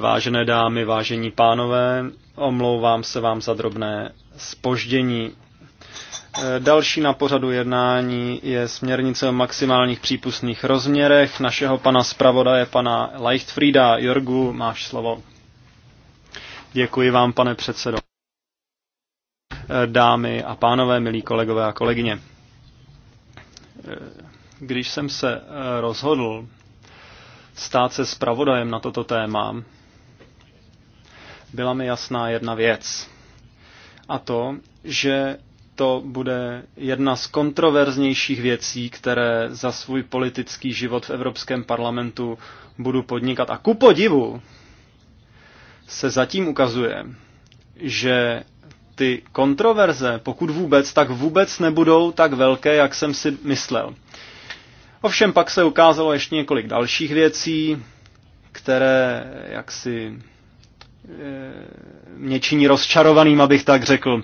Vážené dámy, vážení pánové, omlouvám se vám za drobné spoždění. Další na pořadu jednání je směrnice o maximálních přípustných rozměrech našeho pana zpravodaje, pana Leichtfrieda. Jorgu, máš slovo. Děkuji vám, pane předsedo. Dámy a pánové, milí kolegové a kolegyně. Když jsem se rozhodl stát se zpravodajem na toto téma, byla mi jasná jedna věc. A to, že to bude jedna z kontroverznějších věcí, které za svůj politický život v Evropském parlamentu budu podnikat. A ku podivu se zatím ukazuje, že ty kontroverze, pokud vůbec, tak vůbec nebudou tak velké, jak jsem si myslel. Ovšem pak se ukázalo ještě několik dalších věcí, které jaksi eh, mě činí rozčarovaným, abych tak řekl.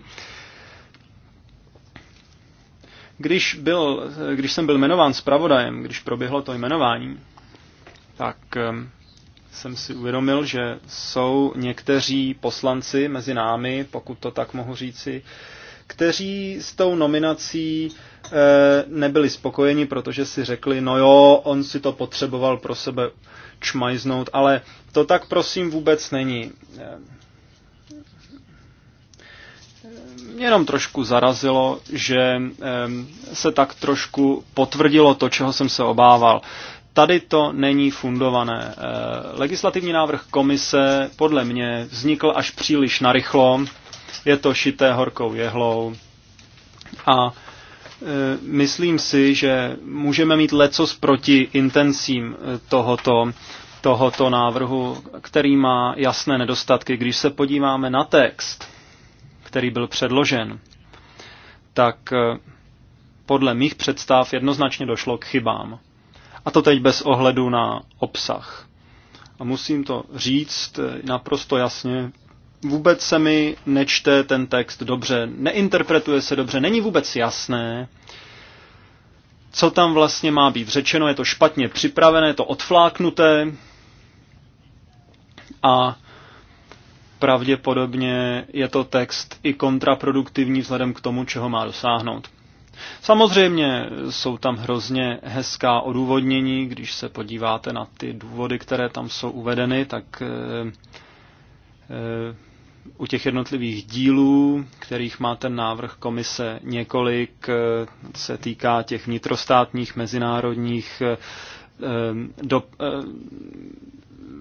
Když, byl, když jsem byl jmenován zpravodajem, když proběhlo to jmenování, tak eh, jsem si uvědomil, že jsou někteří poslanci mezi námi, pokud to tak mohu říci, kteří s tou nominací Eh, nebyli spokojeni, protože si řekli, no jo, on si to potřeboval pro sebe čmajznout, ale to tak prosím vůbec není. Mě eh, jenom trošku zarazilo, že eh, se tak trošku potvrdilo to, čeho jsem se obával. Tady to není fundované. Legislativní návrh komise podle mě vznikl až příliš narychlo, je to šité horkou jehlou a Eh, myslím si, že můžeme mít lecos proti intencím eh, tohoto, tohoto návrhu, který má jasné nedostatky. Když se podíváme na text, který byl předložen, tak eh, podle mých představ jednoznačně došlo k chybám. A to teď bez ohledu na obsah. A musím to říct naprosto jasně, vůbec se mi nečte ten text dobře, neinterpretuje se dobře, není vůbec jasné, co tam vlastně má být řečeno, je to špatně připravené, je to odfláknuté a pravděpodobně je to text i kontraproduktivní vzhledem k tomu, čeho má dosáhnout. Samozřejmě jsou tam hrozně hezká odůvodnění, když se podíváte na ty důvody, které tam jsou uvedeny, tak eh, eh, u těch jednotlivých dílů, kterých má ten návrh komise několik, eh, se týká těch vnitrostátních, mezinárodních eh, eh, do,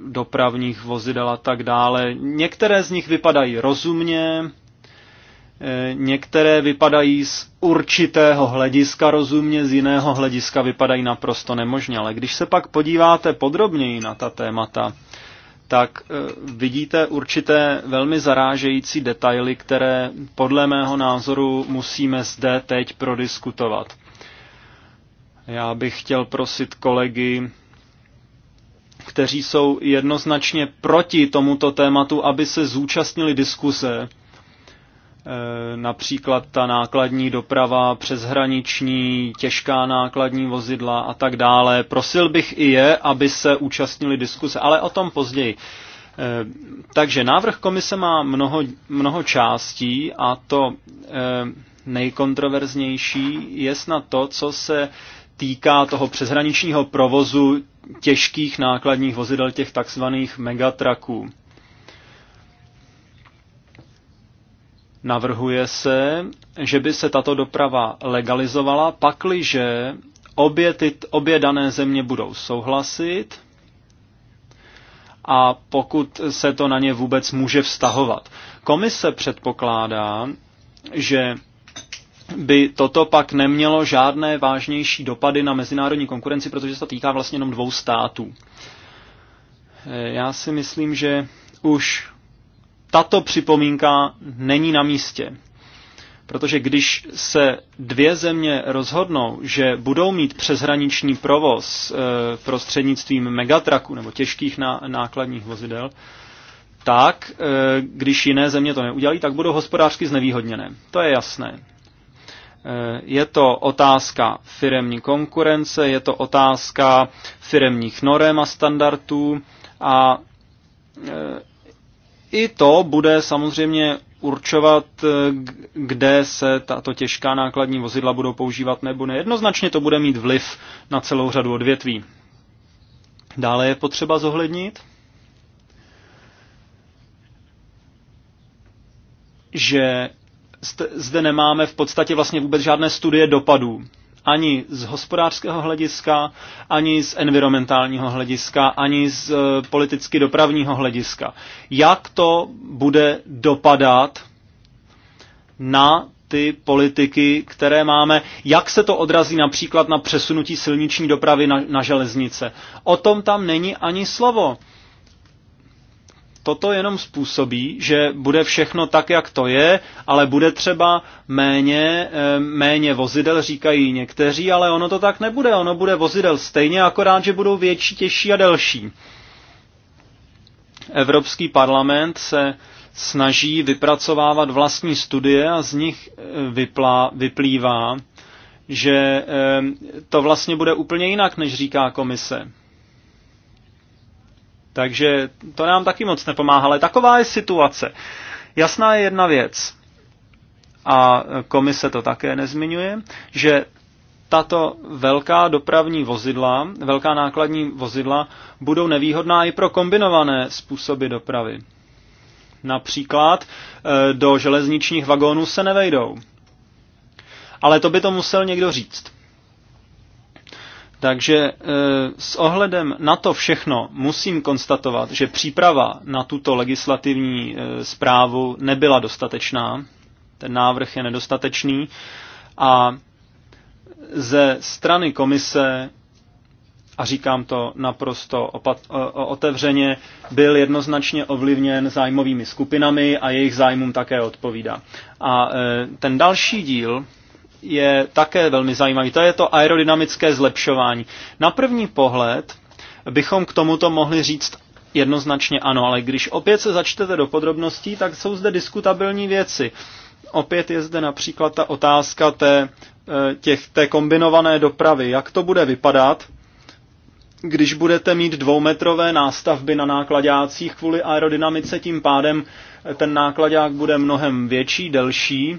dopravních vozidel a tak dále. Některé z nich vypadají rozumně, některé vypadají z určitého hlediska rozumně, z jiného hlediska vypadají naprosto nemožně. Ale když se pak podíváte podrobněji na ta témata, tak eh, vidíte určité velmi zarážející detaily, které podle mého názoru musíme zde teď prodiskutovat. Já bych chtěl prosit kolegy, kteří jsou jednoznačně proti tomuto tématu, aby se zúčastnili diskuse Eh, například ta nákladní doprava, přeshraniční, těžká nákladní vozidla a tak dále. Prosil bych i je, aby se účastnili diskuse, ale o tom později. Eh, takže návrh komise má mnoho, mnoho částí a to eh, nejkontroverznější je snad to, co se týká toho přeshraničního provozu těžkých nákladních vozidel, těch takzvaných megatraků. Navrhuje se, že by se tato doprava legalizovala, pakliže obě, ty, obě dané země budou souhlasit a pokud se to na ně vůbec může vztahovat. Komise předpokládá, že by toto pak nemělo žádné vážnější dopady na mezinárodní konkurenci, protože se to týká vlastně jenom dvou států. Já si myslím, že už tato připomínka není na místě. Protože když se dvě země rozhodnou, že budou mít přeshraniční provoz e, prostřednictvím megatraku nebo těžkých nákladních vozidel, tak e, když jiné země to neudělají, tak budou hospodářsky znevýhodněné. To je jasné. E, je to otázka firemní konkurence, je to otázka firemních norem a standardů a i to bude samozřejmě určovat, eh, kde se tato těžká nákladní vozidla budou používat nebo ne. Jednoznačně to bude mít vliv na celou řadu odvětví. Dále je potřeba zohlednit, že zde nemáme v podstatě vlastně vůbec žádné studie dopadů ani z hospodářského hlediska, ani z environmentálního hlediska, ani z e, politicky dopravního hlediska. Jak to bude dopadat na ty politiky, které máme, jak se to odrazí například na přesunutí silniční dopravy na, na železnice. O tom tam není ani slovo. Toto jenom způsobí, že bude všechno tak, jak to je, ale bude třeba méně, eh, méně vozidel, říkají někteří, ale ono to tak nebude. Ono bude vozidel stejně, akorát, že budou větší, těžší a delší. Evropský parlament se snaží vypracovávat vlastní studie a z nich eh, vyplá, vyplývá, že eh, to vlastně bude úplně jinak, než říká komise. Takže to nám taky moc nepomáhá, ale taková je situace. Jasná je jedna věc, a komise to také nezmiňuje, že tato velká dopravní vozidla, velká nákladní vozidla, budou nevýhodná i pro kombinované způsoby dopravy. Například eh, do železničních vagónů se nevejdou. Ale to by to musel někdo říct. Takže e, s ohledem na to všechno musím konstatovat, že příprava na tuto legislativní e, zprávu nebyla dostatečná. Ten návrh je nedostatečný a ze strany komise a říkám to naprosto opat, otevřeně, byl jednoznačně ovlivněn zájmovými skupinami a jejich zájmům také odpovídá. A e, ten další díl je také velmi zajímavý. To je to aerodynamické zlepšování. Na první pohled bychom k tomuto mohli říct jednoznačně ano, ale když opět se začtete do podrobností, tak jsou zde diskutabilní věci. Opět je zde například ta otázka té, e, těch, té kombinované dopravy. Jak to bude vypadat, když budete mít dvoumetrové nástavby na nákladácích kvůli aerodynamice, tím pádem ten nákladák bude mnohem větší, delší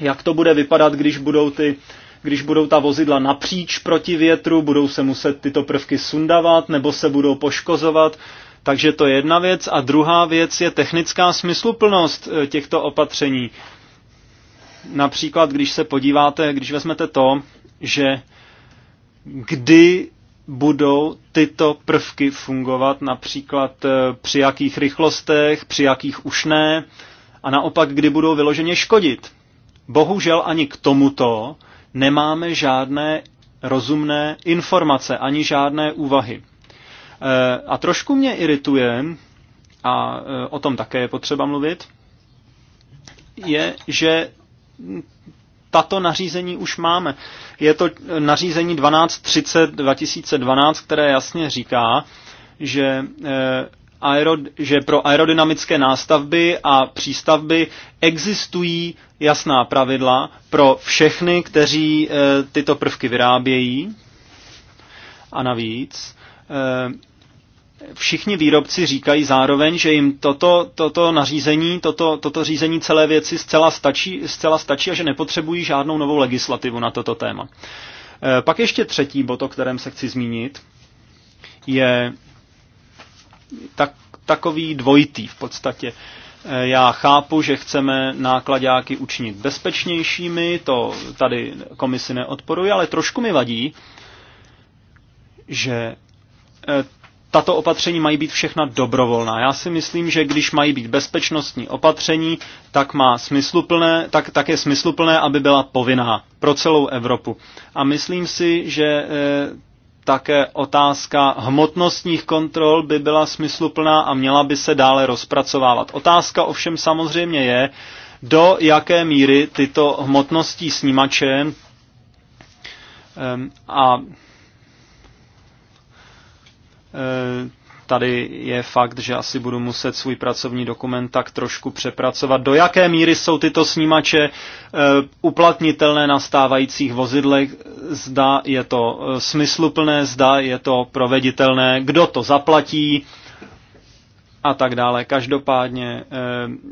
jak to bude vypadat, když budou ty když budou ta vozidla napříč proti větru, budou se muset tyto prvky sundavat nebo se budou poškozovat. Takže to je jedna věc. A druhá věc je technická smysluplnost eh, těchto opatření. Například, když se podíváte, když vezmete to, že kdy budou tyto prvky fungovat, například eh, při jakých rychlostech, při jakých už ne, a naopak, kdy budou vyloženě škodit. Bohužel ani k tomuto nemáme žádné rozumné informace, ani žádné úvahy. E, a trošku mě irituje, a e, o tom také je potřeba mluvit, je, že tato nařízení už máme. Je to nařízení 1230 2012, které jasně říká, že e, aerod- že pro aerodynamické nástavby a přístavby existují jasná pravidla pro všechny, kteří e, tyto prvky vyrábějí. A navíc e, všichni výrobci říkají zároveň, že jim toto, toto nařízení, toto, toto řízení celé věci zcela stačí, zcela stačí a že nepotřebují žádnou novou legislativu na toto téma. E, pak ještě třetí bod, o kterém se chci zmínit, je tak, takový dvojitý v podstatě. E, já chápu, že chceme nákladáky učinit bezpečnějšími, to tady komisi neodporuje, ale trošku mi vadí, že e, tato opatření mají být všechna dobrovolná. Já si myslím, že když mají být bezpečnostní opatření, tak, má smysluplné, tak, tak je smysluplné, aby byla povinná pro celou Evropu. A myslím si, že e, také otázka hmotnostních kontrol by byla smysluplná a měla by se dále rozpracovávat. Otázka ovšem samozřejmě je, do jaké míry tyto hmotnosti snímače a tady je fakt, že asi budu muset svůj pracovní dokument tak trošku přepracovat. Do jaké míry jsou tyto snímače e, uplatnitelné na stávajících vozidlech? Zda je to eh, smysluplné, zda je to proveditelné, kdo to zaplatí a tak dále. Každopádně e,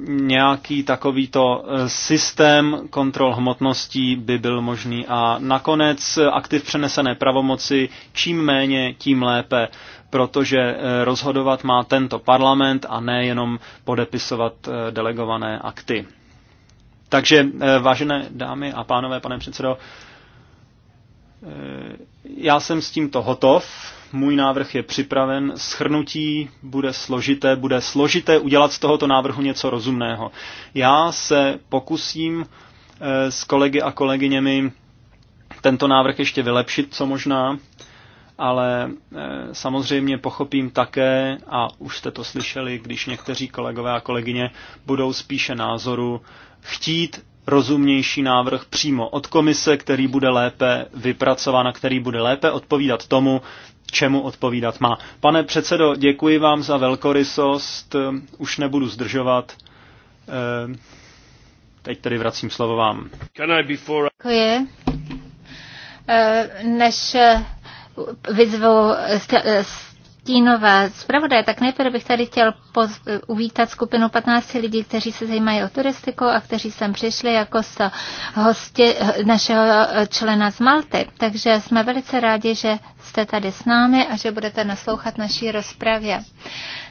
nějaký takovýto systém kontrol hmotností by byl možný. A nakonec aktiv přenesené pravomoci, čím méně, tím lépe protože eh, rozhodovat má tento parlament a ne jenom podepisovat eh, delegované akty. Takže, eh, vážené dámy a pánové, pane předsedo, já jsem s tímto hotov. Můj návrh je připraven. Schrnutí bude složité. Bude složité udělat z tohoto návrhu něco rozumného. Já se pokusím s kolegy a kolegyněmi tento návrh ještě vylepšit, co možná ale e, samozřejmě pochopím také, a už jste to slyšeli, když někteří kolegové a kolegyně budou spíše názoru chtít rozumnější návrh přímo od komise, který bude lépe vypracován a který bude lépe odpovídat tomu, čemu odpovídat má. Pane předsedo, děkuji vám za velkorysost, už nebudu zdržovat. E, teď tedy vracím slovo vám. Děkuji. E, než vyzvu stínové zpravodaje, tak nejprve bych tady chtěl poz, uvítat skupinu 15 lidí, kteří se zajímají o turistiku a kteří sem přišli jako so hosti našeho člena z Malty. Takže jsme velice rádi, že jste tady s námi a že budete naslouchat naší rozpravě.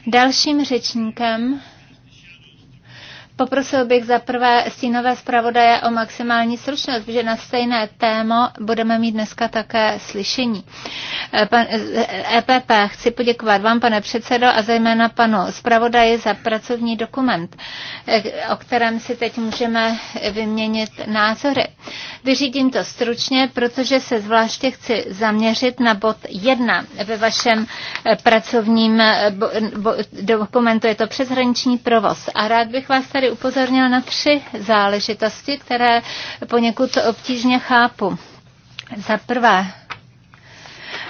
Dalším řečníkem Poprosil bych za prvé stínové zpravodaje o maximální stručnost, protože na stejné téma budeme mít dneska také slyšení. Eh, pan, EPP, eh, e chci poděkovat vám, pane předsedo, a zejména panu zpravodaji za pracovní dokument, eh, o kterém si teď můžeme vyměnit názory. Vyřídím to stručně, protože se zvláště chci zaměřit na bod 1 ve vašem pracovním dokumentu. Je to přeshraniční provoz. A rád bych vás tady tady upozornil na tři záležitosti, které poněkud obtížně chápu. Za prvé,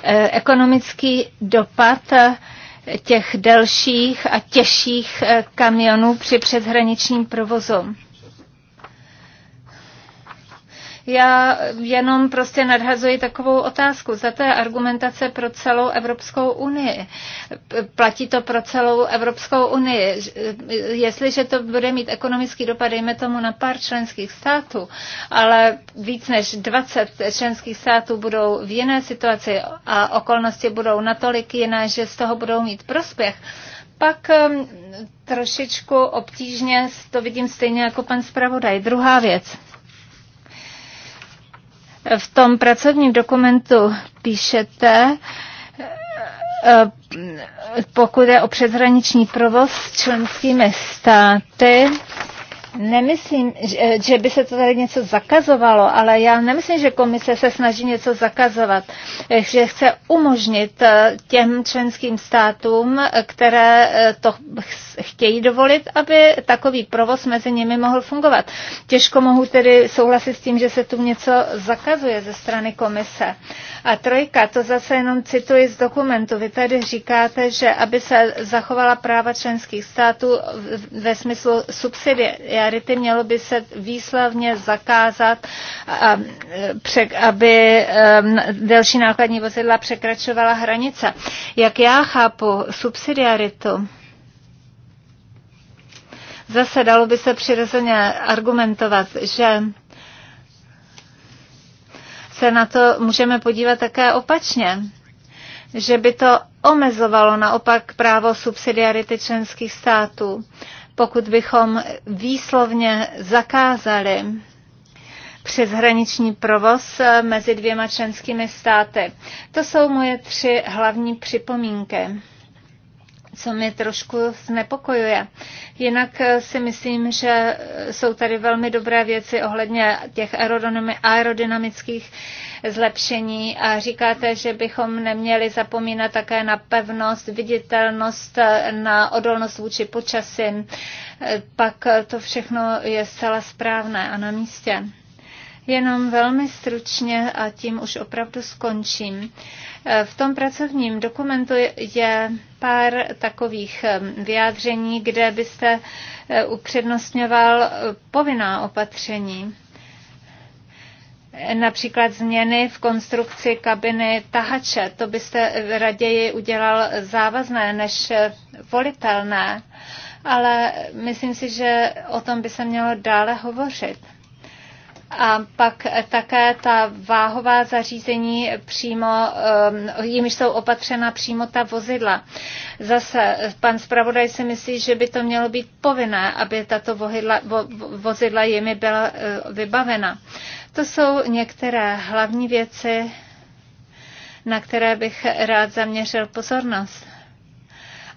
eh, ekonomický dopad eh, těch delších a těžších eh, kamionů při přeshraničním provozu. Já jenom prostě nadhazuji takovou otázku. Za té argumentace pro celou Evropskou unii. Platí to pro celou Evropskou unii. Jestliže to bude mít ekonomický dopad, dejme tomu na pár členských států, ale víc než 20 členských států budou v jiné situaci a okolnosti budou natolik jiné, že z toho budou mít prospěch, pak um, trošičku obtížně to vidím stejně jako pan zpravodaj. Druhá věc. V tom pracovním dokumentu píšete, eh, eh, pokud je o přeshraniční provoz s členskými státy, nemyslím, že by se to tady něco zakazovalo, ale já nemyslím, že komise se snaží něco zakazovat, že chce umožnit eh, těm členským státům, eh, které eh, to chtějí dovolit, aby takový provoz mezi nimi mohl fungovat. Těžko mohu tedy souhlasit s tím, že se tu něco zakazuje ze strany komise. A trojka, to zase jenom cituji z dokumentu. Vy tady říkáte, že aby se zachovala práva členských států ve smyslu já charity, mělo by se výslovně zakázat, aby delší nákladní vozidla překračovala hranice. Jak já chápu subsidiaritu, zase dalo by se přirozeně argumentovat, že se na to můžeme podívat také opačně, že by to omezovalo naopak právo subsidiarity členských států pokud bychom výslovně zakázali přeshraniční provoz eh, mezi dvěma členskými státy. To jsou moje tři hlavní připomínky co mě trošku znepokojuje. Jinak eh, si myslím, že eh, jsou tady velmi dobré věci ohledně těch aerodynamických zlepšení a říkáte, že bychom neměli zapomínat také na pevnost, viditelnost, eh, na odolnost vůči počasím. Pak to všechno je zcela správné a na místě. Jenom velmi stručně a tím už opravdu skončím. E, v tom pracovním dokumentu je pár takových e, vyjádření, kde byste e, upřednostňoval povinná opatření například změny v konstrukci kabiny tahače. To byste raději udělal závazné než volitelné, ale myslím si, že o tom by se mělo dále hovořit a pak také ta váhová zařízení přímo, eh, jimiž jsou opatřena přímo ta vozidla. Zase pan zpravodaj si myslí, že by to mělo být povinné, aby tato vohidla, vo, vozidla jimi byla eh, vybavena. To jsou některé hlavní věci, na které bych rád zaměřil pozornost.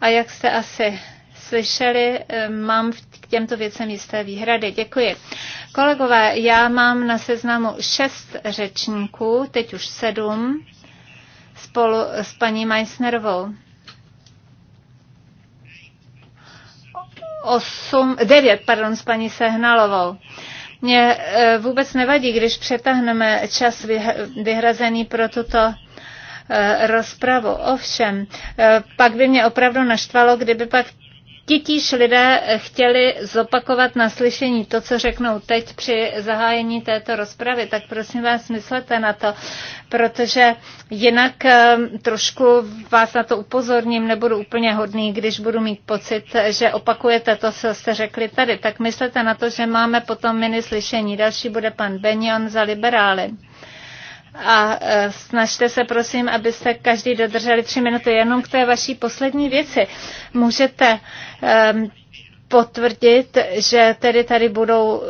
A jak jste asi slyšeli, eh, mám v těmto věcem jisté výhrady. Děkuji. Kolegové, já mám na seznamu šest řečníků, teď už sedm, spolu s paní Meissnerovou. Osm, devět, pardon, s paní Sehnalovou. Mně e, vůbec nevadí, když přetáhneme čas vyhrazený pro tuto e, rozpravu. Ovšem, e, pak by mě opravdu naštvalo, kdyby pak titíž lidé chtěli zopakovat na slyšení to, co řeknou teď při zahájení této rozpravy, tak prosím vás, myslete na to, protože jinak ehm, trošku vás na to upozorním, nebudu úplně hodný, když budu mít pocit, že opakujete to, co jste řekli tady. Tak myslete na to, že máme potom mini slyšení. Další bude pan Benion za liberály a e, snažte se prosím, abyste každý dodrželi tři minuty jenom k té vaší poslední věci. Můžete e, potvrdit, že tedy tady budou,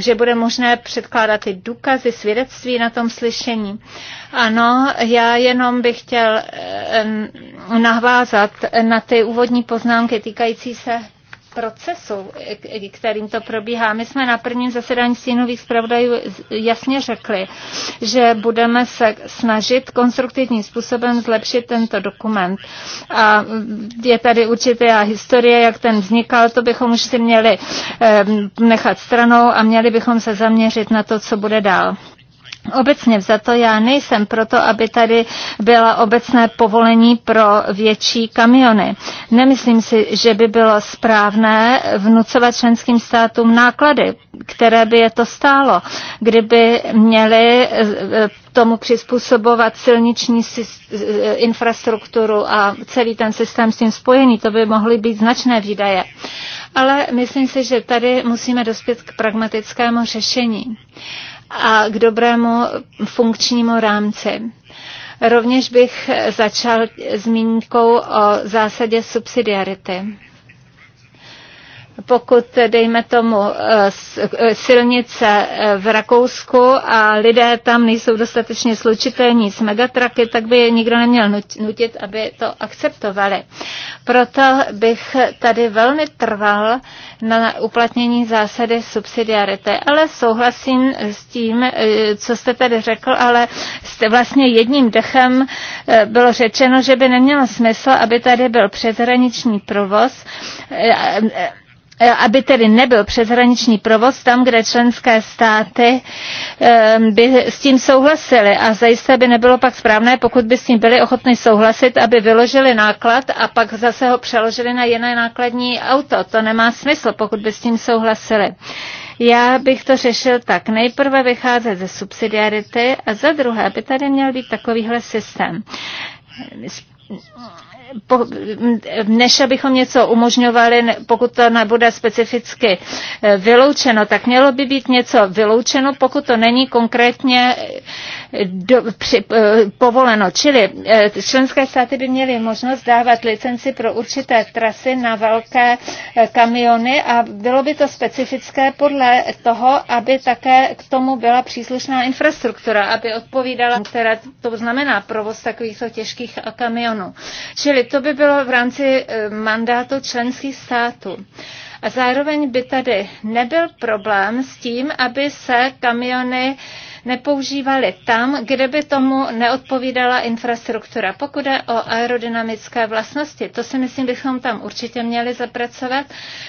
že bude možné předkládat i důkazy, svědectví na tom slyšení. Ano, já jenom bych chtěl navázat na ty úvodní poznámky týkající se procesu, kterým to probíhá. My jsme na prvním zasedání stínových zpravodajů jasně řekli, že budeme se snažit konstruktivním způsobem zlepšit tento dokument. A je tady určitá historie, jak ten vznikal, to bychom už si měli eh, nechat stranou a měli bychom se zaměřit na to, co bude dál. Obecně vzato já nejsem proto, aby tady byla obecné povolení pro větší kamiony. Nemyslím si, že by bylo správné vnucovat členským státům náklady, které by je to stálo, kdyby měli eh, eh, tomu přizpůsobovat silniční eh, infrastrukturu a celý ten systém s tím spojený. To by mohly být značné výdaje. Ale myslím si, že tady musíme dospět k pragmatickému řešení. Uh, a k dobrému funkčnímu rámci. Rovněž bych začal zmínkou o zásadě subsidiarity pokud, eh, dejme tomu, eh, eh, silnice v Rakousku a lidé tam nejsou dostatečně slučitelní s megatraky, tak by je nikdo neměl nutit, aby to akceptovali. Proto bych tady velmi trval na uplatnění zásady subsidiarity, ale souhlasím s tím, co jste tady řekl, ale vlastně jedním dechem bylo řečeno, že by nemělo smysl, aby tady byl přeshraniční provoz, E, aby tedy nebyl přeshraniční provoz tam, kde členské státy e, by s tím souhlasily. A zajisté by nebylo pak správné, pokud by s tím byli ochotni souhlasit, aby vyložili náklad a pak zase ho přeložili na jiné nákladní auto. To nemá smysl, pokud by s tím souhlasili. Já bych to řešil tak. Nejprve vycházet ze subsidiarity a za druhé by tady měl být takovýhle systém než abychom něco umožňovali, pokud to nebude specificky eh, vyloučeno, tak mělo by být něco vyloučeno, pokud to není konkrétně eh, do, při, eh, povoleno. Čili členské státy by měly možnost dávat licenci pro určité trasy na velké kamiony a bylo by to specifické podle toho, aby také k tomu byla příslušná infrastruktura, aby odpovídala, která to znamená provoz takovýchto těžkých kamionů. Čili Čili to by bylo v rámci eh, mandátu členských států. A zároveň by tady nebyl problém s tím, aby se kamiony uh, nepoužívali tam, kde by tomu neodpovídala infrastruktura. Pokud je o aerodynamické vlastnosti, to si myslím, bychom tam určitě měli zapracovat.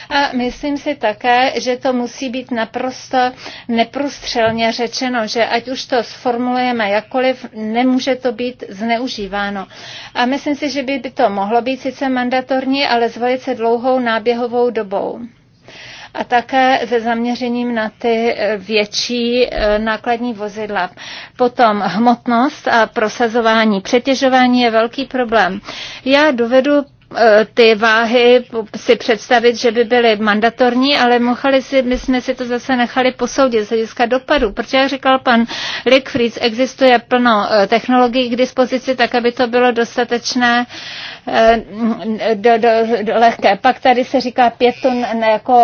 A myslím si také, že to musí být naprosto neprostřelně řečeno, že ať už to sformulujeme jakkoliv, nemůže to být zneužíváno. A myslím si, že by to mohlo být sice mandatorní, ale s velice dlouhou náběhovou dobou a také se zaměřením na ty eh, větší eh, nákladní vozidla. Potom hmotnost a prosazování. Přetěžování je velký problém. Já dovedu Eh, ty váhy si představit, že by byly mandatorní, ale mohli si, my jsme si to zase nechali posoudit z hlediska dopadu, protože, jak říkal pan Lickfried, existuje plno eh, technologií k dispozici, tak aby to bylo dostatečné eh, do, do, do lehké. Pak tady se říká pět tun, jako,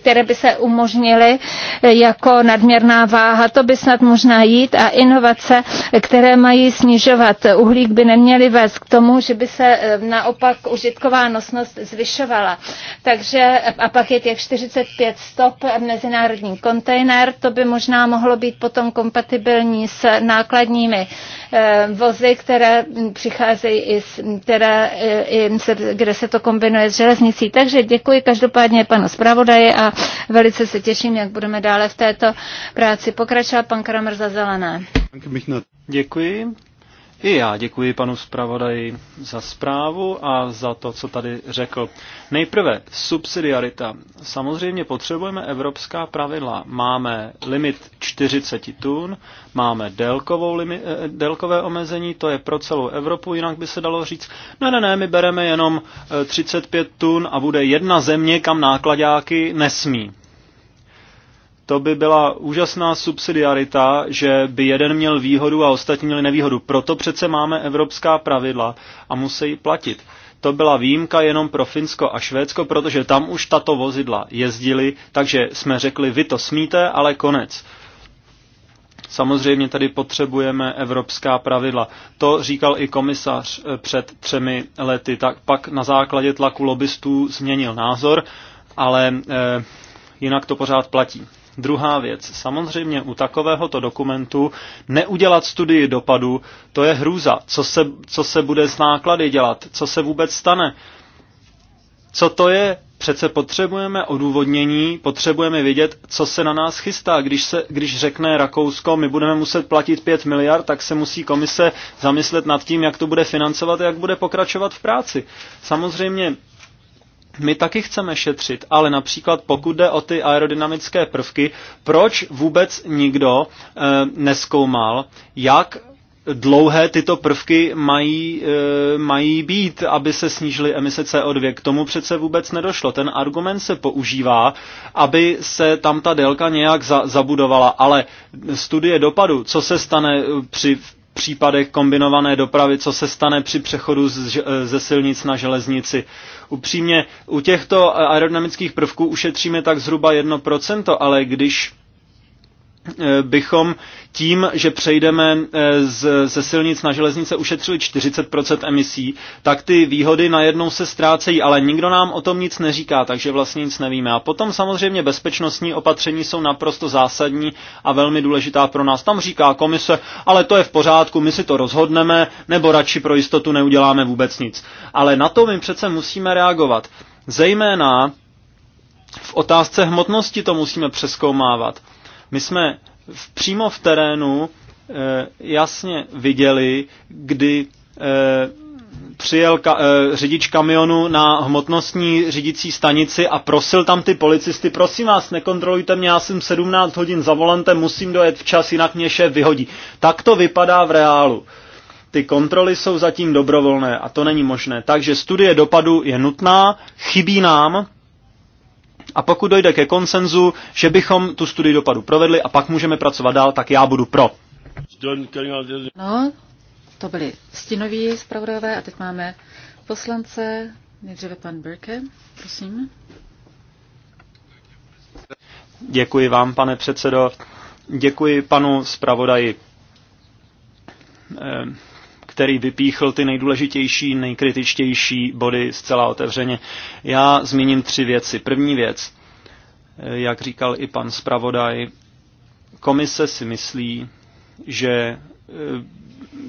které by se umožnily jako nadměrná váha. To by snad možná jít a inovace, které mají snižovat uhlík, by neměly vést k tomu, že by se na naopak užitková nosnost zvyšovala. Takže a pak je těch 45 stop mezinárodní kontejner, to by možná mohlo být potom kompatibilní s nákladními eh, vozy, které přicházejí i, z, které, eh, i se, kde se to kombinuje s železnicí. Takže děkuji každopádně panu zpravodaji a velice se těším, jak budeme dále v této práci pokračovat. Pan Kramer za zelené. Děkuji. I já děkuji panu zpravodaji za zprávu a za to, co tady řekl. Nejprve subsidiarita. Samozřejmě potřebujeme evropská pravidla. Máme limit 40 tun, máme délkovou limi, eh, délkové omezení, to je pro celou Evropu, jinak by se dalo říct, ne, ne, ne, my bereme jenom 35 eh, tun a bude jedna země, kam nákladáky nesmí. To by byla úžasná subsidiarita, že by jeden měl výhodu a ostatní měli nevýhodu. Proto přece máme evropská pravidla a musí platit. To byla výjimka jenom pro Finsko a Švédsko, protože tam už tato vozidla jezdili, takže jsme řekli, vy to smíte, ale konec. Samozřejmě tady potřebujeme evropská pravidla. To říkal i komisař eh, před třemi lety. Tak pak na základě tlaku lobbystů změnil názor, ale eh, jinak to pořád platí. Druhá věc. Samozřejmě u takovéhoto dokumentu neudělat studii dopadu, to je hrůza. Co se, co se bude s náklady dělat? Co se vůbec stane? Co to je? Přece potřebujeme odůvodnění, potřebujeme vědět, co se na nás chystá. Když, se, když řekne Rakousko, my budeme muset platit 5 miliard, tak se musí komise zamyslet nad tím, jak to bude financovat a jak bude pokračovat v práci. Samozřejmě my taky chceme šetřit, ale například pokud jde o ty aerodynamické prvky, proč vůbec nikdo e, eh, neskoumal, jak dlouhé tyto prvky mají, e, mají být, aby se snížily emise CO2. K tomu přece vůbec nedošlo. Ten argument se používá, aby se tam ta délka nějak za, zabudovala, ale studie dopadu, co se stane při případech kombinované dopravy, co se stane při přechodu z, ze silnic na železnici. Upřímně, u těchto aerodynamických prvků ušetříme tak zhruba 1%, ale když Eh, bychom tím, že přejdeme eh, z, ze silnic na železnice, ušetřili 40% emisí, tak ty výhody najednou se ztrácejí, ale nikdo nám o tom nic neříká, takže vlastně nic nevíme. A potom samozřejmě bezpečnostní opatření jsou naprosto zásadní a velmi důležitá pro nás. Tam říká komise, ale to je v pořádku, my si to rozhodneme, nebo radši pro jistotu neuděláme vůbec nic. Ale na to my přece musíme reagovat. Zejména v otázce hmotnosti to musíme přeskoumávat. My jsme v, přímo v terénu e, jasně viděli, kdy e, přijel ka, e, řidič kamionu na hmotnostní řidicí stanici a prosil tam ty policisty, prosím vás, nekontrolujte mě, já jsem 17 hodin za volantem, musím dojet včas, jinak mě šéf vyhodí. Tak to vypadá v reálu. Ty kontroly jsou zatím dobrovolné a to není možné. Takže studie dopadu je nutná, chybí nám, a pokud dojde ke konsenzu, že bychom tu studii dopadu provedli a pak můžeme pracovat dál, tak já budu pro. No, to byli stinoví zpravodajové a teď máme poslance, nejdříve pan Birke, prosím. Děkuji vám, pane předsedo. Děkuji panu zpravodaji. Ehm, který vypíchl ty nejdůležitější, nejkritičtější body zcela otevřeně. Já zmíním tři věci. První věc, eh, jak říkal i pan zpravodaj, komise si myslí, že eh,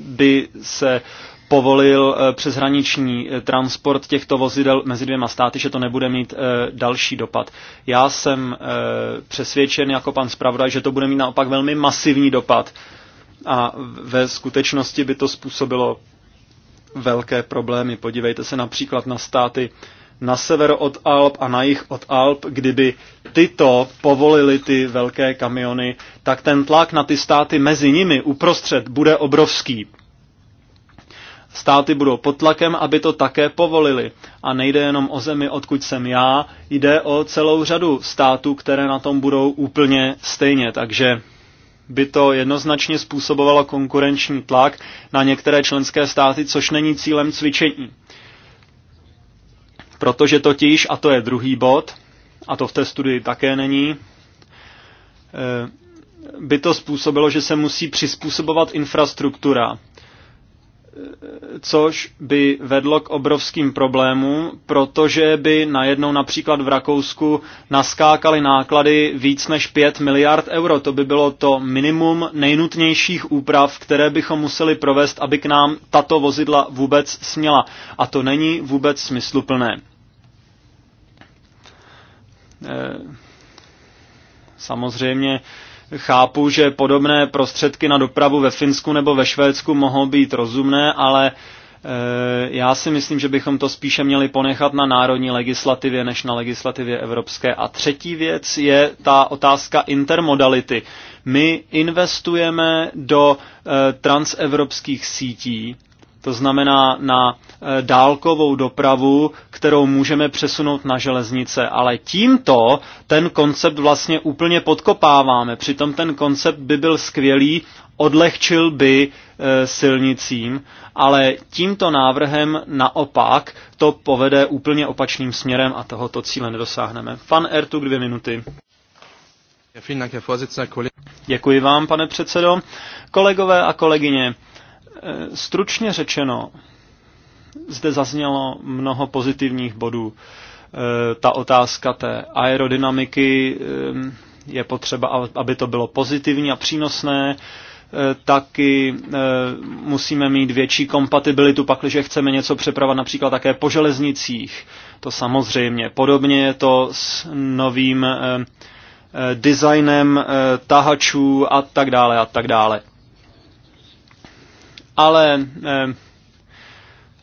by se povolil eh, přeshraniční transport těchto vozidel mezi dvěma státy, že to nebude mít další dopad. Já jsem přesvědčen jako pan zpravodaj, že to bude mít naopak velmi masivní dopad a ve skutečnosti by to způsobilo velké problémy. Podívejte se například na státy na sever od Alp a na jih od Alp, kdyby tyto povolili ty velké kamiony, tak ten tlak na ty státy mezi nimi uprostřed bude obrovský. Státy budou pod tlakem, aby to také povolili. A nejde jenom o zemi, odkud jsem já, jde o celou řadu států, které na tom budou úplně stejně. Takže by to jednoznačně způsobovalo konkurenční tlak na některé členské státy, což není cílem cvičení. Protože totiž, a to je druhý bod, a to v té studii také není, eh, by to způsobilo, že se musí přizpůsobovat infrastruktura což by vedlo k obrovským problémům, protože by najednou například v Rakousku naskákaly náklady víc než 5 miliard euro. To by bylo to minimum nejnutnějších úprav, které bychom museli provést, aby k nám tato vozidla vůbec směla. A to není vůbec smysluplné. Eh, samozřejmě Chápu, že podobné prostředky na dopravu ve Finsku nebo ve Švédsku mohou být rozumné, ale e, já si myslím, že bychom to spíše měli ponechat na národní legislativě než na legislativě evropské. A třetí věc je ta otázka intermodality. My investujeme do e, transevropských sítí to znamená na eh, dálkovou dopravu, kterou můžeme přesunout na železnice. Ale tímto ten koncept vlastně úplně podkopáváme. Přitom ten koncept by byl skvělý, odlehčil by eh, silnicím, ale tímto návrhem naopak to povede úplně opačným směrem a tohoto cíle nedosáhneme. Pan Ertu, dvě minuty. Děkuji vám, pane předsedo. Kolegové a kolegyně, Eh, stručně řečeno, zde zaznělo mnoho pozitivních bodů. Eh, ta otázka té aerodynamiky eh, je potřeba, aby to bylo pozitivní a přínosné taky musíme mít větší kompatibilitu, pakliže chceme něco přepravovat například také po železnicích. To samozřejmě. Podobně je to s novým designem tahačů a tak dále a tak dále. Ale eh,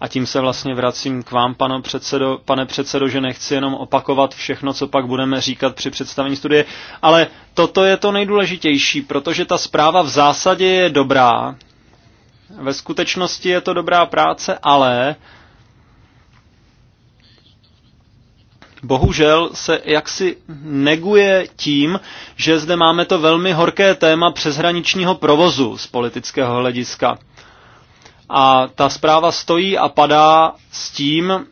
a tím se vlastně vracím k vám, pano předsedo, pane předsedo, že nechci jenom opakovat všechno, co pak budeme říkat při představení studie, ale toto je to nejdůležitější, protože ta zpráva v zásadě je dobrá. Ve skutečnosti je to dobrá práce, ale bohužel se jaksi neguje tím, že zde máme to velmi horké téma přeshraničního provozu z politického hlediska. A ta zpráva stojí a padá s tím,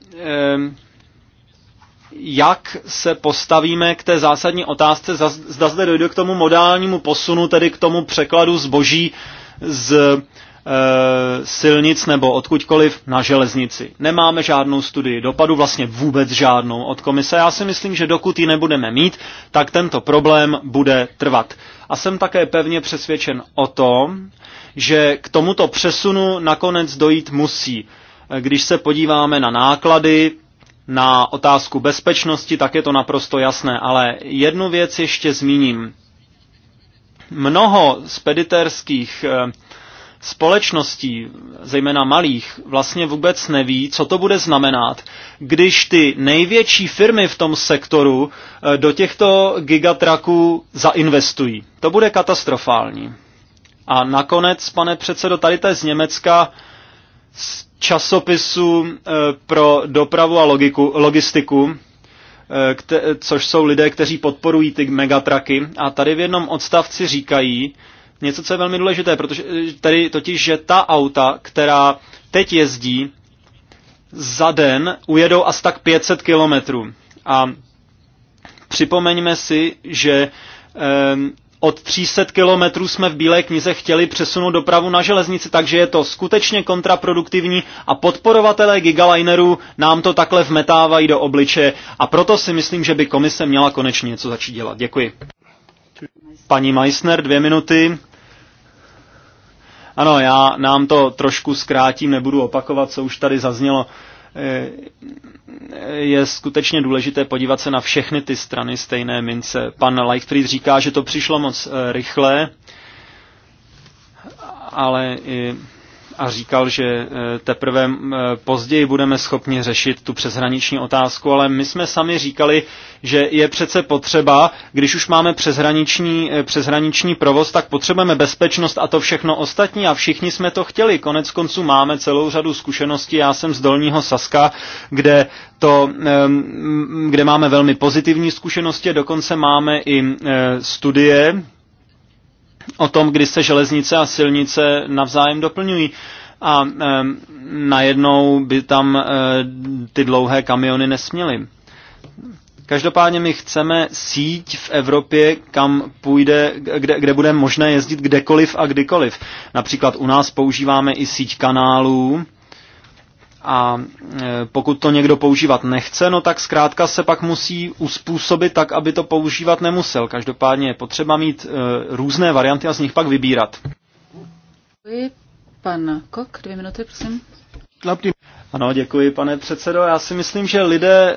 jak se postavíme k té zásadní otázce, zda zde dojde k tomu modálnímu posunu, tedy k tomu překladu zboží z e, silnic nebo odkudkoliv na železnici. Nemáme žádnou studii dopadu, vlastně vůbec žádnou od komise. Já si myslím, že dokud ji nebudeme mít, tak tento problém bude trvat. A jsem také pevně přesvědčen o tom, že k tomuto přesunu nakonec dojít musí. E, když se podíváme na náklady, na otázku bezpečnosti, tak je to naprosto jasné. Ale jednu věc ještě zmíním. Mnoho spediterských e, společností, zejména malých, vlastně vůbec neví, co to bude znamenat, když ty největší firmy v tom sektoru e, do těchto gigatraků zainvestují. To bude katastrofální. A nakonec, pane předsedo, tady to je z Německa, z časopisu eh, pro dopravu a logiku, logistiku, eh, kte, což jsou lidé, kteří podporují ty megatraky. A tady v jednom odstavci říkají něco, co je velmi důležité, protože eh, tady totiž, že ta auta, která teď jezdí, za den ujedou asi tak 500 kilometrů. A připomeňme si, že od 300 kilometrů jsme v Bílé knize chtěli přesunout dopravu na železnici, takže je to skutečně kontraproduktivní a podporovatelé gigalinerů nám to takhle vmetávají do obličeje a proto si myslím, že by komise měla konečně něco začít dělat. Děkuji. Paní Meissner, dvě minuty. Ano, já nám to trošku zkrátím, nebudu opakovat, co už tady zaznělo. Uh, Eh, je skutečně důležité podívat se na všechny ty strany stejné mince. Pan Leichtfried říká, že to přišlo moc eh, rychle, ale i a říkal, že eh, teprve eh, později budeme schopni řešit tu přeshraniční otázku, ale my jsme sami říkali, že je přece potřeba, když už máme přeshraniční, eh, přeshraniční provoz, tak potřebujeme bezpečnost a to všechno ostatní a všichni jsme to chtěli. Konec konců máme celou řadu zkušeností, já jsem z Dolního Saska, kde, to, ehm, kde máme velmi pozitivní zkušenosti, dokonce máme i studie, o tom, kdy se železnice a silnice navzájem doplňují. A e, najednou by tam e, ty dlouhé kamiony nesměly. Každopádně my chceme síť v Evropě, kam půjde, kde, kde bude možné jezdit kdekoliv a kdykoliv. Například u nás používáme i síť kanálů, a e, pokud to někdo používat nechce, no tak zkrátka se pak musí uspůsobit tak, aby to používat nemusel. Každopádně je potřeba mít e, různé varianty a z nich pak vybírat. Děkuji. Pan Kok, dvě minuty, prosím. Ano, děkuji, pane předsedo. Já si myslím, že lidé e,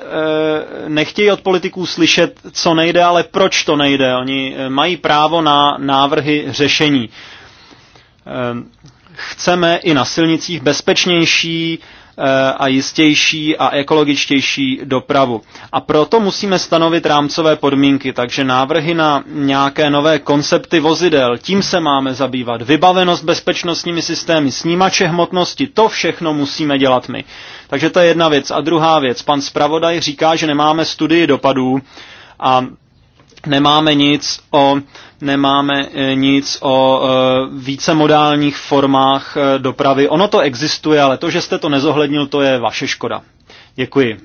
nechtějí od politiků slyšet, co nejde, ale proč to nejde. Oni e, mají právo na návrhy řešení. E, chceme i na silnicích bezpečnější, Eh, a jistější a ekologičtější dopravu. A proto musíme stanovit rámcové podmínky, takže návrhy na nějaké nové koncepty vozidel, tím se máme zabývat. Vybavenost bezpečnostními systémy, snímače hmotnosti, to všechno musíme dělat my. Takže to je jedna věc. A druhá věc, pan zpravodaj říká, že nemáme studii dopadů a nemáme nic o nemáme eh, nic o eh, více modálních formách eh, dopravy. Ono to existuje, ale to, že jste to nezohlednil, to je vaše škoda. Děkuji.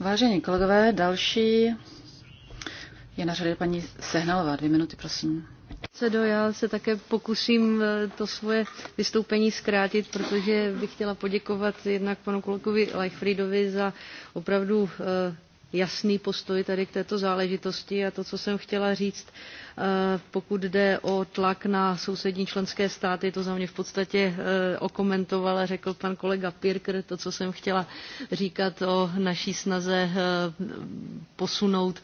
Vážení kolegové, další je na řadě paní Sehnalová. Dvě minuty, prosím. Cedo, já se také pokusím to svoje vystoupení zkrátit, protože bych chtěla poděkovat jednak panu kolegovi Leichfriedovi za opravdu jasný postoj tady k této záležitosti a to, co jsem chtěla říct, eh, pokud jde o tlak na sousední členské státy, to za mě v podstatě eh, okomentoval a řekl pan kolega Pirker, to, co jsem chtěla říkat o naší snaze eh, posunout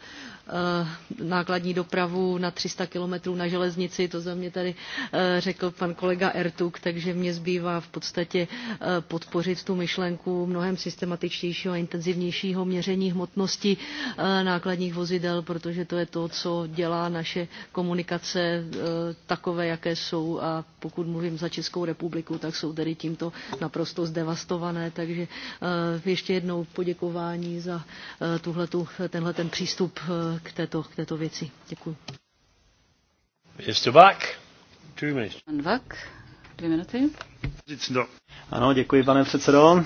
Eh, nákladní dopravu na 300 kilometrů na železnici, to za mě tady eh, řekl pan kolega Ertuk, takže mě zbývá v podstatě eh, podpořit tu myšlenku mnohem systematičtějšího a intenzivnějšího měření hmotnosti nákladních vozidel, protože to je to, co dělá naše komunikace takové, jaké jsou a pokud mluvím za Českou republiku, tak jsou tedy tímto naprosto zdevastované, takže ještě jednou poděkování za tuhletu, tenhle ten přístup k této, k této věci. Děkuji. Mr. Bach, two minutes. Pan dvě minuty. Ano, děkuji, pane předsedo.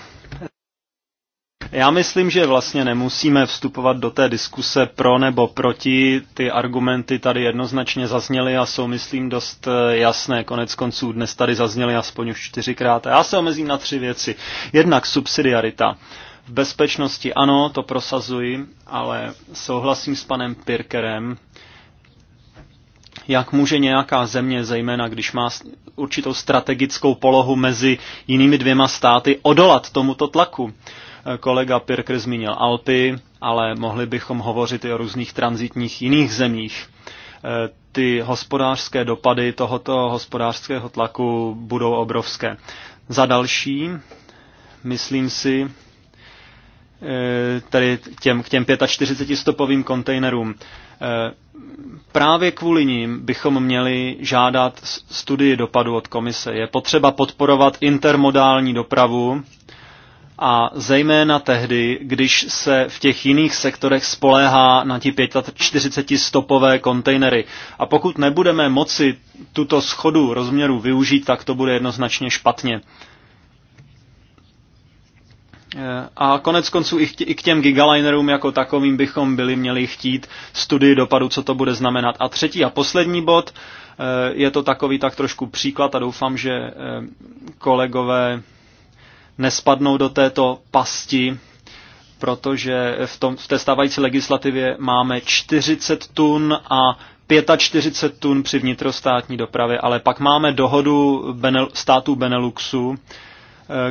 Já myslím, že vlastně nemusíme vstupovat do té diskuse pro nebo proti. Ty argumenty tady jednoznačně zazněly a jsou, myslím, dost eh, jasné. Konec konců dnes tady zazněly aspoň už čtyřikrát. A já se omezím na tři věci. Jednak subsidiarita. V bezpečnosti ano, to prosazuji, ale souhlasím s panem Pirkerem, jak může nějaká země, zejména když má určitou strategickou polohu mezi jinými dvěma státy, odolat tomuto tlaku. Eh, kolega Pirker zmínil Alpy, ale mohli bychom hovořit i o různých transitních jiných zemích. Eh, ty hospodářské dopady tohoto hospodářského tlaku budou obrovské. Za další, myslím si, Eh, tedy těm, k těm 45 stopovým kontejnerům. Eh, právě kvůli ním bychom měli žádat studii dopadu od komise. Je potřeba podporovat intermodální dopravu a zejména tehdy, když se v těch jiných sektorech spoléhá na ti 45 stopové kontejnery. A pokud nebudeme moci tuto schodu rozměru využít, tak to bude jednoznačně špatně. A konec konců i k těm gigalinerům jako takovým bychom byli měli chtít studii dopadu, co to bude znamenat. A třetí a poslední bod, eh, je to takový tak trošku příklad a doufám, že eh, kolegové nespadnou do této pasti, protože v, tom, v té stávající legislativě máme 40 tun a 45 tun při vnitrostátní dopravě, ale pak máme dohodu Benel, států Beneluxu,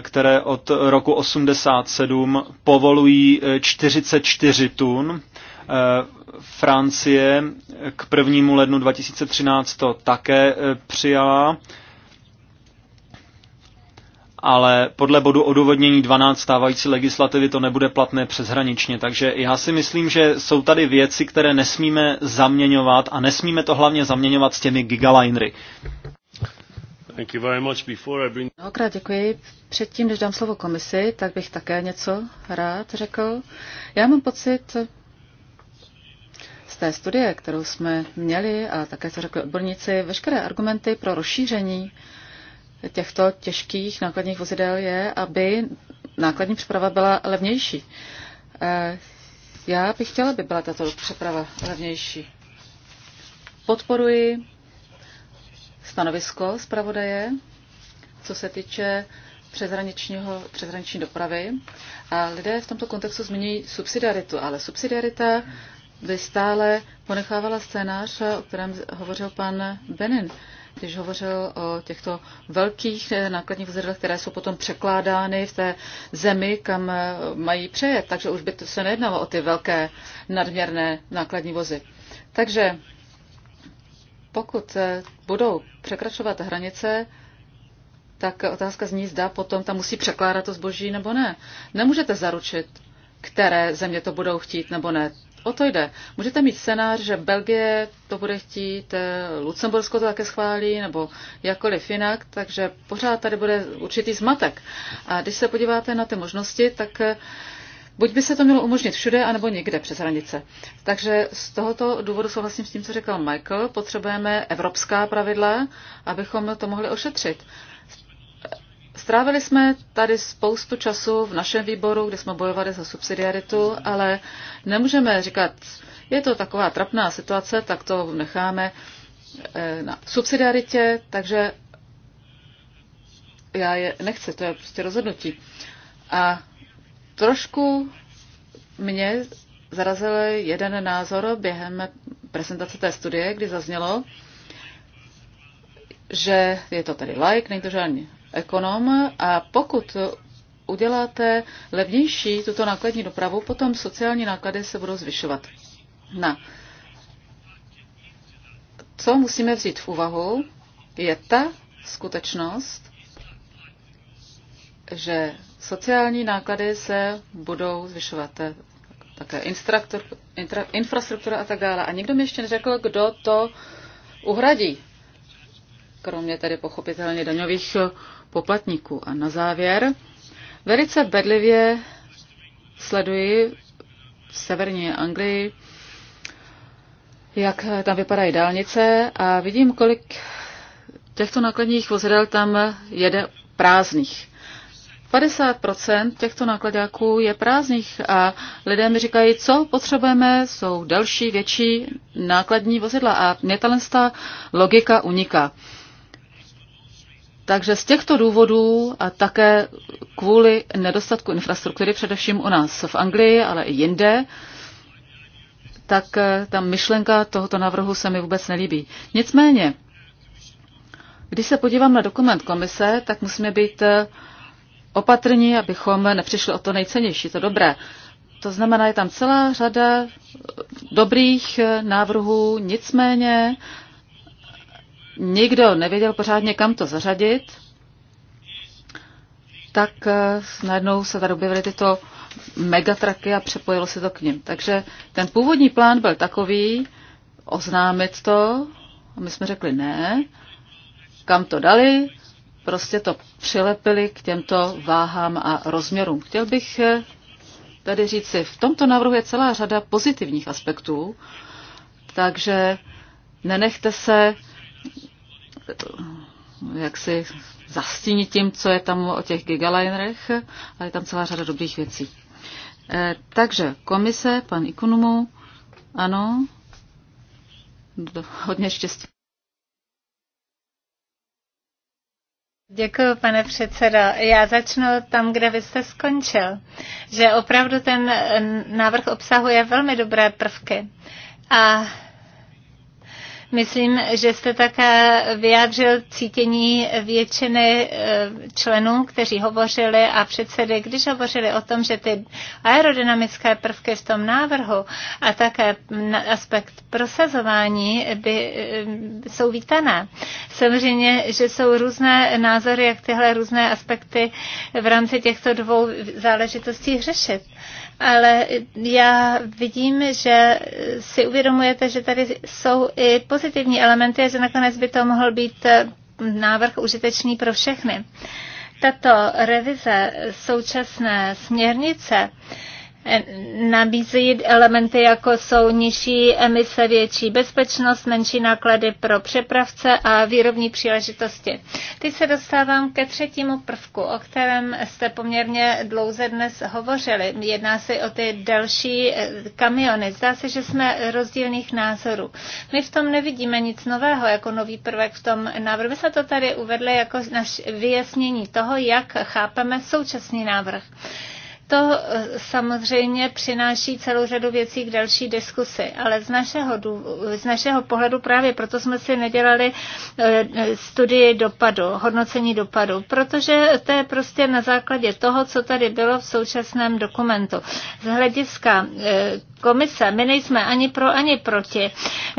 které od roku 87 povolují 44 tun. Francie k 1. lednu 2013 to také eh, přijala, ale podle bodu odůvodnění 12 stávající legislativy to nebude platné přeshraničně. Takže já si myslím, že jsou tady věci, které nesmíme zaměňovat a nesmíme to hlavně zaměňovat s těmi gigalinery. Mnohokrát děkuji. Předtím, než dám slovo komisi, tak bych také něco rád řekl. Já mám pocit z té studie, kterou jsme měli a také co řekli odborníci, veškeré argumenty pro rozšíření těchto těžkých nákladních vozidel je, aby nákladní přeprava byla levnější. Eh, já bych chtěla, aby byla tato přeprava levnější. Podporuji stanovisko zpravodaje, co se týče přeshraničního, přeshraniční dopravy. A lidé v tomto kontextu zmiňují subsidiaritu, ale subsidiarita by stále ponechávala scénář, o kterém hovořil pan Benin, když hovořil o těchto velkých nákladních vozidlech, které jsou potom překládány v té zemi, kam mají přejet. Takže už by to se nejednalo o ty velké nadměrné nákladní vozy. Takže pokud eh, budou překračovat hranice, tak otázka zní, zda potom tam musí překládat to zboží nebo ne. Nemůžete zaručit, které země to budou chtít nebo ne. O to jde. Můžete mít scénář, že Belgie to bude chtít, eh, Lucembursko to také schválí, nebo jakkoliv jinak, takže pořád tady bude určitý zmatek. A když se podíváte na ty možnosti, tak eh, Buď by se to mělo umožnit všude, anebo někde přes hranice. Takže z tohoto důvodu souhlasím s tím, co říkal Michael. Potřebujeme evropská pravidla, abychom to mohli ošetřit. Strávili jsme tady spoustu času v našem výboru, kde jsme bojovali za subsidiaritu, ale nemůžeme říkat, je to taková trapná situace, tak to necháme eh, na subsidiaritě, takže já je nechci, to je prostě rozhodnutí. A Trošku mě zarazil jeden názor během prezentace té studie, kdy zaznělo, že je to tedy like, není to žádný ekonom a pokud uděláte levnější tuto nákladní dopravu, potom sociální náklady se budou zvyšovat. Na co musíme vzít v úvahu, je ta skutečnost, že Sociální náklady se budou zvyšovat eh, také infrastruktura a tak dále. A nikdo mi ještě neřekl, kdo to uhradí, kromě tedy pochopitelně daňových eh, poplatníků. A na závěr, velice bedlivě sleduji v severní Anglii, jak eh, tam vypadají dálnice a vidím, kolik těchto nákladních vozidel tam jede prázdných. 50% těchto nákladáků je prázdných a lidé mi říkají, co potřebujeme, jsou další, větší nákladní vozidla a mě ta logika uniká. Takže z těchto důvodů a také kvůli nedostatku infrastruktury, především u nás v Anglii, ale i jinde, tak eh, ta myšlenka tohoto návrhu se mi vůbec nelíbí. Nicméně, když se podívám na dokument komise, tak musíme být eh, opatrní, abychom nepřišli o to nejcennější, to dobré. To znamená, je tam celá řada dobrých návrhů, nicméně nikdo nevěděl pořádně, kam to zařadit, tak eh, najednou se tady objevily tyto megatraky a přepojilo se to k ním. Takže ten původní plán byl takový, oznámit to, a my jsme řekli ne, kam to dali, prostě to přilepili k těmto váhám a rozměrům. Chtěl bych eh, tady říci, v tomto návrhu je celá řada pozitivních aspektů, takže nenechte se eh, jak si zastínit tím, co je tam o těch gigalinerech, ale je tam celá řada dobrých věcí. Eh, takže komise, pan Ikunumu, ano, hodně štěstí. Děkuji, pane předsedo. Já začnu tam, kde vy jste skončil, že opravdu ten návrh obsahuje velmi dobré prvky. A Myslím, že jste také vyjádřil cítění většiny eh, členů, kteří hovořili a předsedy, když hovořili o tom, že ty aerodynamické prvky v tom návrhu a také aspekt prosazování by, eh, jsou vítané. Samozřejmě, že jsou různé názory, jak tyhle různé aspekty v rámci těchto dvou záležitostí řešit ale já vidím, že si uvědomujete, že tady jsou i pozitivní elementy a že nakonec by to mohl být eh, návrh užitečný pro všechny. Tato revize současné směrnice nabízí elementy, jako jsou nižší emise, větší bezpečnost, menší náklady pro přepravce a výrobní příležitosti. Teď se dostávám ke třetímu prvku, o kterém jste poměrně dlouze dnes hovořili. Jedná se o ty další eh, kamiony. Zdá se, že jsme rozdílných názorů. My v tom nevidíme nic nového jako nový prvek v tom návrhu. My jsme to tady uvedli jako naš vyjasnění toho, jak chápeme současný návrh. To eh, samozřejmě přináší celou řadu věcí k další diskusi, ale z našeho, z našeho pohledu právě proto jsme si nedělali eh, eh, studii dopadu, hodnocení dopadu, protože to je prostě na základě toho, co tady bylo v současném dokumentu. Z hlediska komise. My nejsme ani pro, ani proti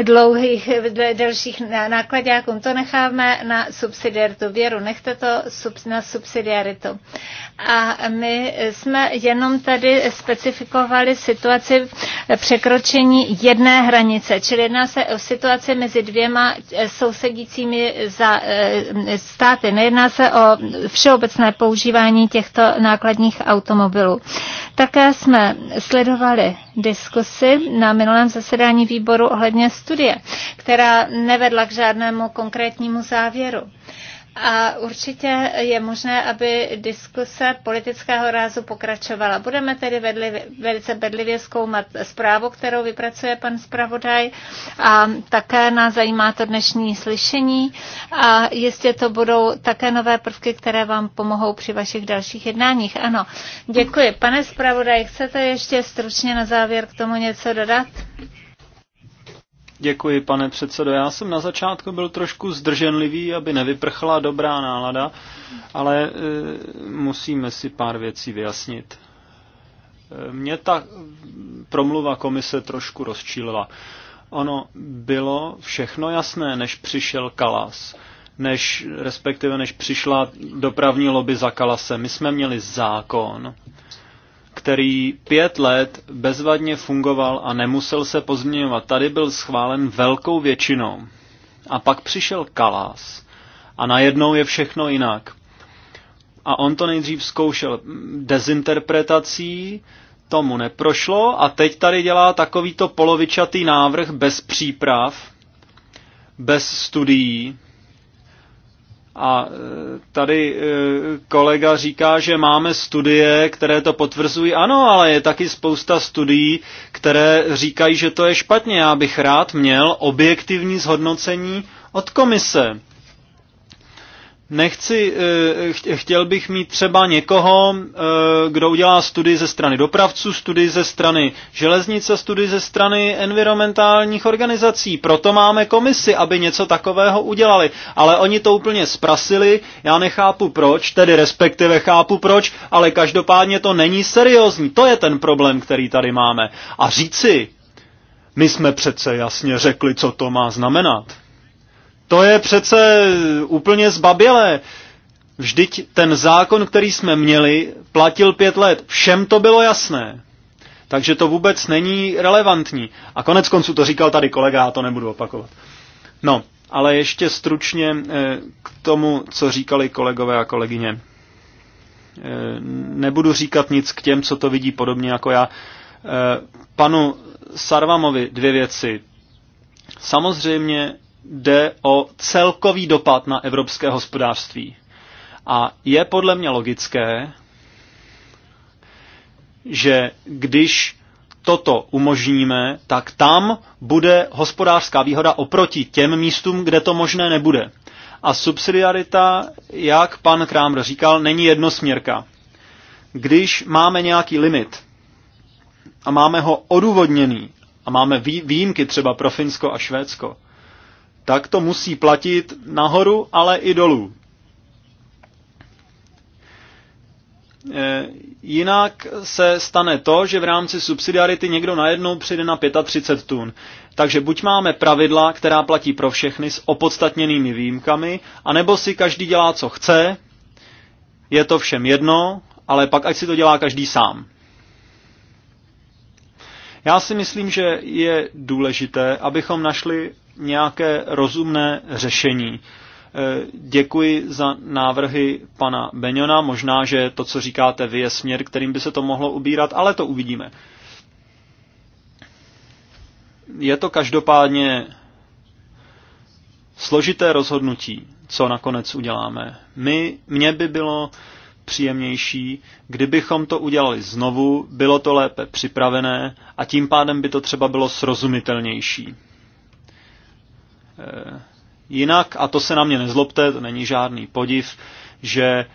dlouhých, delších nákladňákům. To necháme na subsidiaritu věru, nechte to na subsidiaritu. A my jsme jenom tady specifikovali situaci překročení jedné hranice, čili jedná se o situaci mezi dvěma eh, sousedícími za, eh, státy. Nejedná se o všeobecné používání těchto nákladních automobilů. Také jsme sledovali diskusi na minulém zasedání výboru ohledně studie, která nevedla k žádnému konkrétnímu závěru a určitě je možné, aby diskuse politického rázu pokračovala. Budeme tedy vedli, velice bedlivě zkoumat zprávu, kterou vypracuje pan zpravodaj a také nás zajímá to dnešní slyšení a jistě to budou také nové prvky, které vám pomohou při vašich dalších jednáních. Ano, děkuji. Pane zpravodaj, chcete ještě stručně na závěr k tomu něco dodat? Děkuji, pane předsedo. Já jsem na začátku byl trošku zdrženlivý, aby nevyprchla dobrá nálada, ale e, musíme si pár věcí vyjasnit. E, mě ta promluva komise trošku rozčílila. Ono bylo všechno jasné, než přišel Kalas než, respektive než přišla dopravní lobby za Kalase. My jsme měli zákon, který pět let bezvadně fungoval a nemusel se pozměňovat. Tady byl schválen velkou většinou. A pak přišel Kalás a najednou je všechno jinak. A on to nejdřív zkoušel dezinterpretací, tomu neprošlo a teď tady dělá takovýto polovičatý návrh bez příprav, bez studií a e, tady e, kolega říká, že máme studie, které to potvrzují. Ano, ale je taky spousta studií, které říkají, že to je špatně. Já bych rád měl objektivní zhodnocení od komise. Nechci, eh, chtěl bych mít třeba někoho, eh, kdo udělá studii ze strany dopravců, studii ze strany železnice, studii ze strany environmentálních organizací. Proto máme komisi, aby něco takového udělali. Ale oni to úplně zprasili, já nechápu proč, tedy respektive chápu proč, ale každopádně to není seriózní. To je ten problém, který tady máme. A říci, my jsme přece jasně řekli, co to má znamenat. To je přece úplně zbabělé. Vždyť ten zákon, který jsme měli, platil pět let. Všem to bylo jasné. Takže to vůbec není relevantní. A konec konců to říkal tady kolega, já to nebudu opakovat. No, ale ještě stručně eh, k tomu, co říkali kolegové a kolegyně. Eh, nebudu říkat nic k těm, co to vidí podobně jako já. Eh, panu Sarvamovi dvě věci. Samozřejmě jde o celkový dopad na evropské hospodářství. A je podle mě logické, že když toto umožníme, tak tam bude hospodářská výhoda oproti těm místům, kde to možné nebude. A subsidiarita, jak pan Krámr říkal, není jednosměrka. Když máme nějaký limit a máme ho odůvodněný a máme výjimky třeba pro Finsko a Švédsko, tak to musí platit nahoru, ale i dolů. Eh, jinak se stane to, že v rámci subsidiarity někdo najednou přijde na 35 tun. Takže buď máme pravidla, která platí pro všechny s opodstatněnými výjimkami, anebo si každý dělá, co chce, je to všem jedno, ale pak ať si to dělá každý sám. Já si myslím, že je důležité, abychom našli nějaké rozumné řešení. E, děkuji za návrhy pana Beňona. Možná, že to, co říkáte vy, je směr, kterým by se to mohlo ubírat, ale to uvidíme. Je to každopádně složité rozhodnutí, co nakonec uděláme. My, mně by bylo příjemnější, kdybychom to udělali znovu, bylo to lépe připravené a tím pádem by to třeba bylo srozumitelnější. Eh, jinak, a to se na mě nezlobte, to není žádný podiv, že eh,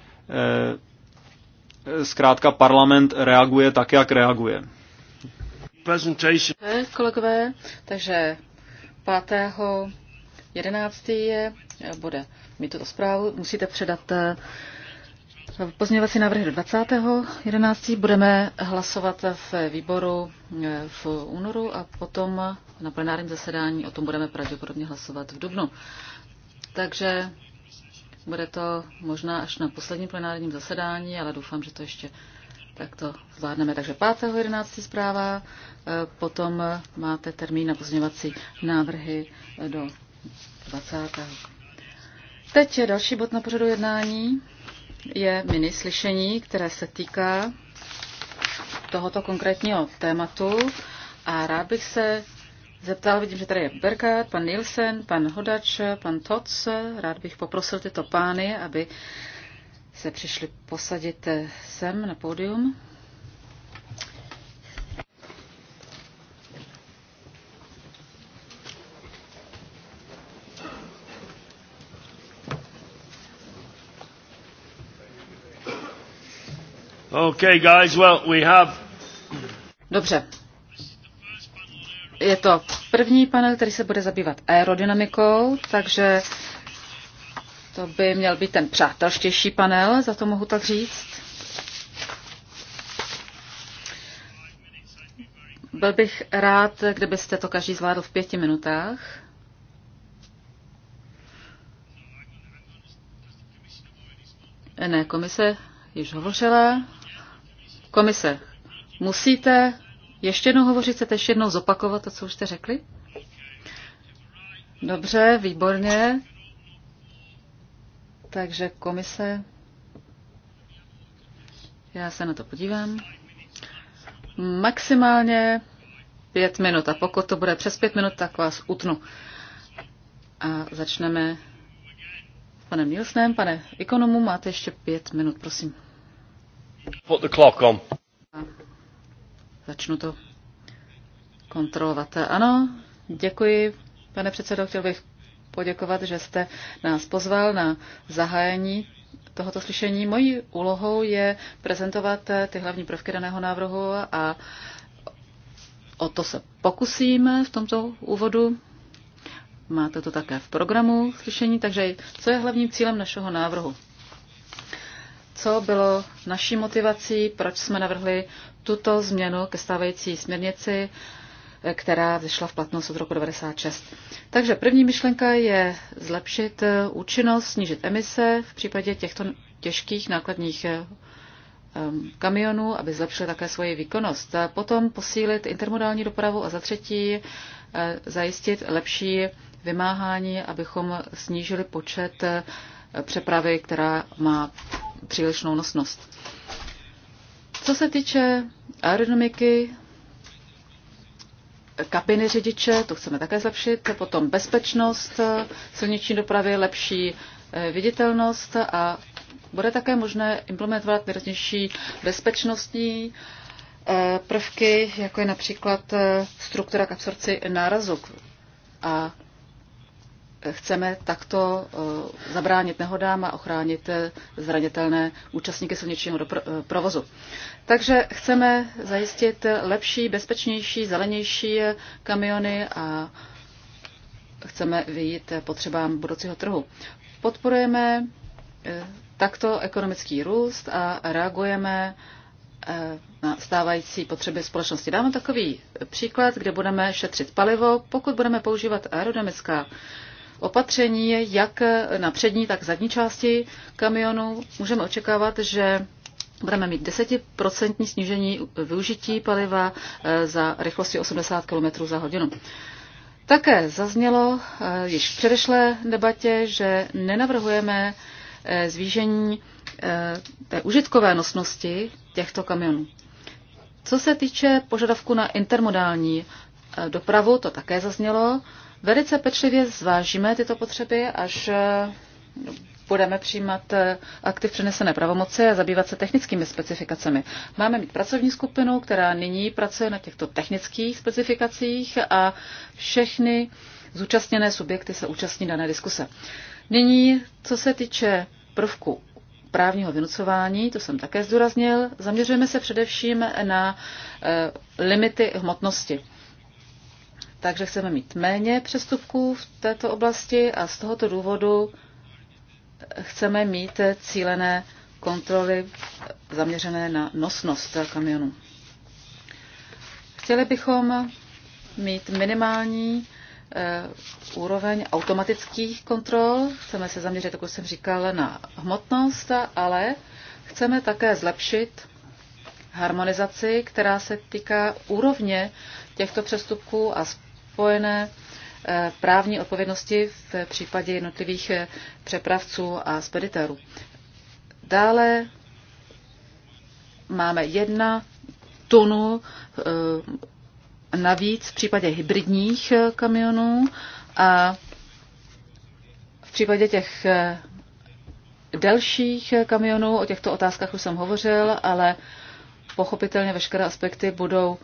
zkrátka parlament reaguje tak, jak reaguje. Eh, kolegové, takže 5. 11. Je, bude mít tuto zprávu, musíte předat Pozměňovací návrhy do 20. 11. budeme hlasovat v výboru e, v únoru a potom na plenárním zasedání o tom budeme pravděpodobně hlasovat v dubnu. Takže bude to možná až na posledním plenárním zasedání, ale doufám, že to ještě tak to zvládneme. Takže 11. zpráva, e, potom máte termín na pozměňovací návrhy do 20. Teď je další bod na pořadu jednání je mini slyšení, které se týká tohoto konkrétního tématu a rád bych se zeptal, vidím, že tady je Berkat, pan Nielsen, pan Hodač, pan Toc, rád bych poprosil tyto pány, aby se přišli posadit sem na pódium. Okay, guys, well, we have... Dobře. Je to první panel, který se bude zabývat aerodynamikou, takže to by měl být ten přátelštější panel, za to mohu tak říct. Byl bych rád, kdybyste to každý zvládl v pěti minutách. Ne, komise již hovořila. Komise, musíte ještě jednou hovořit, chcete ještě jednou zopakovat to, co už jste řekli? Dobře, výborně. Takže komise, já se na to podívám. Maximálně pět minut a pokud to bude přes pět minut, tak vás utnu. A začneme s panem Nilsnem. Pane ekonomu, máte ještě pět minut, prosím. Put the clock on. Začnu to kontrolovat. Ano, děkuji, pane předsedo. Chtěl bych poděkovat, že jste nás pozval na zahájení tohoto slyšení. Mojí úlohou je prezentovat ty hlavní prvky daného návrhu a o to se pokusíme v tomto úvodu. Máte to také v programu slyšení, takže co je hlavním cílem našeho návrhu? co bylo naší motivací, proč jsme navrhli tuto změnu ke stávající směrnici, která vyšla v platnost od roku 96. Takže první myšlenka je zlepšit eh, účinnost, snížit emise v případě těchto těžkých nákladních eh, kamionů, aby zlepšili také svoji výkonnost. Potom posílit intermodální dopravu a za třetí eh, zajistit lepší vymáhání, abychom snížili počet přepravy, která má přílišnou nosnost. Co se týče aerodynamiky, kabiny řidiče, to chceme také zlepšit, potom bezpečnost silniční dopravy, lepší eh, viditelnost a bude také možné implementovat nejrůznější bezpečnostní eh, prvky, jako je například eh, struktura k absorci nárazu A chceme takto eh, zabránit nehodám a ochránit eh, zranitelné účastníky silničního eh, provozu. Takže chceme zajistit lepší, bezpečnější, zelenější kamiony a chceme vyjít potřebám budoucího trhu. Podporujeme takto ekonomický růst a reagujeme na stávající potřeby společnosti. Dáme takový příklad, kde budeme šetřit palivo. Pokud budeme používat aerodynamická opatření, jak na přední, tak zadní části kamionu. Můžeme očekávat, že budeme mít desetiprocentní snížení využití paliva eh, za rychlosti 80 km za hodinu. Také zaznělo eh, již v předešlé debatě, že nenavrhujeme eh, zvýšení té užitkové nosnosti těchto kamionů. Co se týče požadavku na intermodální dopravu, to také zaznělo. Velice pečlivě zvážíme tyto potřeby, až eh, budeme přijímat eh, aktiv přenesené pravomoci a zabývat se technickými specifikacemi. Máme mít pracovní skupinu, která nyní pracuje na těchto technických specifikacích a všechny zúčastněné subjekty se účastní dané diskuse. Nyní, co se týče prvku právního vynucování, to jsem také zdůraznil, zaměřujeme se především na eh, limity hmotnosti takže chceme mít méně přestupků v této oblasti a z tohoto důvodu chceme mít cílené kontroly zaměřené na nosnost kamionů. Chtěli bychom mít minimální eh, úroveň automatických kontrol. Chceme se zaměřit, jak jsem říkal, na hmotnost, ale chceme také zlepšit harmonizaci, která se týká úrovně těchto přestupků a spojené eh, právní odpovědnosti v případě jednotlivých eh, přepravců a speditérů. Dále máme jedna tunu eh, navíc v případě hybridních kamionů a v případě těch delších kamionů, o těchto otázkách už jsem hovořil, ale pochopitelně veškeré aspekty budou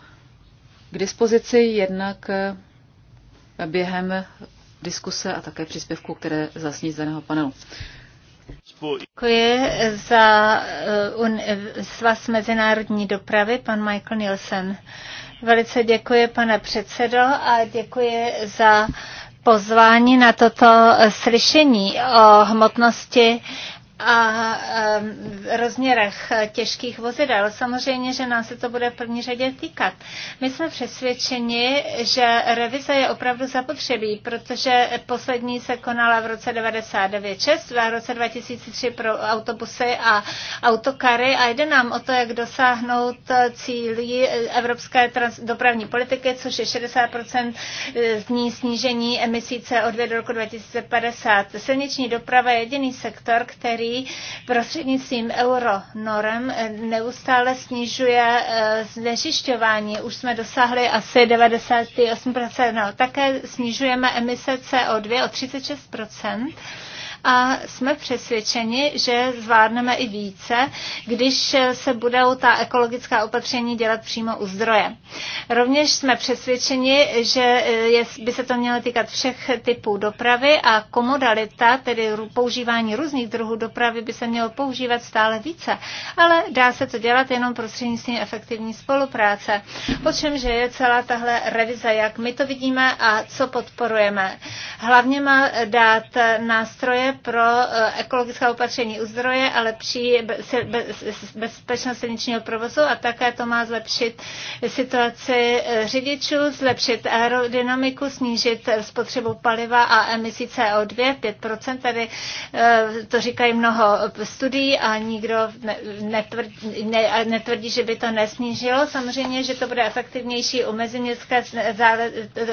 k dispozici jednak během diskuse a také příspěvků, které zasní z daného panelu. Děkuji za eh, un, svaz mezinárodní dopravy, pan Michael Nielsen. Velice děkuji, pane předsedo, a děkuji za pozvání na toto slyšení o hmotnosti a v rozměrech těžkých vozidel. Samozřejmě, že nás se to bude v první řadě týkat. My jsme přesvědčeni, že revize je opravdu zapotřebí, protože poslední se konala v roce 99 a v roce 2003 pro autobusy a autokary a jde nám o to, jak dosáhnout cílí evropské dopravní politiky, což je 60% z ní snížení emisí CO2 do roku 2050. Silniční doprava je jediný sektor, který který prostřednictvím euronorem eh, neustále snižuje eh, znečišťování. Už jsme dosáhli asi 98%. No, také snižujeme emise CO2 o 36% a jsme přesvědčeni, že zvládneme i více, když se budou ta ekologická opatření dělat přímo u zdroje. Rovněž jsme přesvědčeni, že eh, je, by se to mělo týkat všech typů dopravy a komodalita, tedy používání různých druhů dopravy, by se mělo používat stále více. Ale dá se to dělat jenom prostřednictvím efektivní spolupráce. O čemže je celá tahle revize, jak my to vidíme a co podporujeme. Hlavně má dát nástroje pro eh, ekologická opatření u zdroje, ale při bezpečnost silničního provozu a také to má zlepšit situaci eh, řidičů, zlepšit aerodynamiku, snížit eh, spotřebu paliva a emisí CO2 5%. Tady to říkají mnoho studií a nikdo netvrdí, ne, netvrdí že by to nesnížilo. Samozřejmě, že to bude efektivnější u meziměstské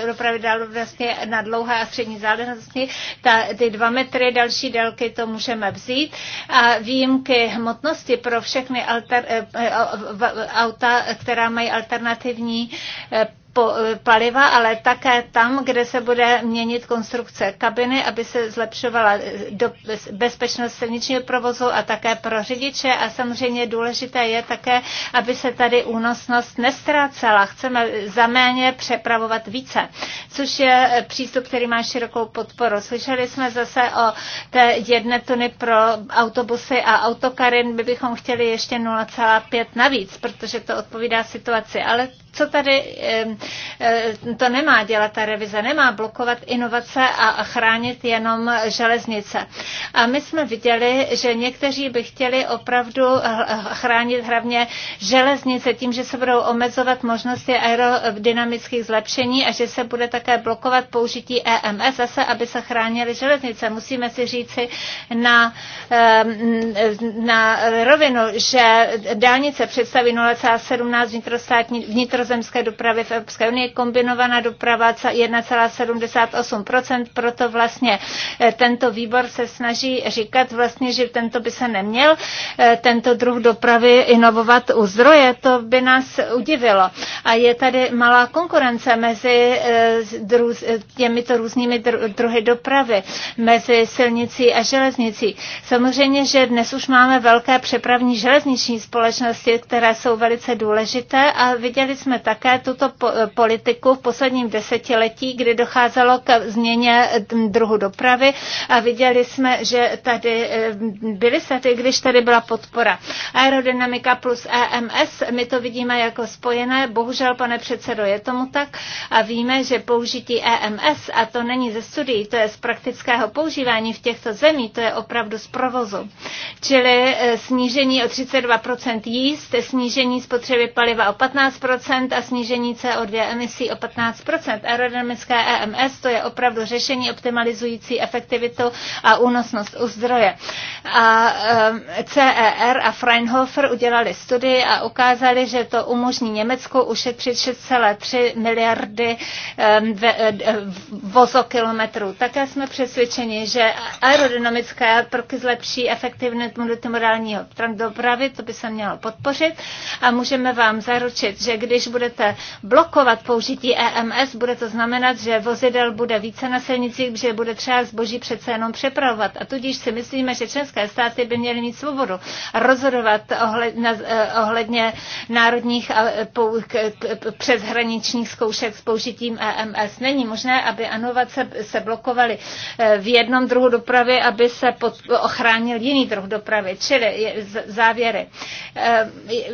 dopravy dál vlastně na dlouhé a střední záležitosti. ty dva metry, další delší délky to můžeme vzít a výjimky hmotnosti pro všechny alter, eh, eh, auta, která mají alternativní eh, Eh, paliva, ale také tam, kde se bude měnit konstrukce kabiny, aby se zlepšovala eh, do bezpečnost silničního provozu a také pro řidiče. A samozřejmě důležité je také, aby se tady únosnost nestrácela. Chceme za méně přepravovat více, což je eh, přístup, který má širokou podporu. Slyšeli jsme zase o té jedné tuny pro autobusy a autokary. My bychom chtěli ještě 0,5 navíc, protože to odpovídá situaci. Ale co tady Eh, to nemá dělat ta revize, nemá blokovat inovace a chránit jenom železnice. A my jsme viděli, že někteří by chtěli opravdu chránit hlavně železnice tím, že se budou omezovat možnosti aerodynamických zlepšení a že se bude také blokovat použití EMS zase, aby se chránily železnice. Musíme si říci na, ehm, na rovinu, že dálnice představí 0,17 vnitrostátní, vnitrozemské dopravy v Evropské unie, kombinovaná doprava 1,78%, proto vlastně eh, tento výbor se snaží říkat vlastně, že tento by se neměl eh, tento druh dopravy inovovat u zdroje, to by nás udivilo. A je tady malá konkurence mezi eh, těmito různými druhy dopravy, mezi silnicí a železnicí. Samozřejmě, že dnes už máme velké přepravní železniční společnosti, které jsou velice důležité a viděli jsme také tuto politiku v posledním desetiletí, kdy docházelo k změně mm, druhu dopravy a viděli jsme, že tady mm, byly sety, když tady byla podpora. Aerodynamika plus EMS, my to vidíme jako spojené, bohužel, pane předsedo, je tomu tak a víme, že použití EMS, a to není ze studií, to je z praktického používání v těchto zemích, to je opravdu z provozu. Čili e, snížení o 32% jíst, snížení spotřeby paliva o 15% a snížení CO2 co emisí o 15 Aerodynamické EMS to je opravdu řešení optimalizující efektivitu a únosnost u zdroje. A ehm, CER a Fraunhofer udělali studii a ukázali, že to umožní Německu ušetřit 6,3 miliardy ehm, e, e, vozokilometrů. Také jsme přesvědčeni, že aerodynamické prvky zlepší efektivitu multimodálního dopravy, to by se mělo podpořit a můžeme vám zaručit, že když budete blokovat redukovat použití EMS, bude to znamenat, že vozidel bude více na silnicích, že bude třeba zboží přece jenom přepravovat. A tudíž si myslíme, že členské státy by měly mít svobodu rozhodovat ohledně, eh, ohledně národních a eh, přeshraničních zkoušek s použitím EMS. Není možné, aby anovace se blokovaly eh, v jednom druhu dopravy, aby se pod, ochránil jiný druh dopravy, čili závěry.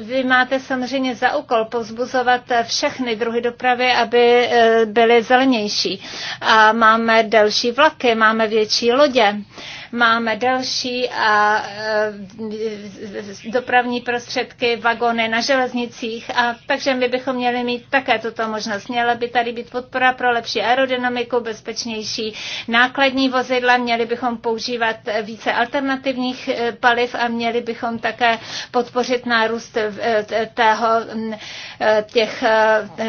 Vy máte samozřejmě za úkol povzbuzovat všechny druhy druhy dopravy, aby eh, byly zelenější. A máme delší vlaky, máme větší lodě. Máme další a dopravní prostředky, vagony na železnicích, a takže my bychom měli mít také tuto možnost. Měla by tady být podpora pro lepší aerodynamiku, bezpečnější nákladní vozidla, měli bychom používat více alternativních e, paliv a měli bychom také podpořit nárůst e, tého, e, těch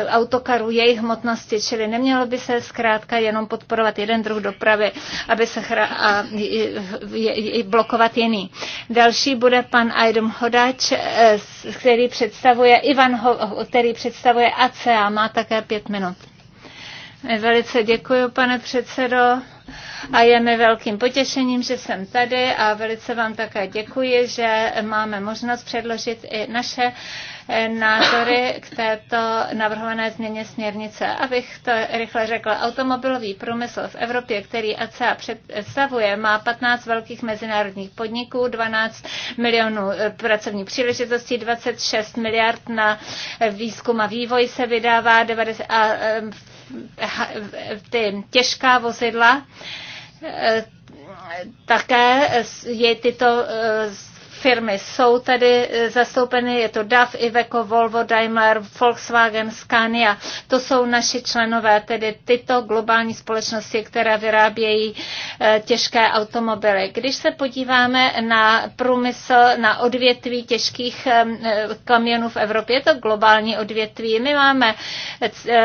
autokarů, jejich hmotnosti, čili nemělo by se zkrátka jenom podporovat jeden druh dopravy, aby se chra- a blokovat jiný. Další bude pan Aydum Hodač, eh, který představuje Ivan, Ho, který představuje ACA, má také pět minut. Velice děkuji, pane předsedo a je mi velkým potěšením, že jsem tady a velice vám také děkuji, že máme možnost předložit i naše eh, názory k této navrhované změně směrnice. Abych to rychle řekla, automobilový průmysl v Evropě, který ACA představuje, má 15 velkých mezinárodních podniků, 12 milionů eh, pracovních příležitostí, 26 miliard na výzkum a vývoj se vydává 90 a eh, ty těžká vozidla, eh, také je tyto eh, firmy jsou tady e, zastoupeny, je to DAF, Iveco, Volvo, Daimler, Volkswagen, Scania. To jsou naši členové, tedy tyto globální společnosti, které vyrábějí e, těžké automobily. Když se podíváme na průmysl, na odvětví těžkých e, kamionů v Evropě, je to globální odvětví. My máme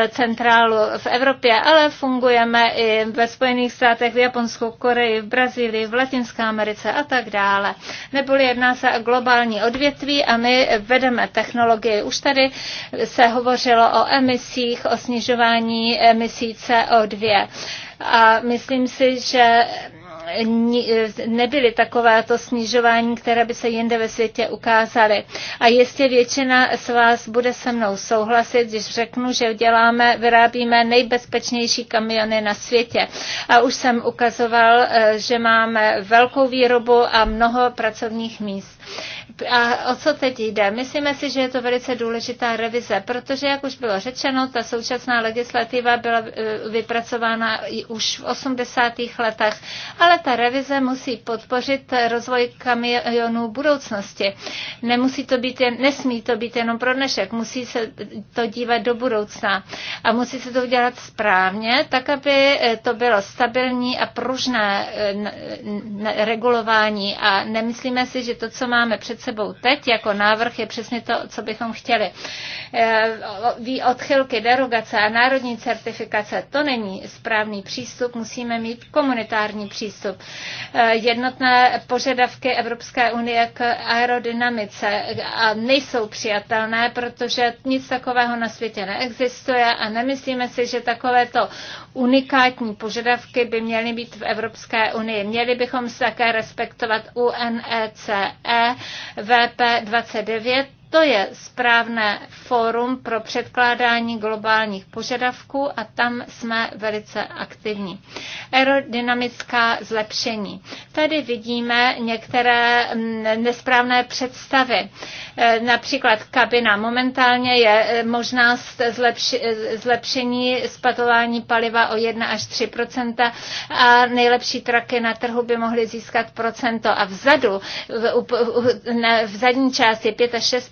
centrálu v Evropě, ale fungujeme i ve Spojených státech, v Japonsku, Koreji, v Brazílii, v Latinské Americe a tak dále. Neboli jedna jedná se o globální odvětví a my vedeme technologie Už tady se hovořilo o emisích, o snižování emisí CO2. A myslím si, že E, nebyly takovéto snižování, které by se jinde ve světě ukázaly. A jistě většina z vás bude se mnou souhlasit, když řeknu, že děláme, vyrábíme nejbezpečnější kamiony na světě. A už jsem ukazoval, e, že máme velkou výrobu a mnoho pracovních míst. A o co teď jde? Myslíme si, že je to velice důležitá revize, protože, jak už bylo řečeno, ta současná legislativa byla e, vypracována už v 80. letech, ale ta revize musí podpořit rozvoj kamionů budoucnosti. Nemusí to být jen, nesmí to být jenom pro dnešek, musí se to dívat do budoucna a musí se to udělat správně, tak, aby e, to bylo stabilní a pružné e, regulování a nemyslíme si, že to, co máme před před sebou teď jako návrh, je přesně to, co bychom chtěli. Ví eh, odchylky, derogace a národní certifikace, to není správný přístup, musíme mít komunitární přístup. Eh, jednotné požadavky Evropské unie k aerodynamice a nejsou přijatelné, protože nic takového na světě neexistuje a nemyslíme si, že takovéto unikátní požadavky by měly být v Evropské unii. Měli bychom se také respektovat UNECE VP29 to je správné fórum pro předkládání globálních požadavků a tam jsme velice aktivní. Aerodynamická zlepšení. Tady vidíme některé mm, nesprávné představy. E, například kabina. Momentálně je e, možná e, zlepšení spatování paliva o 1 až 3 a nejlepší traky na trhu by mohly získat procento. A vzadu, v zadní části 5 až 6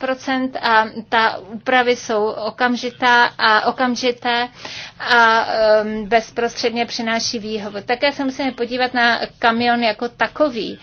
a ta úpravy jsou okamžitá a okamžité a um, bezprostředně přináší výhovu. Také se musíme podívat na kamion jako takový.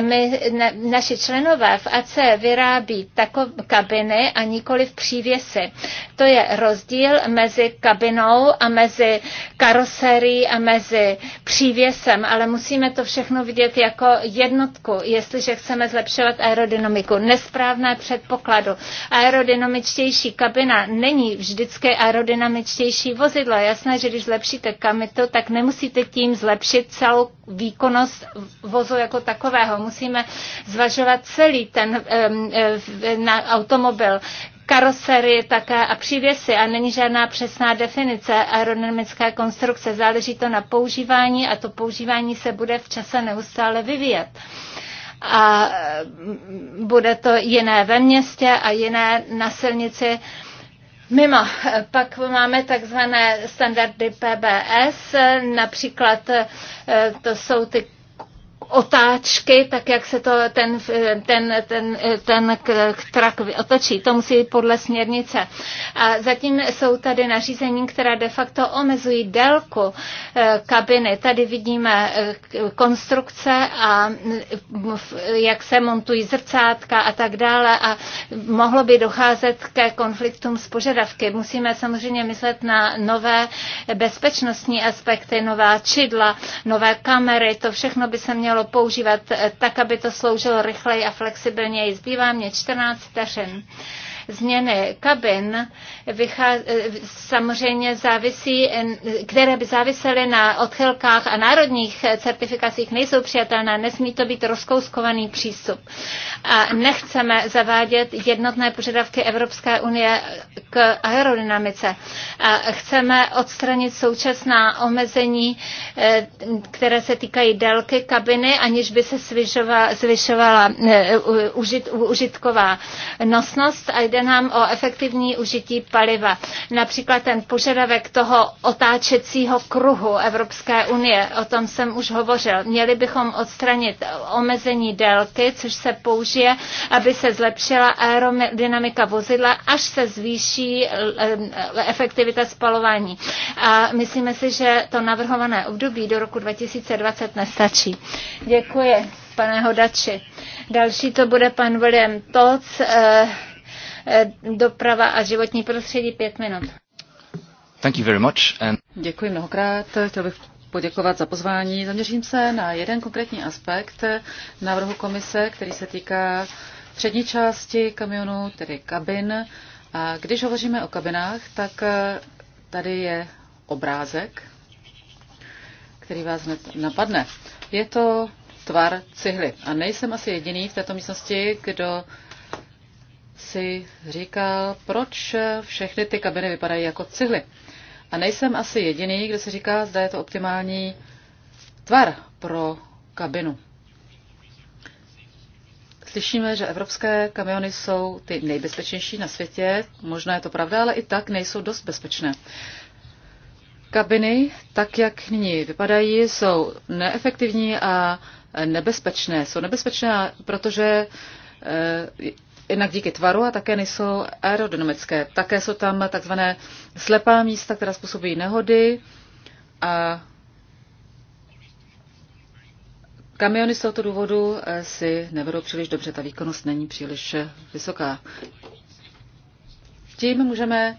My, na, naši členové v AC vyrábí takové kabiny a nikoli v přívěsy. To je rozdíl mezi kabinou a mezi karoserií a mezi přívěsem, ale musíme to všechno vidět jako jednotku, jestliže chceme zlepšovat aerodynamiku. Nesprávné předpokladu. Aerodynamičtější kabina není vždycky aerodynamičtější vozidlo. Jasné, že když zlepšíte kamitu, tak nemusíte tím zlepšit celou výkonnost vozu jako takového. Musíme zvažovat celý ten na automobil karoserie také a přívěsy a není žádná přesná definice aerodynamické konstrukce. Záleží to na používání a to používání se bude v čase neustále vyvíjet a mm, bude to jiné ve městě a jiné na silnici mimo. Pak máme takzvané standardy PBS, například eh, to jsou ty otáčky, tak jak se to ten, ten, ten, ten trak otočí. To musí být podle směrnice. A zatím jsou tady nařízení, která de facto omezují délku eh, kabiny. Tady vidíme eh, konstrukce a mm, jak se montují zrcátka a tak dále a mohlo by docházet ke konfliktům s požadavky. Musíme samozřejmě myslet na nové bezpečnostní aspekty, nová čidla, nové kamery, to všechno by se mělo mělo používat eh, tak, aby to sloužilo rychleji a flexibilněji. Zbývá mě 14 vteřin. Uh, změny kabin samozřejmě závisí, které by závisely na odchylkách a národních certifikacích, nejsou přijatelné. Nesmí to být rozkouskovaný přístup. A nechceme zavádět jednotné požadavky Evropské unie k aerodynamice. A chceme odstranit současná omezení, eh, které se týkají délky kabiny, aniž by se zvyšovala, zvyšovala eh, užit, užitková nosnost a jde jde nám o efektivní užití paliva. Například ten požadavek toho otáčecího kruhu Evropské unie, o tom jsem už hovořil. Měli bychom odstranit omezení délky, což se použije, aby se zlepšila aerodynamika vozidla, až se zvýší eh, eh, efektivita spalování. A myslíme si, že to navrhované období do roku 2020 nestačí. Děkuji, pane Hodači. Další to bude pan William Toc, Eh, doprava a životní prostředí. Pět minut. Thank you very much and... Děkuji mnohokrát. Chtěl bych poděkovat za pozvání. Zaměřím se na jeden konkrétní aspekt návrhu komise, který se týká přední části kamionu, tedy kabin. A když hovoříme o kabinách, tak eh, tady je obrázek, který vás hned napadne. Je to tvar cihly. A nejsem asi jediný v této místnosti, kdo si říkal, proč všechny ty kabiny vypadají jako cihly. A nejsem asi jediný, kdo si říká, zda je to optimální tvar pro kabinu. Slyšíme, že evropské kamiony jsou ty nejbezpečnější na světě. Možná je to pravda, ale i tak nejsou dost bezpečné. Kabiny, tak jak nyní vypadají, jsou neefektivní a nebezpečné. Jsou nebezpečné, protože eh, jednak díky tvaru a také nejsou aerodynamické. Také jsou tam takzvané slepá místa, která způsobují nehody a kamiony z tohoto důvodu eh, si nevedou příliš dobře, ta výkonnost není příliš eh, vysoká. Tím můžeme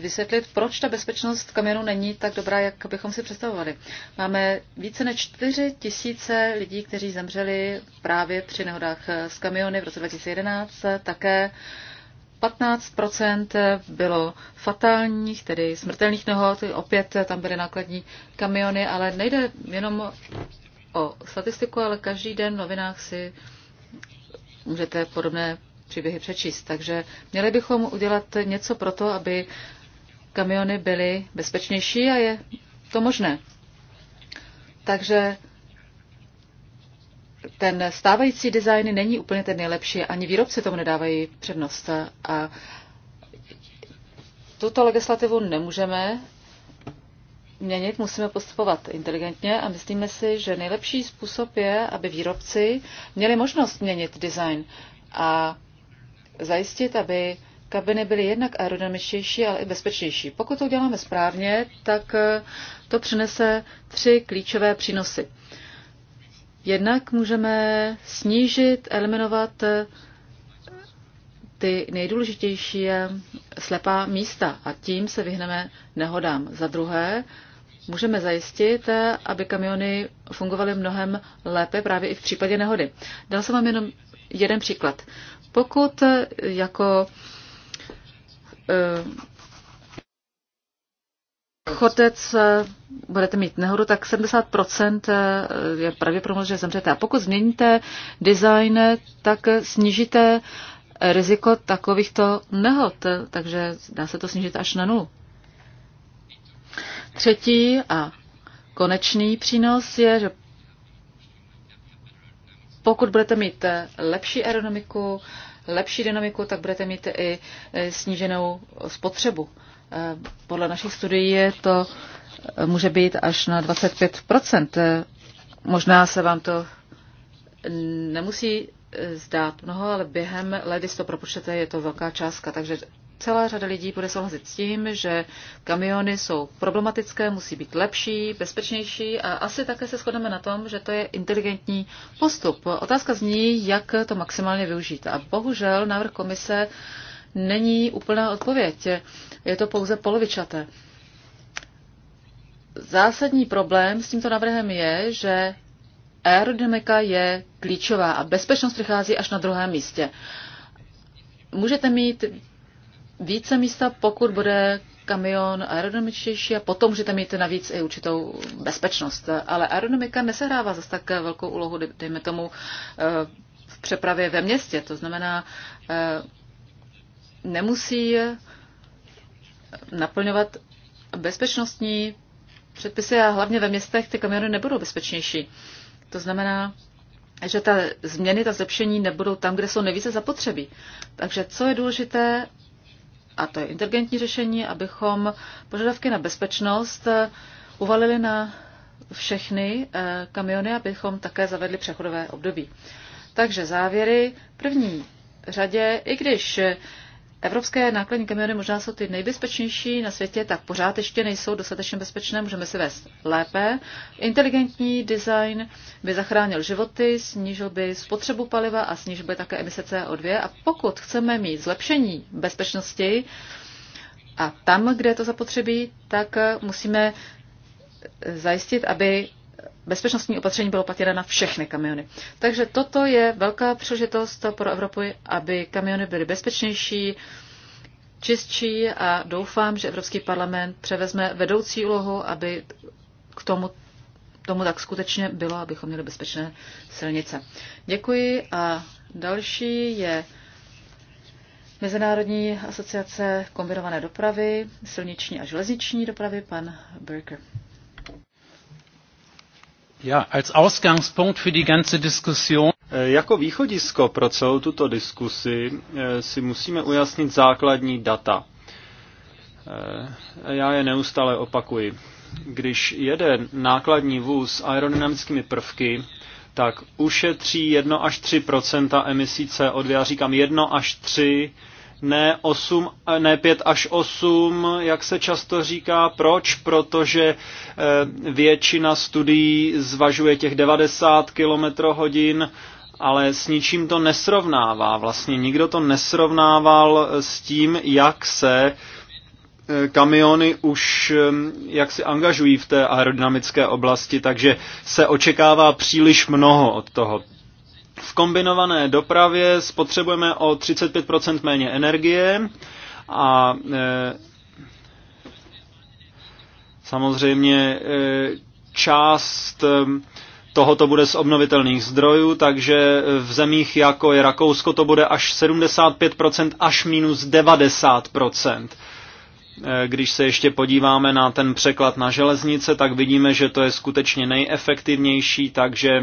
vysvětlit, proč ta bezpečnost kamionu není tak dobrá, jak bychom si představovali. Máme více než 4 tisíce lidí, kteří zemřeli právě při nehodách s kamiony v roce 2011. Také 15 bylo fatálních, tedy smrtelných nehod. Opět tam byly nákladní kamiony, ale nejde jenom o statistiku, ale každý den v novinách si můžete podobné příběhy přečíst. Takže měli bychom udělat něco pro to, aby kamiony byly bezpečnější a je to možné. Takže ten stávající design není úplně ten nejlepší, ani výrobci tomu nedávají přednost. A tuto legislativu nemůžeme měnit, musíme postupovat inteligentně a myslíme si, že nejlepší způsob je, aby výrobci měli možnost měnit design a zajistit, aby kabiny byly jednak aerodynamičtější, ale i bezpečnější. Pokud to uděláme správně, tak eh, to přinese tři klíčové přínosy. Jednak můžeme snížit, eliminovat eh, ty nejdůležitější eh, slepá místa a tím se vyhneme nehodám. Za druhé, můžeme zajistit, aby kamiony fungovaly mnohem lépe právě i v případě nehody. Dal jsem vám jenom jeden příklad. Pokud jako Eh, chodec eh, budete mít nehodu, tak 70% eh, je pravděpodobnost, že zemřete. A pokud změníte design, tak snížíte riziko takovýchto nehod, takže dá se to snížit až na nulu. Třetí a konečný přínos je, že pokud budete mít lepší aerodynamiku, lepší dynamiku, tak budete mít i e, sníženou spotřebu. E, podle našich studií je to e, může být až na 25 Možná se vám to nemusí zdát mnoho, ale během let, když to propočtete, je to velká částka, takže celá řada lidí bude souhlasit s tím, že kamiony jsou problematické, musí být lepší, bezpečnější a asi také se shodneme na tom, že to je inteligentní postup. Otázka zní, jak to maximálně využít. A bohužel návrh komise není úplná odpověď. Je to pouze polovičaté. Zásadní problém s tímto návrhem je, že aerodynamika je klíčová a bezpečnost přichází až na druhém místě. Můžete mít více místa, pokud bude kamion aerodynamičtější a potom můžete mít navíc i určitou bezpečnost. Ale aerodynamika nesehrává zase tak velkou úlohu, dejme tomu, eh, v přepravě ve městě. To znamená, eh, nemusí naplňovat bezpečnostní předpisy a hlavně ve městech ty kamiony nebudou bezpečnější. To znamená, že ta změny, ta zlepšení nebudou tam, kde jsou nejvíce zapotřebí. Takže co je důležité, a to je inteligentní řešení, abychom požadavky na bezpečnost eh, uvalili na všechny eh, kamiony, abychom také zavedli přechodové období. Takže závěry. První řadě, i když eh, evropské nákladní kamiony možná jsou ty nejbezpečnější na světě, tak pořád ještě nejsou dostatečně bezpečné, můžeme si vést lépe. Inteligentní design by zachránil životy, snížil by spotřebu paliva a snížil by také emise CO2. A pokud chceme mít zlepšení bezpečnosti a tam, kde je to zapotřebí, tak musíme zajistit, aby bezpečnostní opatření bylo platěna na všechny kamiony. Takže toto je velká příležitost pro Evropu, aby kamiony byly bezpečnější, čistší a doufám, že Evropský parlament převezme vedoucí úlohu, aby k tomu, tomu tak skutečně bylo, abychom měli bezpečné silnice. Děkuji a další je Mezinárodní asociace kombinované dopravy, silniční a železniční dopravy, pan Berker. Ja, als Ausgangspunkt für die ganze Diskussion. Eh, jako východisko pro celou tuto diskusi eh, si musíme ujasnit základní data. Eh, já je neustále opakuji. Když jede nákladní vůz s aerodynamickými prvky, tak ušetří 1 až 3 emisí CO2. Já říkám 1 až 3 ne, 8, ne 5 až 8, jak se často říká. Proč? Protože eh, většina studií zvažuje těch 90 km hodin, ale s ničím to nesrovnává. Vlastně nikdo to nesrovnával s tím, jak se eh, kamiony už eh, jak si angažují v té aerodynamické oblasti, takže se očekává příliš mnoho od toho. V kombinované dopravě spotřebujeme o 35% méně energie a e, samozřejmě e, část e, tohoto bude z obnovitelných zdrojů, takže v zemích jako je Rakousko to bude až 75% až minus 90%. Když se ještě podíváme na ten překlad na železnice, tak vidíme, že to je skutečně nejefektivnější, takže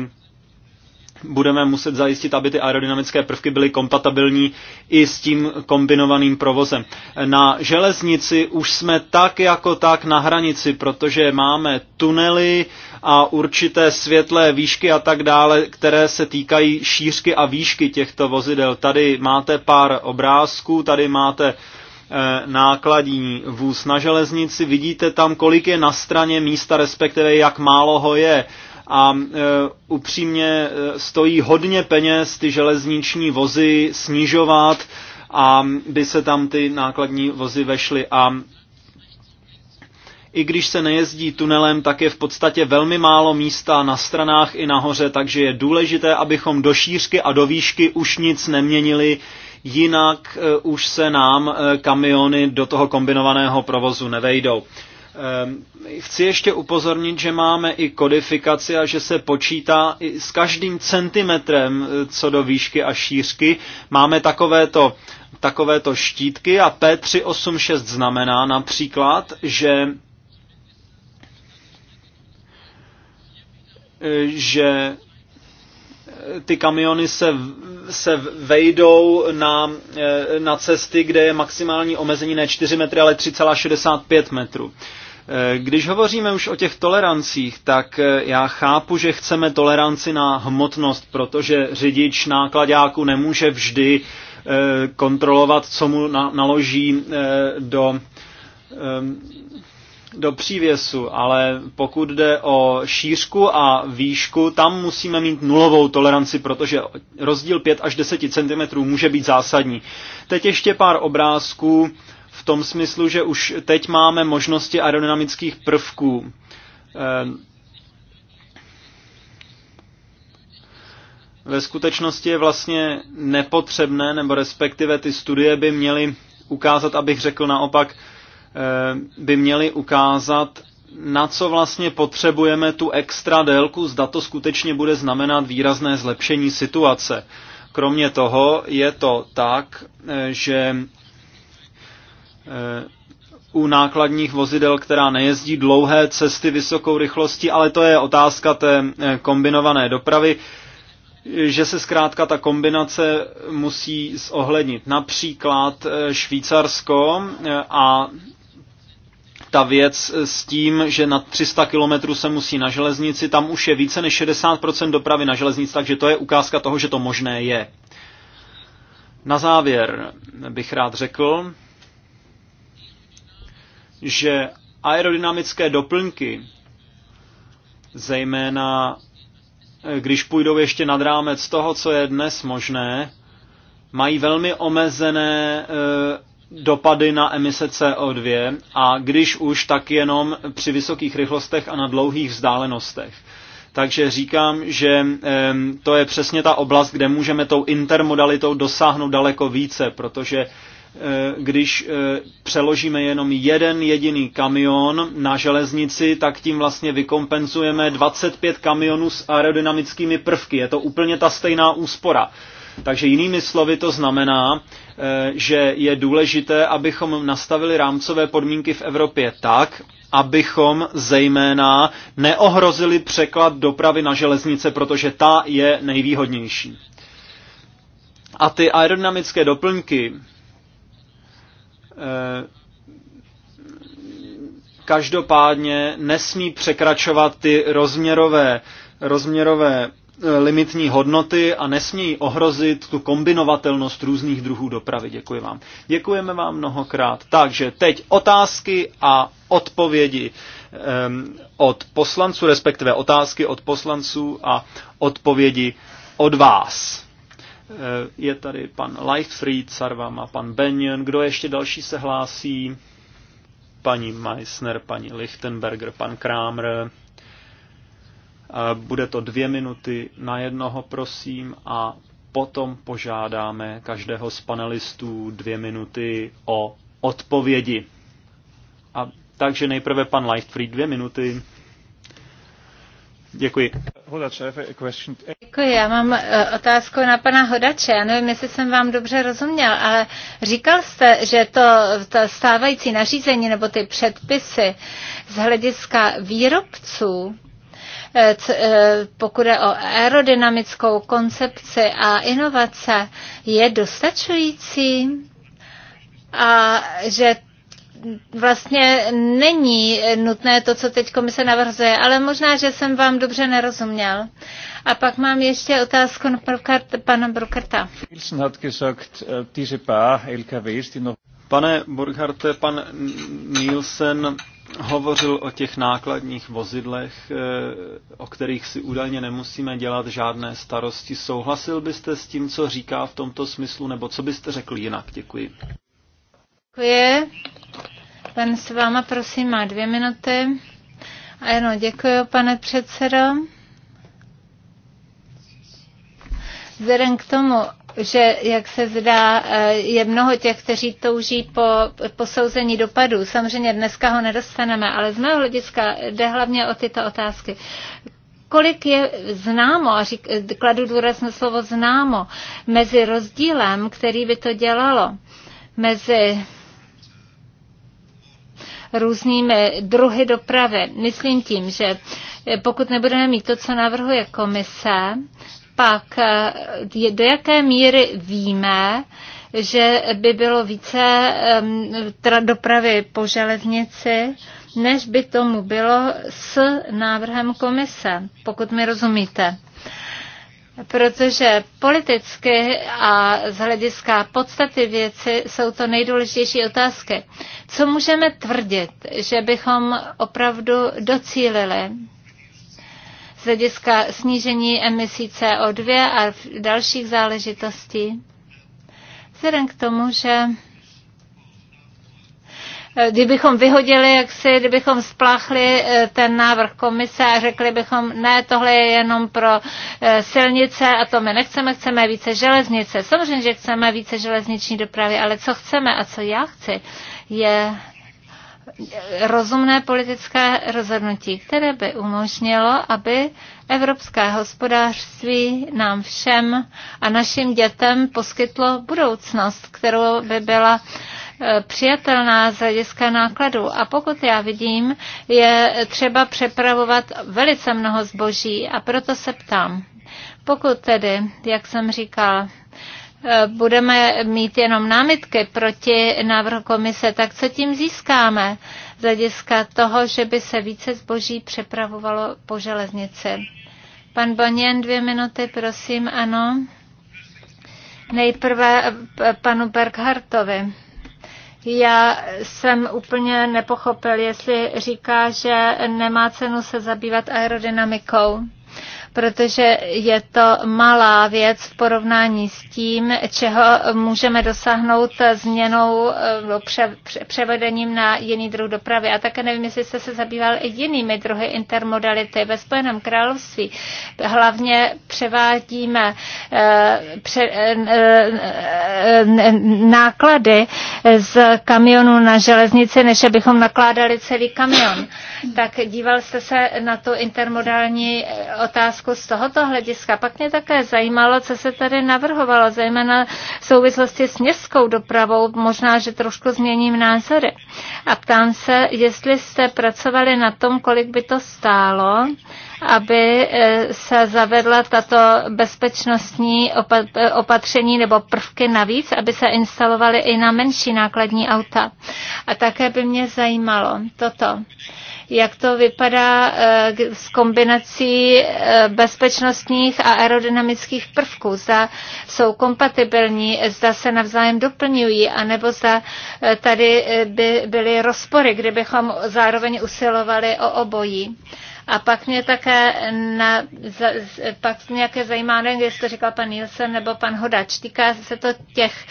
budeme muset zajistit, aby ty aerodynamické prvky byly kompatibilní i s tím kombinovaným provozem. Na železnici už jsme tak jako tak na hranici, protože máme tunely a určité světlé výšky a tak dále, které se týkají šířky a výšky těchto vozidel. Tady máte pár obrázků, tady máte eh, nákladní vůz na železnici. Vidíte tam, kolik je na straně místa, respektive jak málo ho je a e, upřímně e, stojí hodně peněz ty železniční vozy snižovat a by se tam ty nákladní vozy vešly a i když se nejezdí tunelem, tak je v podstatě velmi málo místa na stranách i nahoře, takže je důležité, abychom do šířky a do výšky už nic neměnili, jinak e, už se nám kamiony do toho kombinovaného provozu nevejdou. Ehm, chci ještě upozornit, že máme i kodifikaci a že se počítá i s každým centimetrem eh, co do výšky a šířky. Máme takovéto, takovéto štítky a P386 znamená například, že eh, že eh, ty kamiony se, se vejdou na, na cesty, kde je maximální omezení ne 4 metry, ale 3,65 metru. Eh, když hovoříme už o těch tolerancích, tak eh, já chápu, že chceme toleranci na hmotnost, protože řidič nákladáku nemůže vždy eh, kontrolovat, co mu naloží do, do přívěsu, ale pokud jde o šířku a výšku, tam musíme mít nulovou toleranci, protože rozdíl 5 až 10 cm může být zásadní. Teď ještě pár obrázků tom smyslu, že už teď máme možnosti aerodynamických prvků. Ehm, ve skutečnosti je vlastně nepotřebné, nebo respektive ty studie by měly ukázat, abych řekl naopak, ehm, by měly ukázat, na co vlastně potřebujeme tu extra délku, zda to skutečně bude znamenat výrazné zlepšení situace. Kromě toho je to tak, ehm, že Eh, u nákladních vozidel, která nejezdí dlouhé cesty vysokou rychlostí, ale to je otázka té eh, kombinované dopravy, že se zkrátka ta kombinace musí zohlednit. Například eh, Švýcarsko a ta věc s tím, že na 300 kilometrů se musí na železnici, tam už je více než 60% dopravy na železnici, takže to je ukázka toho, že to možné je. Na závěr bych rád řekl, že aerodynamické doplňky, zejména eh, když půjdou ještě nad rámec toho, co je dnes možné, mají velmi omezené eh, dopady na emise CO2 a když už, tak jenom při vysokých rychlostech a na dlouhých vzdálenostech. Takže říkám, že to je přesně ta oblast, kde můžeme tou intermodalitou dosáhnout daleko více, protože Eh, když eh, přeložíme jenom jeden jediný kamion na železnici, tak tím vlastně vykompenzujeme 25 kamionů s aerodynamickými prvky. Je to úplně ta stejná úspora. Takže jinými slovy to znamená, eh, že je důležité, abychom nastavili rámcové podmínky v Evropě tak, abychom zejména neohrozili překlad dopravy na železnice, protože ta je nejvýhodnější. A ty aerodynamické doplňky Eh, každopádně nesmí překračovat ty rozměrové, rozměrové eh, limitní hodnoty a nesmí ohrozit tu kombinovatelnost různých druhů dopravy. Děkuji vám. Děkujeme vám mnohokrát. Takže teď otázky a odpovědi ehm, od poslanců, respektive otázky od poslanců a odpovědi od vás. Je tady pan Lightfried, Sarvama, pan Benjen. Kdo ještě další se hlásí? Paní Meissner, paní Lichtenberger, pan Kramer. Bude to dvě minuty na jednoho, prosím, a potom požádáme každého z panelistů dvě minuty o odpovědi. A, takže nejprve pan Lightfried dvě minuty. Děkuji. Děkuji, já mám eh, otázku na pana Hodače. Já nevím, jestli jsem vám dobře rozuměl, ale říkal jste, že to, to stávající nařízení nebo ty předpisy z hlediska výrobců eh, eh, pokud je o aerodynamickou koncepci a inovace, je dostačující a že vlastně není nutné to, co teď komise navrhuje, ale možná, že jsem vám dobře nerozuměl. A pak mám ještě otázku na pana Brukerta. Äh, Pane Burkharte, pan Nielsen hovořil o těch nákladních vozidlech, eh, o kterých si údajně nemusíme dělat žádné starosti. Souhlasil byste s tím, co říká v tomto smyslu, nebo co byste řekl jinak? Děkuji. Děkuji. Pan s váma, prosím, má dvě minuty. A jenom děkuji, pane předsedo. Vzhledem k tomu, že, jak se zdá, eh, je mnoho těch, kteří touží po posouzení dopadů. Samozřejmě dneska ho nedostaneme, ale z mého hlediska jde hlavně o tyto otázky kolik je známo, a řík, kladu důraz na slovo známo, mezi rozdílem, který by to dělalo, mezi různými druhy dopravy. Myslím tím, že pokud nebudeme mít to, co navrhuje komise, pak eh, do jaké míry víme, že by bylo více dopravy po železnici, než by tomu bylo s návrhem komise, pokud mi rozumíte protože politicky a z hlediska podstaty věci jsou to nejdůležitější otázky. Co můžeme tvrdit, že bychom opravdu docílili z hlediska snížení emisí CO2 a dalších záležitostí? Vzhledem k tomu, že kdybychom vyhodili, jak si, kdybychom spláchli eh, ten návrh komise a řekli bychom, ne, tohle je jenom pro eh, silnice a to my nechceme, chceme více železnice. Samozřejmě, že chceme více železniční dopravy, ale co chceme a co já chci, je rozumné politické rozhodnutí, které by umožnilo, aby evropské hospodářství nám všem a našim dětem poskytlo budoucnost, kterou by byla E, přijatelná z hlediska nákladů. A pokud já vidím, je třeba přepravovat velice mnoho zboží a proto se ptám. Pokud tedy, jak jsem říkal, e, budeme mít jenom námitky proti návrhu komise, tak co tím získáme z hlediska toho, že by se více zboží přepravovalo po železnici? Pan Bonien, dvě minuty, prosím, ano. Nejprve e, panu Berghartovi. Já jsem úplně nepochopil, jestli říká, že nemá cenu se zabývat aerodynamikou protože je to malá věc v porovnání s tím, čeho můžeme dosáhnout změnou eh, převedením na jiný druh dopravy. A také nevím, jestli jste se zabýval i jinými druhy intermodality. Ve Spojeném království hlavně převádíme eh, pře, eh, náklady z kamionu na železnici, než abychom nakládali celý kamion. Tak díval jste se na tu intermodální otázku otázku z tohoto hlediska. Pak mě také zajímalo, co se tady navrhovalo, zejména v souvislosti s městskou dopravou. Možná, že trošku změním názory. A ptám se, jestli jste pracovali na tom, kolik by to stálo, aby eh, se zavedla tato bezpečnostní opatření nebo prvky navíc, aby se instalovaly i na menší nákladní auta. A také by mě zajímalo toto jak to vypadá eh, s kombinací eh, bezpečnostních a aerodynamických prvků. Zda jsou kompatibilní, zda se navzájem doplňují, anebo zda eh, tady by byly rozpory, kdybychom zároveň usilovali o obojí. A pak mě také na, za, pak nějaké zajímá, nevím, jestli to říkal pan Nielsen nebo pan Hodač, týká se to těch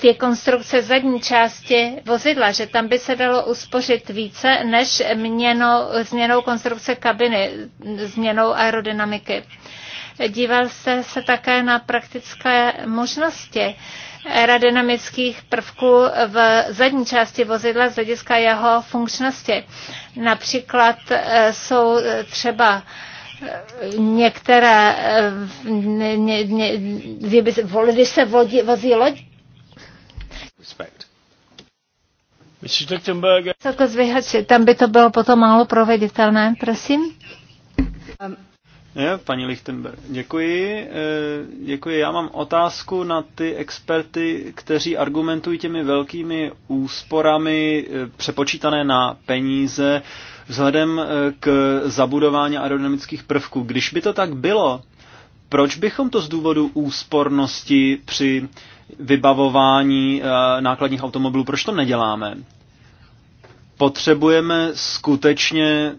ty konstrukce zadní části vozidla, že tam by se dalo uspořit více než měno, změnou konstrukce kabiny, změnou aerodynamiky. Díval jste se také na praktické možnosti aerodynamických prvků v zadní části vozidla z hlediska jeho funkčnosti. Například eh, jsou třeba eh, některé, eh, ně, ně, ně, když se vodí, vozí loď, tam by to bylo potom málo proveditelné, prosím. Um, je, paní Lichtenberg, děkuji. Eh, děkuji. Já mám otázku na ty experty, kteří argumentují těmi velkými úsporami eh, přepočítané na peníze vzhledem eh, k zabudování aerodynamických prvků. Když by to tak bylo, proč bychom to z důvodu úspornosti při vybavování nákladních automobilů, proč to neděláme? Potřebujeme skutečně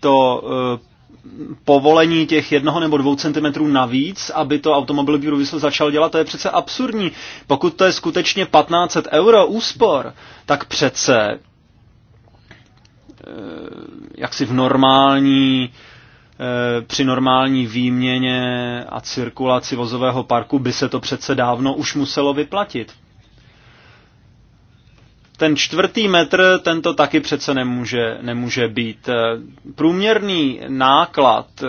to povolení těch jednoho nebo dvou centimetrů navíc, aby to automobilový průmysl začal dělat, to je přece absurdní. Pokud to je skutečně 1500 euro úspor, tak přece eh, jaksi v normální eh, při normální výměně a cirkulaci vozového parku by se to přece dávno už muselo vyplatit. Ten čtvrtý metr, tento taky přece nemůže, nemůže být. Eh, průměrný náklad eh,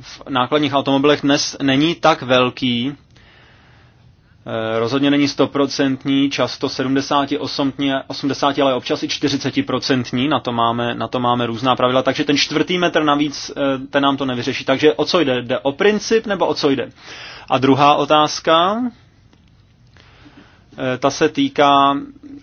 v nákladních automobilech dnes není tak velký, eh, rozhodně není 100%, často 70 80, ale občas i 40%, na to, máme, na to máme různá pravidla, takže ten čtvrtý metr navíc, ten nám to nevyřeší. Takže o co jde? Jde o princip nebo o co jde? A druhá otázka, Eh, ta se týká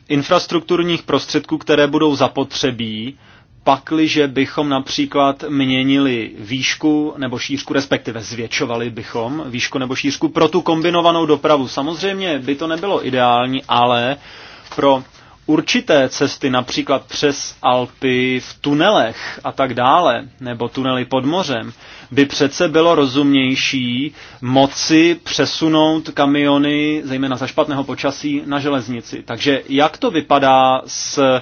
infrastrukturních prostředků, které budou zapotřebí, pakliže bychom například měnili výšku nebo šířku, respektive zvětšovali bychom výšku nebo šířku pro tu kombinovanou dopravu. Samozřejmě by to nebylo ideální, ale pro určité cesty, například přes Alpy v tunelech a tak dále, nebo tunely pod mořem, by přece bylo rozumnější moci přesunout kamiony, zejména za špatného počasí, na železnici. Takže jak to vypadá s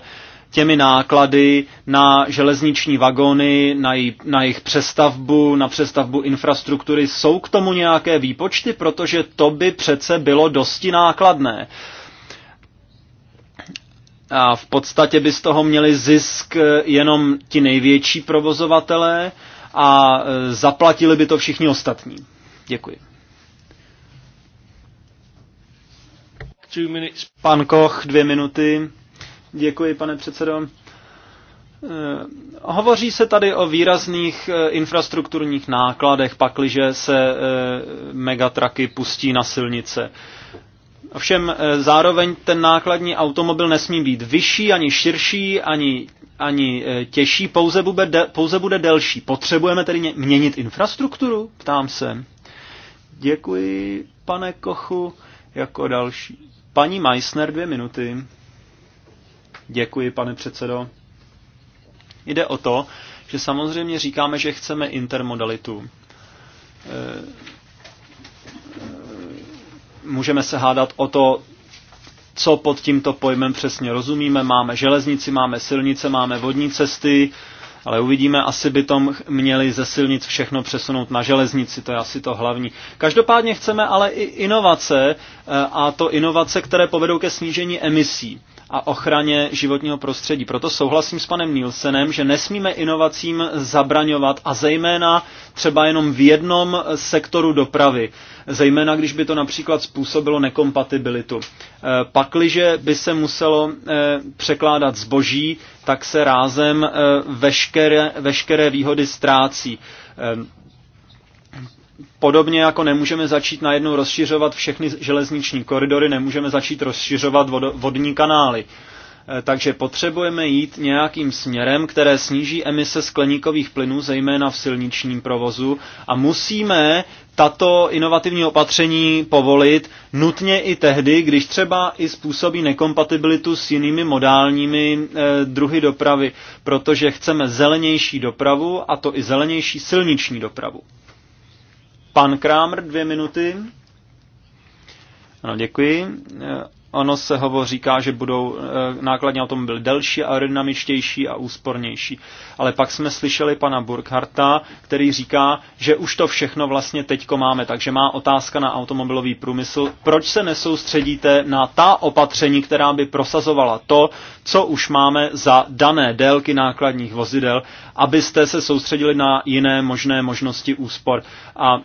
těmi náklady na železniční vagony, na, jí, na jejich přestavbu, na přestavbu infrastruktury. Jsou k tomu nějaké výpočty, protože to by přece bylo dosti nákladné. A v podstatě by z toho měli zisk eh, jenom ti největší provozovatelé a eh, zaplatili by to všichni ostatní. Děkuji. Pan Koch, dvě minuty. Děkuji, pane předsedo. Eh, hovoří se tady o výrazných infrastrukturních nákladech, pakliže se megatraky pustí na silnice. Ovšem e, zároveň ten nákladní automobil nesmí být vyšší, ani širší, ani, ani e, těžší, pouze bude, de, pouze bude delší. Potřebujeme tedy měnit infrastrukturu? Ptám se. Děkuji, pane Kochu, jako další. Paní Meissner, dvě minuty. Děkuji, pane předsedo. Jde o to, že samozřejmě říkáme, že chceme intermodalitu. E, můžeme se hádat o to, co pod tímto pojmem přesně rozumíme. Máme železnici, máme silnice, máme vodní cesty, ale uvidíme, asi by tom měli ze silnic všechno přesunout na železnici, to je asi to hlavní. Každopádně chceme ale i inovace, eh, a to inovace, které povedou ke snížení emisí a ochraně životního prostředí. Proto souhlasím s panem Nielsenem, že nesmíme inovacím zabraňovat a zejména třeba jenom v jednom sektoru dopravy, zejména když by to například způsobilo nekompatibilitu. E, pakliže by se muselo e, překládat zboží, tak se rázem e, veškeré, veškeré výhody ztrácí Podobně jako nemůžeme začít najednou rozšiřovat všechny železniční koridory, nemůžeme začít rozšiřovat vodní kanály. Eh, takže potřebujeme jít nějakým směrem, které sníží emise skleníkových plynů, zejména v silničním provozu, a musíme tato inovativní opatření povolit nutně i tehdy, když třeba i způsobí nekompatibilitu s jinými modálními e, druhy dopravy, protože chceme zelenější dopravu, a to i zelenější silniční dopravu. Pan Krámer, dvě minuty. Ano, děkuji. Eh, ono se hovoří, říká, že budou eh, nákladní automobily delší, aerodynamičtější a úspornější. Ale pak jsme slyšeli pana Burkharta, který říká, že už to všechno vlastně teďko máme. Takže má otázka na automobilový průmysl. Proč se nesoustředíte na ta opatření, která by prosazovala to, co už máme za dané délky nákladních vozidel, abyste se soustředili na jiné možné možnosti úspor? A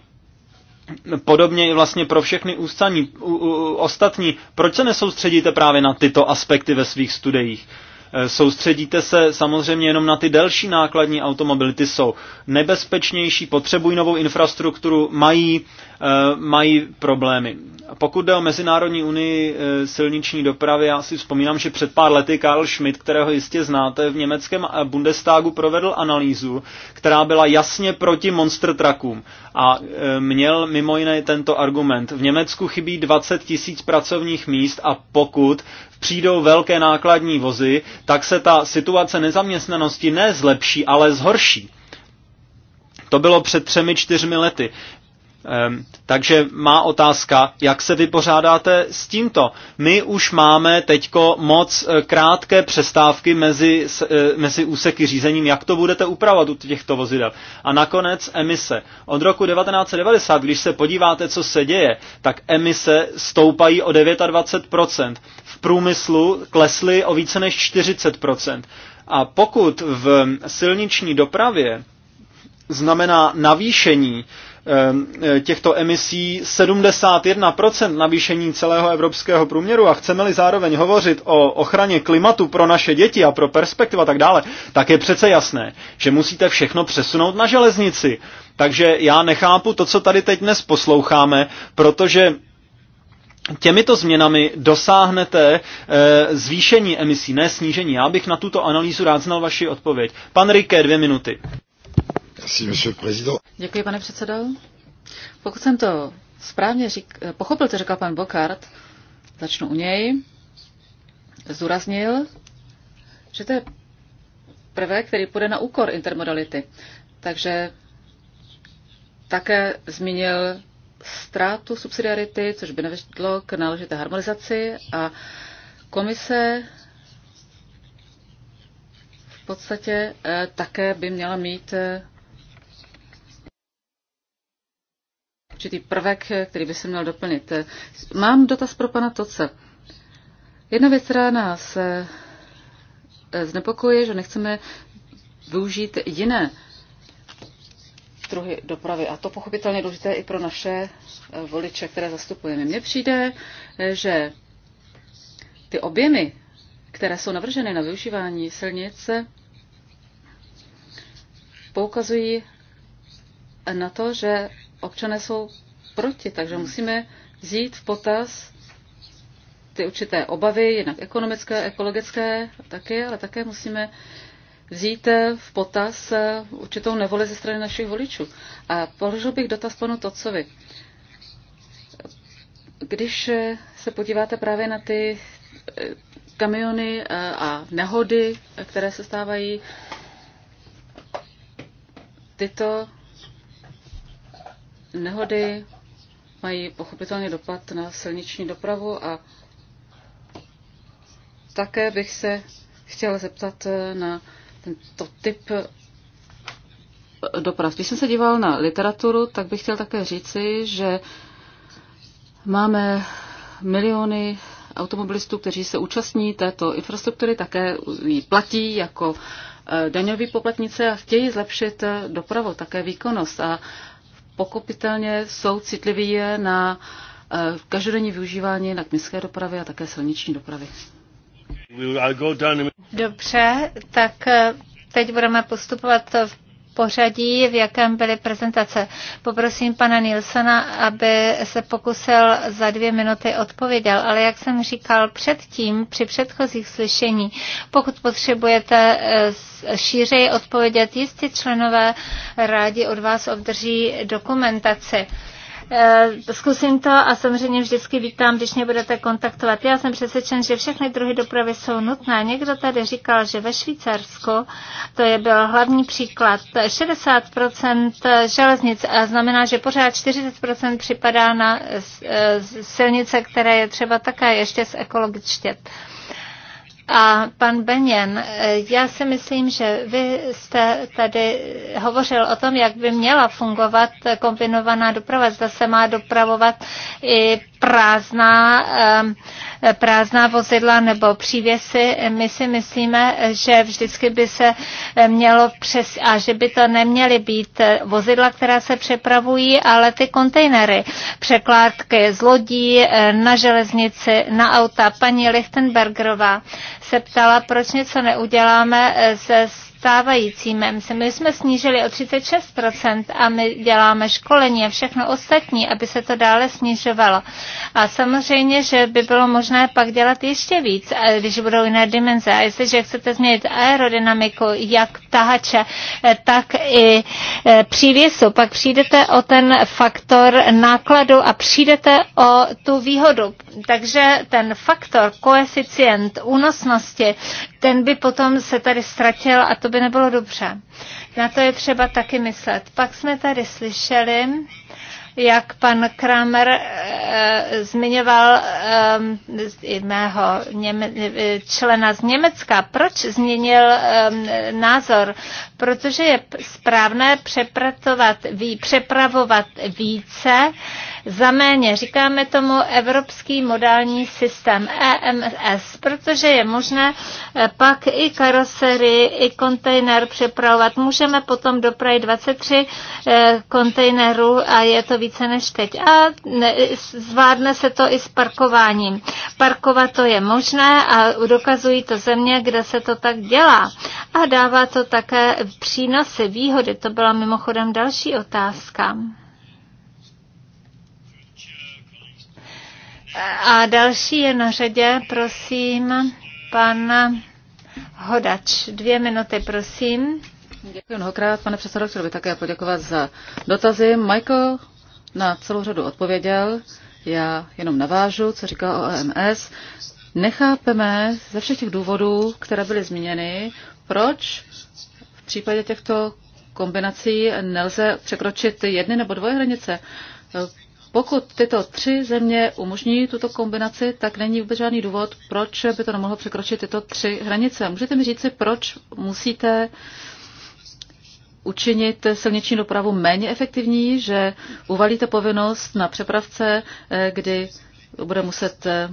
Podobně i vlastně pro všechny ústaní, u, u, ostatní. Proč se nesoustředíte právě na tyto aspekty ve svých studiích? E, soustředíte se samozřejmě jenom na ty delší nákladní automobily, ty jsou nebezpečnější, potřebují novou infrastrukturu, mají Eh, mají problémy. Pokud jde o Mezinárodní unii eh, silniční dopravy, já si vzpomínám, že před pár lety Karl Schmidt, kterého jistě znáte, v německém eh, Bundestagu provedl analýzu, která byla jasně proti monster truckům a měl mimo jiné tento argument. V Německu chybí 20 tisíc pracovních míst a pokud přijdou velké nákladní vozy, tak se ta situace nezaměstnanosti nezlepší, ale zhorší. To bylo před třemi čtyřmi lety. Takže má otázka, jak se vypořádáte s tímto? My už máme teďko moc e, krátké přestávky mezi, e, mezi úseky řízením, jak to budete upravovat u těchto vozidel. A nakonec emise. Od roku 1990, když se podíváte, co se děje, tak emise stoupají o 29%. V průmyslu klesly o více než 40%. A pokud v silniční dopravě znamená navýšení Ehm, e, těchto emisí 71% navýšení celého evropského průměru a chceme-li zároveň hovořit o ochraně klimatu pro naše děti a pro perspektiva a tak dále, tak je přece jasné, že musíte všechno přesunout na železnici. Takže já nechápu to, co tady teď dnes posloucháme, protože Těmito změnami dosáhnete e, zvýšení emisí, ne snížení. Já bych na tuto analýzu rád znal vaši odpověď. Pan Rike, dvě minuty. Děkuji, pane předsedo. Pokud jsem to správně řík, pochopil, co řekl pan Bokart, začnu u něj, zúraznil, že to je prvek, který půjde na úkor intermodality. Takže také zmínil ztrátu subsidiarity, což by nevedlo k náležité harmonizaci a komise v podstatě eh, také by měla mít eh, určitý prvek, který by se měl doplnit. Mám dotaz pro pana Toce. Jedna věc, která nás eh, znepokojuje, že nechceme využít jiné druhy dopravy. A to pochopitelně důležité i pro naše eh, voliče, které zastupujeme. Mně přijde, eh, že ty objemy, které jsou navrženy na využívání silnice, poukazují na to, že občané jsou proti, takže musíme vzít v potaz ty určité obavy, jednak ekonomické, ekologické taky, ale také musíme vzít v potaz určitou nevoli ze strany našich voličů. A položil bych dotaz panu Tocovi. Když se podíváte právě na ty eh, kamiony eh, a nehody, které se stávají, tyto Nehody mají pochopitelně dopad na silniční dopravu a také bych se chtěla zeptat na tento typ doprav. Když jsem se díval na literaturu, tak bych chtěl také říci, že máme miliony automobilistů, kteří se účastní této infrastruktury, také ji platí jako eh, daňový poplatnice a chtějí zlepšit eh, dopravu, také výkonnost. A pokopitelně jsou citliví na eh, každodenní využívání na městské dopravy a také silniční dopravy. Dobře, tak eh, teď budeme postupovat v pořadí, v jakém byly prezentace. Poprosím pana Nilsona, aby se pokusil za dvě minuty odpověděl, ale jak jsem říkal předtím, při předchozích slyšení, pokud potřebujete eh, šířeji odpovědět, jistě členové rádi od vás obdrží dokumentaci. Eh, zkusím to a samozřejmě vždycky vítám, když mě budete kontaktovat. Já jsem přesvědčen, že všechny druhy dopravy jsou nutné. Někdo tady říkal, že ve Švýcarsku, to je byl hlavní příklad, 60% železnic a znamená, že pořád 40% připadá na eh, eh, silnice, které je třeba také ještě z ekologičtět. A pan Benjen, já si myslím, že vy jste tady hovořil o tom, jak by měla fungovat kombinovaná doprava. Zda se má dopravovat i prázdná, prázdná vozidla nebo přívěsy. My si myslíme, že vždycky by se mělo přes, a že by to neměly být vozidla, která se přepravují, ale ty kontejnery, překládky z lodí, na železnici, na auta. Paní Lichtenbergerová se ptala, proč něco neuděláme eh, se stávajícím. My jsme snížili o 36% a my děláme školení a všechno ostatní, aby se to dále snižovalo. A samozřejmě, že by bylo možné pak dělat ještě víc, eh, když budou jiné dimenze. A jestliže chcete změnit aerodynamiku, jak tahače, eh, tak i eh, přívěsu, pak přijdete o ten faktor nákladu a přijdete o tu výhodu. Takže ten faktor, koeficient únosnosti, ten by potom se tady ztratil a to to by nebylo dobře. Na to je třeba taky myslet. Pak jsme tady slyšeli, jak pan Kramer e, zmiňoval e, mého Něme, člena z Německa. Proč změnil e, názor? Protože je správné přepracovat, vý, přepravovat více za méně. Říkáme tomu Evropský modální systém EMS, protože je možné eh, pak i karosery, i kontejner přepravovat. Můžeme potom dopravit 23 eh, kontejnerů a je to více než teď. A zvládne se to i s parkováním. Parkovat to je možné a dokazují to země, kde se to tak dělá. A dává to také přínosy, výhody. To byla mimochodem další otázka. A další je na řadě, prosím, pan Hodač. Dvě minuty, prosím. Děkuji mnohokrát, pane předsedo, chtěl bych také poděkovat za dotazy. Michael na celou řadu odpověděl. Já jenom navážu, co říkal OMS. Nechápeme ze všech těch důvodů, které byly zmíněny, proč v případě těchto kombinací nelze překročit jedny nebo dvoje hranice. Pokud tyto tři země umožní tuto kombinaci, tak není vůbec žádný důvod, proč by to nemohlo překročit tyto tři hranice. Můžete mi říci, proč musíte učinit silniční dopravu méně efektivní, že uvalíte povinnost na přepravce, eh, kdy bude muset eh,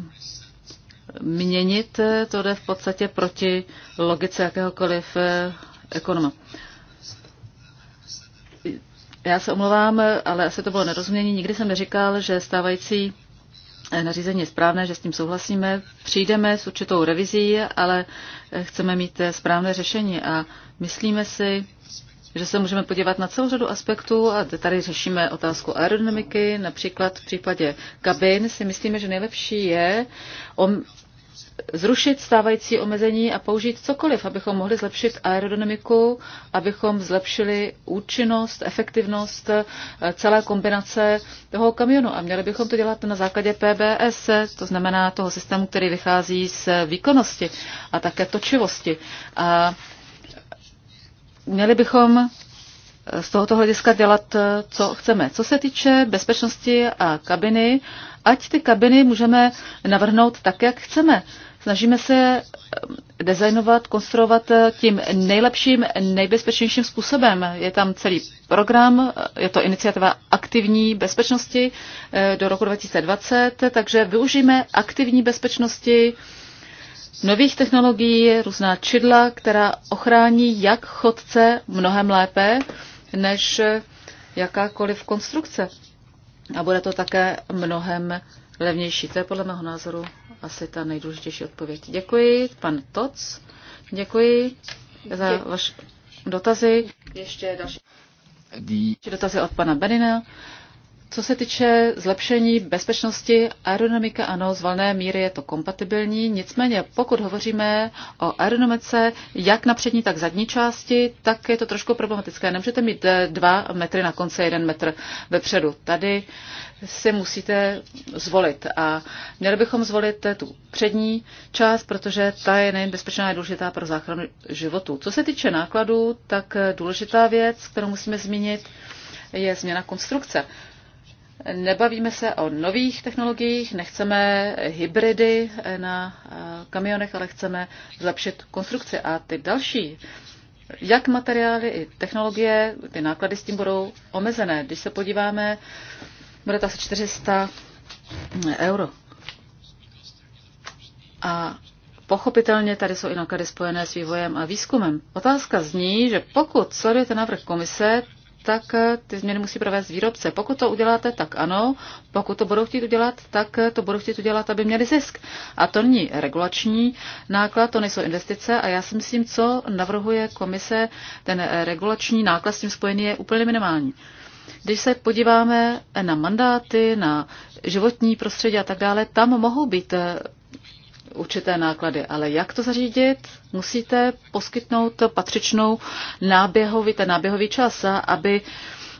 měnit, eh, to jde v podstatě proti logice jakéhokoliv ekonoma. Já se omlouvám, ale asi to bylo nerozumění. Nikdy jsem neříkal, že stávající nařízení je správné, že s tím souhlasíme. Přijdeme s určitou revizí, ale chceme mít správné řešení a myslíme si, že se můžeme podívat na celou řadu aspektů a tady řešíme otázku aerodynamiky, například v případě kabin si myslíme, že nejlepší je zrušit stávající omezení a použít cokoliv, abychom mohli zlepšit aerodynamiku, abychom zlepšili účinnost, efektivnost eh, celé kombinace toho kamionu. A měli bychom to dělat na základě PBS, to znamená toho systému, který vychází z výkonnosti a také točivosti. A měli bychom z tohoto hlediska dělat, eh, co chceme. Co se týče bezpečnosti a kabiny, ať ty kabiny můžeme navrhnout tak, jak chceme. Snažíme se eh, designovat, konstruovat eh, tím nejlepším, nejbezpečnějším způsobem. Je tam celý program, je to iniciativa aktivní bezpečnosti do roku 2020, takže využijeme aktivní bezpečnosti, nových technologií, různá čidla, která ochrání jak chodce mnohem lépe, než jakákoliv konstrukce. A bude to také mnohem levnější. To je podle mého názoru asi ta nejdůležitější odpověď. Děkuji, pan Toc. Děkuji za vaše dotazy. Ještě další dotazy od pana Benina. Co se týče zlepšení bezpečnosti, aerodynamika ano, z valné míry je to kompatibilní, nicméně pokud hovoříme o aerodynamice jak na přední, tak zadní části, tak je to trošku problematické. Nemůžete mít eh, dva metry na konci, jeden metr vepředu. Tady si musíte zvolit a měli bychom zvolit eh, tu přední část, protože ta je nejen bezpečná, je důležitá pro záchranu životu. Co se týče nákladů, tak eh, důležitá věc, kterou musíme zmínit, je změna konstrukce Nebavíme se o nových technologiích, nechceme hybridy na eh, kamionech, ale chceme zlepšit konstrukce. A ty další, jak materiály i technologie, ty náklady s tím budou omezené. Když se podíváme, bude to asi 400 euro. A pochopitelně tady jsou i náklady spojené s vývojem a výzkumem. Otázka zní, že pokud sledujete návrh komise, tak eh, ty změny musí provést výrobce. Pokud to uděláte, tak ano. Pokud to budou chtít udělat, tak eh, to budou chtít udělat, aby měli zisk. A to není regulační náklad, to nejsou investice a já si myslím, co navrhuje komise, ten eh, regulační náklad s tím spojený je úplně minimální. Když se podíváme na mandáty, na životní prostředí a tak dále, tam mohou být určité náklady, ale jak to zařídit? Musíte poskytnout patřičnou náběhový, ten náběhový čas, aby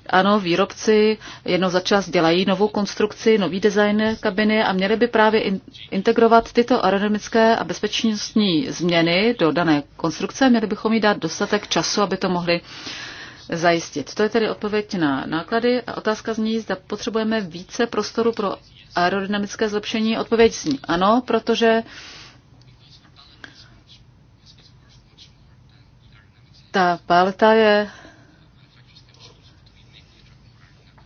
ano, výrobci jednou za čas dělají novou konstrukci, nový design kabiny a měli by právě in, integrovat tyto aerodynamické a bezpečnostní změny do dané konstrukce. Měli bychom jí dát dostatek času, aby to mohli zajistit. To je tedy odpověď na náklady a otázka zní, zda potřebujeme více prostoru pro aerodynamické zlepšení? Odpověď zní ano, protože ta paleta je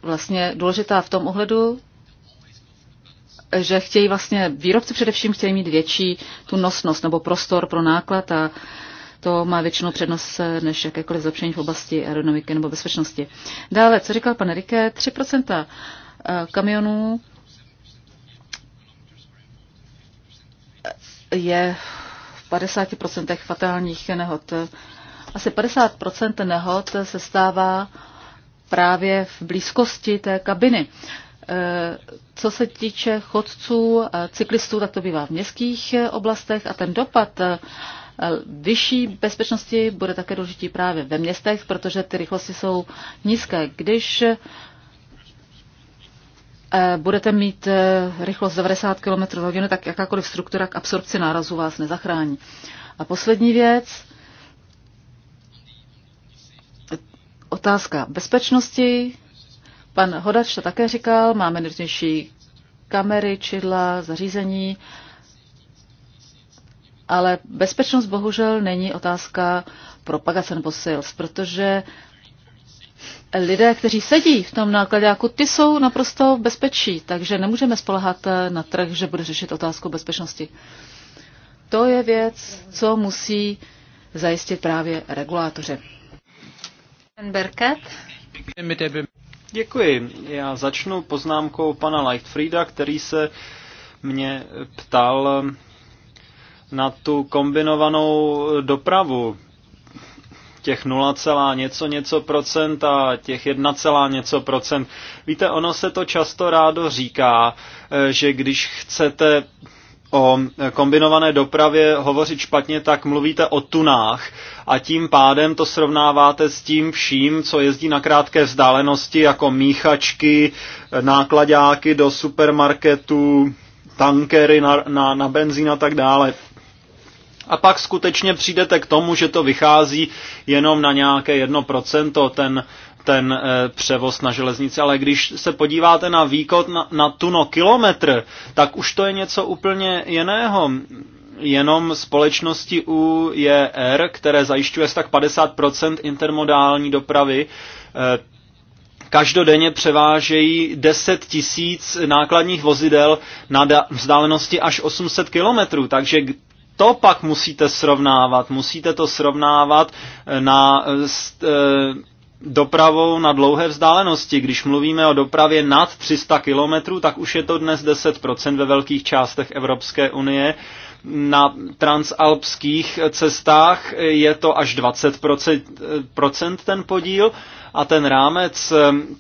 vlastně důležitá v tom ohledu, že chtějí vlastně, výrobci především chtějí mít větší tu nosnost nebo prostor pro náklad a to má většinou přednost než jakékoliv zlepšení v oblasti aerodynamiky nebo bezpečnosti. Dále, co říkal pan Rike, 3% eh, kamionů je v 50% fatálních nehod. Asi 50% nehod se stává právě v blízkosti té kabiny. Eh, co se týče chodců, cyklistů, tak to bývá v městských eh, oblastech a ten dopad eh, vyšší bezpečnosti bude také důležitý právě ve městech, protože ty rychlosti jsou nízké. Když Eh, budete mít eh, rychlost 90 km hodinu, tak jakákoliv struktura k absorpci nárazu vás nezachrání. A poslední věc, otázka bezpečnosti. Pan Hodač to také říkal, máme nejrůznější kamery, čidla, zařízení, ale bezpečnost bohužel není otázka propagace nebo sales, protože lidé, kteří sedí v tom nákladáku, ty jsou naprosto v bezpečí, takže nemůžeme spolehat eh, na trh, že bude řešit otázku bezpečnosti. To je věc, co musí zajistit právě regulátoři. Děkuji. Já začnu poznámkou pana Lightfrieda, který se mě ptal eh, na tu kombinovanou dopravu těch 0, něco něco procent a těch 1, něco procent. Víte, ono se to často rádo říká, eh, že když chcete o kombinované dopravě hovořit špatně, tak mluvíte o tunách a tím pádem to srovnáváte s tím vším, co jezdí na krátké vzdálenosti, jako míchačky, nákladáky do supermarketu, tankery na, na, na benzín a tak dále a pak skutečně přijdete k tomu, že to vychází jenom na nějaké 1% ten, ten eh, převoz na železnici, ale když se podíváte na výkon na, na tuno kilometr, tak už to je něco úplně jiného jenom společnosti UJR, které zajišťuje tak 50% intermodální dopravy, eh, každodenně převážejí 10 tisíc nákladních vozidel na vzdálenosti až 800 kilometrů, takže to pak musíte srovnávat. Musíte to srovnávat eh, na eh, s, e, dopravou na dlouhé vzdálenosti. Když mluvíme o dopravě nad 300 km, tak už je to dnes 10% ve velkých částech Evropské unie. Na transalpských cestách je to až 20% ten podíl a ten rámec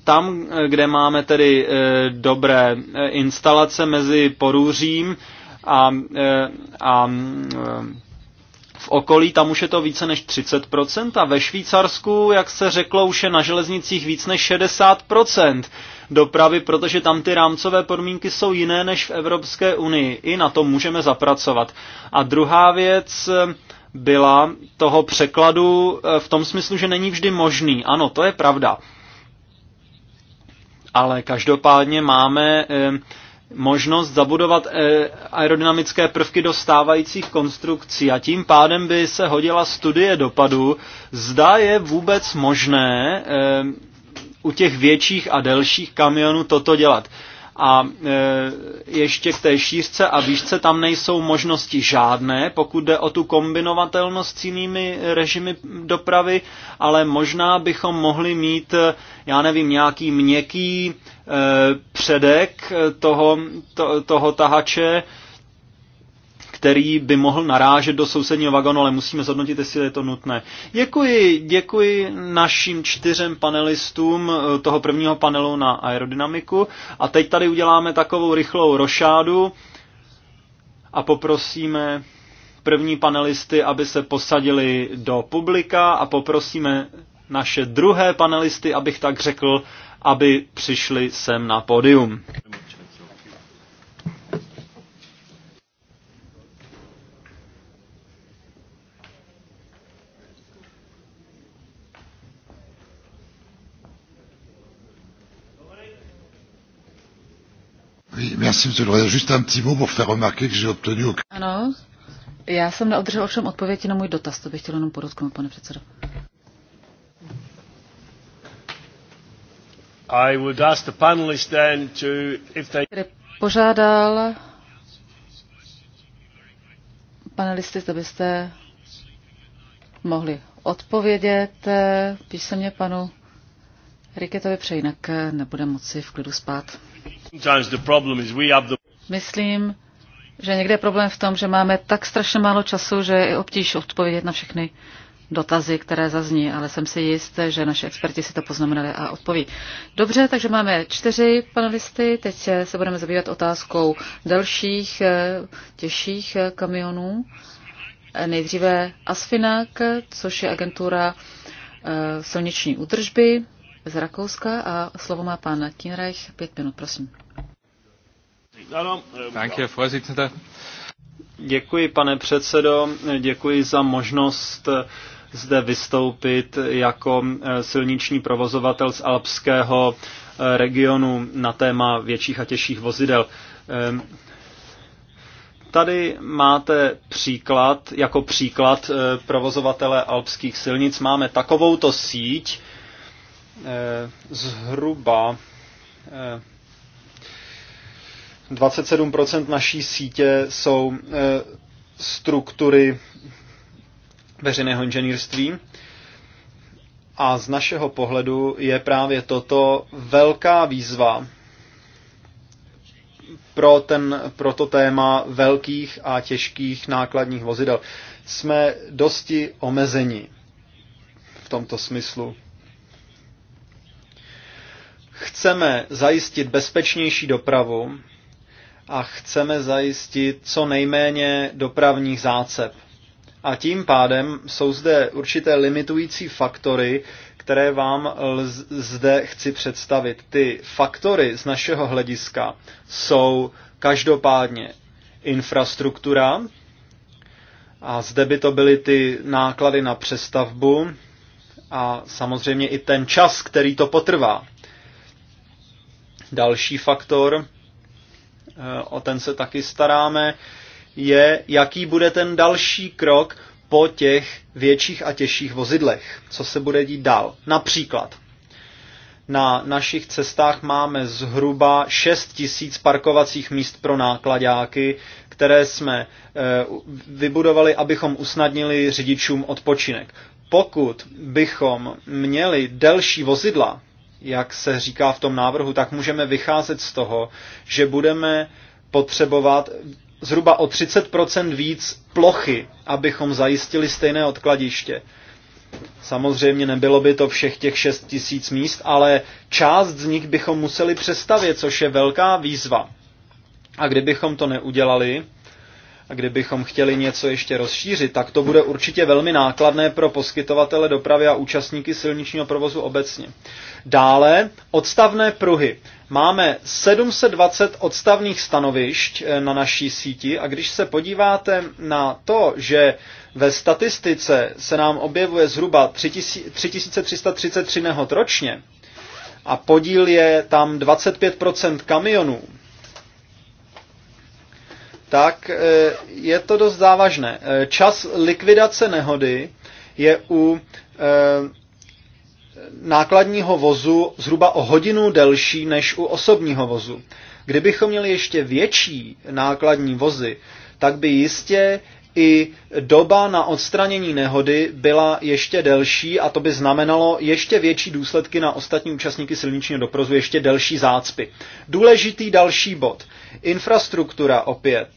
tam, kde máme tedy dobré instalace mezi porůřím, a, e, a e, v okolí tam už je to více než 30% a ve Švýcarsku, jak se řeklo, už je na železnicích víc než 60% dopravy, protože tam ty rámcové podmínky jsou jiné než v Evropské unii. I na tom můžeme zapracovat. A druhá věc e, byla toho překladu v tom smyslu, že není vždy možný. Ano, to je pravda. Ale každopádně máme eh, možnost zabudovat eh, aerodynamické prvky do stávajících konstrukcí a tím pádem by se hodila studie dopadu, zda je vůbec možné eh, u těch větších a delších kamionů toto dělat. A e, ještě k té šířce a výšce tam nejsou možnosti žádné, pokud jde o tu kombinovatelnost s jinými režimy dopravy, ale možná bychom mohli mít, e, já nevím, nějaký měkký e, předek toho, to, toho tahače, který by mohl narážet do sousedního vagonu, ale musíme zhodnotit, jestli je to nutné. Děkuji, děkuji našim čtyřem panelistům eh, toho prvního panelu na aerodynamiku a teď tady uděláme takovou rychlou rošádu a poprosíme první panelisty, aby se posadili do publika a poprosíme naše druhé panelisty, abych tak řekl, aby přišli sem na pódium. Ano, já jsem neobdržel ovšem odpověď na můj dotaz, to bych chtěl jenom podotknout, pane předsedo. I would ask the panelists then to, if they... Požádal panelisty, že byste mohli odpovědět eh, písemně panu Riketovi přeji, jinak eh, nebude moci v klidu spát. Myslím, že někde je problém v tom, že máme tak strašně málo času, že je obtíž odpovědět na všechny dotazy, které zazní, ale jsem si jist, že naši experti si to poznamenali a odpoví. Dobře, takže máme čtyři panelisty, teď eh, se budeme zabývat otázkou dalších eh, těžších kamionů. Nejdříve Asfinak, což je agentura silniční údržby, z Rakouska a slovo má pan Kinreich. Pět minut, prosím. Děkuji, pane předsedo. Děkuji za možnost eh, zde vystoupit jako eh, silniční provozovatel z alpského eh, regionu na téma větších a těžších vozidel. Ehm, tady máte příklad, jako příklad provozovatele alpských silnic máme takovouto síť, Eh, zhruba 27% eh, naší sítě jsou eh, struktury veřejného inženýrství. A z našeho pohledu je právě toto velká výzva pro, ten, pro to téma velkých a těžkých nákladních vozidel. Jsme dosti omezeni v tomto smyslu. Chceme zajistit bezpečnější dopravu a chceme zajistit co nejméně dopravních zácep. A tím pádem jsou zde určité limitující faktory, které vám zde chci představit. Ty faktory z našeho hlediska jsou každopádně infrastruktura, a zde by to byly ty náklady na přestavbu a samozřejmě i ten čas, který to potrvá. Další faktor, eh, o ten se taky staráme, je, jaký bude ten další krok po těch větších a těžších vozidlech. Co se bude dít dál? Například, na našich cestách máme zhruba 6 tisíc parkovacích míst pro nákladáky, které jsme eh, vybudovali, abychom usnadnili řidičům odpočinek. Pokud bychom měli delší vozidla, jak se říká v tom návrhu, tak můžeme vycházet z toho, že budeme potřebovat zhruba o 30% víc plochy, abychom zajistili stejné odkladiště. Samozřejmě nebylo by to všech těch 6 tisíc míst, ale část z nich bychom museli přestavět, což je velká výzva. A kdybychom to neudělali, a kdybychom chtěli něco ještě rozšířit, tak to bude určitě velmi nákladné pro poskytovatele dopravy a účastníky silničního provozu obecně. Dále odstavné pruhy. Máme 720 odstavných stanovišť eh, na naší síti a když se podíváte na to, že ve statistice se nám objevuje zhruba 3333 nehod ročně a podíl je tam 25% kamionů, tak eh, je to dost závažné. Eh, čas likvidace nehody je u eh, nákladního vozu zhruba o hodinu delší než u osobního vozu. Kdybychom měli ještě větší nákladní vozy, tak by jistě i doba na odstranění nehody byla ještě delší a to by znamenalo ještě větší důsledky na ostatní účastníky silničního doprozu, ještě delší zácpy. Důležitý další bod Infrastruktura opět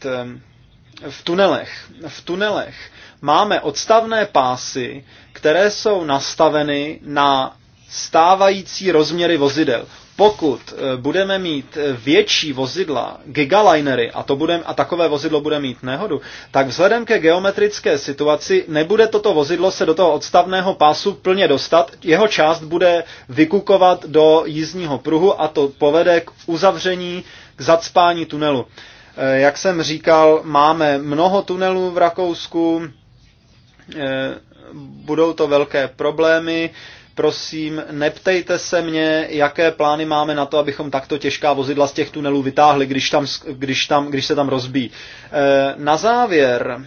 v tunelech. V tunelech máme odstavné pásy, které jsou nastaveny na stávající rozměry vozidel. Pokud e, budeme mít e, větší vozidla, gigalinery, a, to budem, a takové vozidlo bude mít nehodu, tak vzhledem ke geometrické situaci nebude toto vozidlo se do toho odstavného pásu plně dostat, jeho část bude vykukovat do jízdního pruhu a to povede k uzavření k zacpání tunelu. E, jak jsem říkal, máme mnoho tunelů v Rakousku, e, budou to velké problémy. Prosím, neptejte se mě, jaké plány máme na to, abychom takto těžká vozidla z těch tunelů vytáhli, když, tam, když, tam, když se tam rozbí. E, na závěr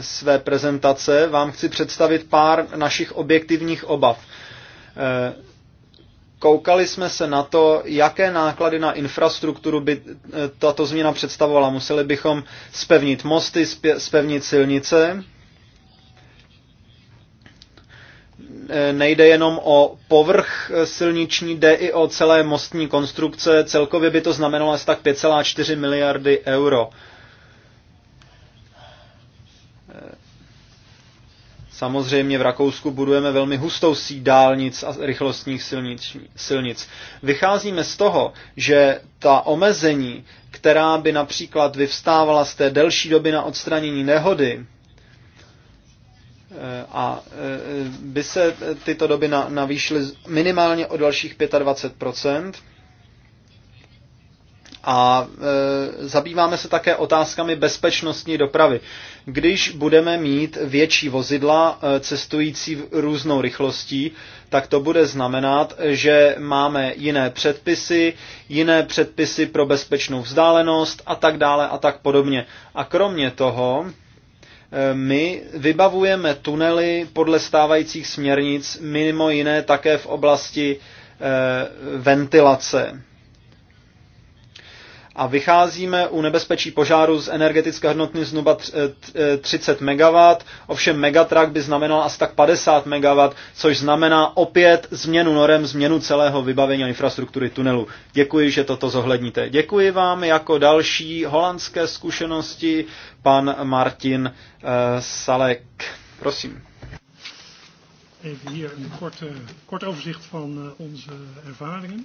své prezentace vám chci představit pár našich objektivních obav. Koukali jsme se na to, jaké náklady na infrastrukturu by eh, tato změna představovala. Museli bychom spevnit mosty, spevnit silnice. Eh, nejde jenom o povrch eh, silniční, jde i o celé mostní konstrukce. Celkově by to znamenalo asi tak 5,4 miliardy euro. Samozřejmě v Rakousku budujeme velmi hustou síť dálnic a rychlostních silnic, silnic. Vycházíme z toho, že ta omezení, která by například vyvstávala z té delší doby na odstranění nehody, e, a e, by se tyto doby navýšily minimálně o dalších 25 a e, zabýváme se také otázkami bezpečnostní dopravy. Když budeme mít větší vozidla e, cestující v různou rychlostí, tak to bude znamenat, že máme jiné předpisy, jiné předpisy pro bezpečnou vzdálenost a tak dále a tak podobně. A kromě toho, e, my vybavujeme tunely podle stávajících směrnic, mimo jiné také v oblasti e, ventilace a vycházíme u nebezpečí požáru z energetické hodnoty zhruba 30 eh, eh, MW, ovšem megatrak by znamenal asi tak 50 MW, což znamená opět změnu norem, změnu celého vybavení a infrastruktury tunelu. Děkuji, že toto zohledníte. Děkuji vám jako další holandské zkušenosti, pan Martin eh, Salek. Prosím. Even hier een kort, uh, kort overzicht van uh, onze ervaringen.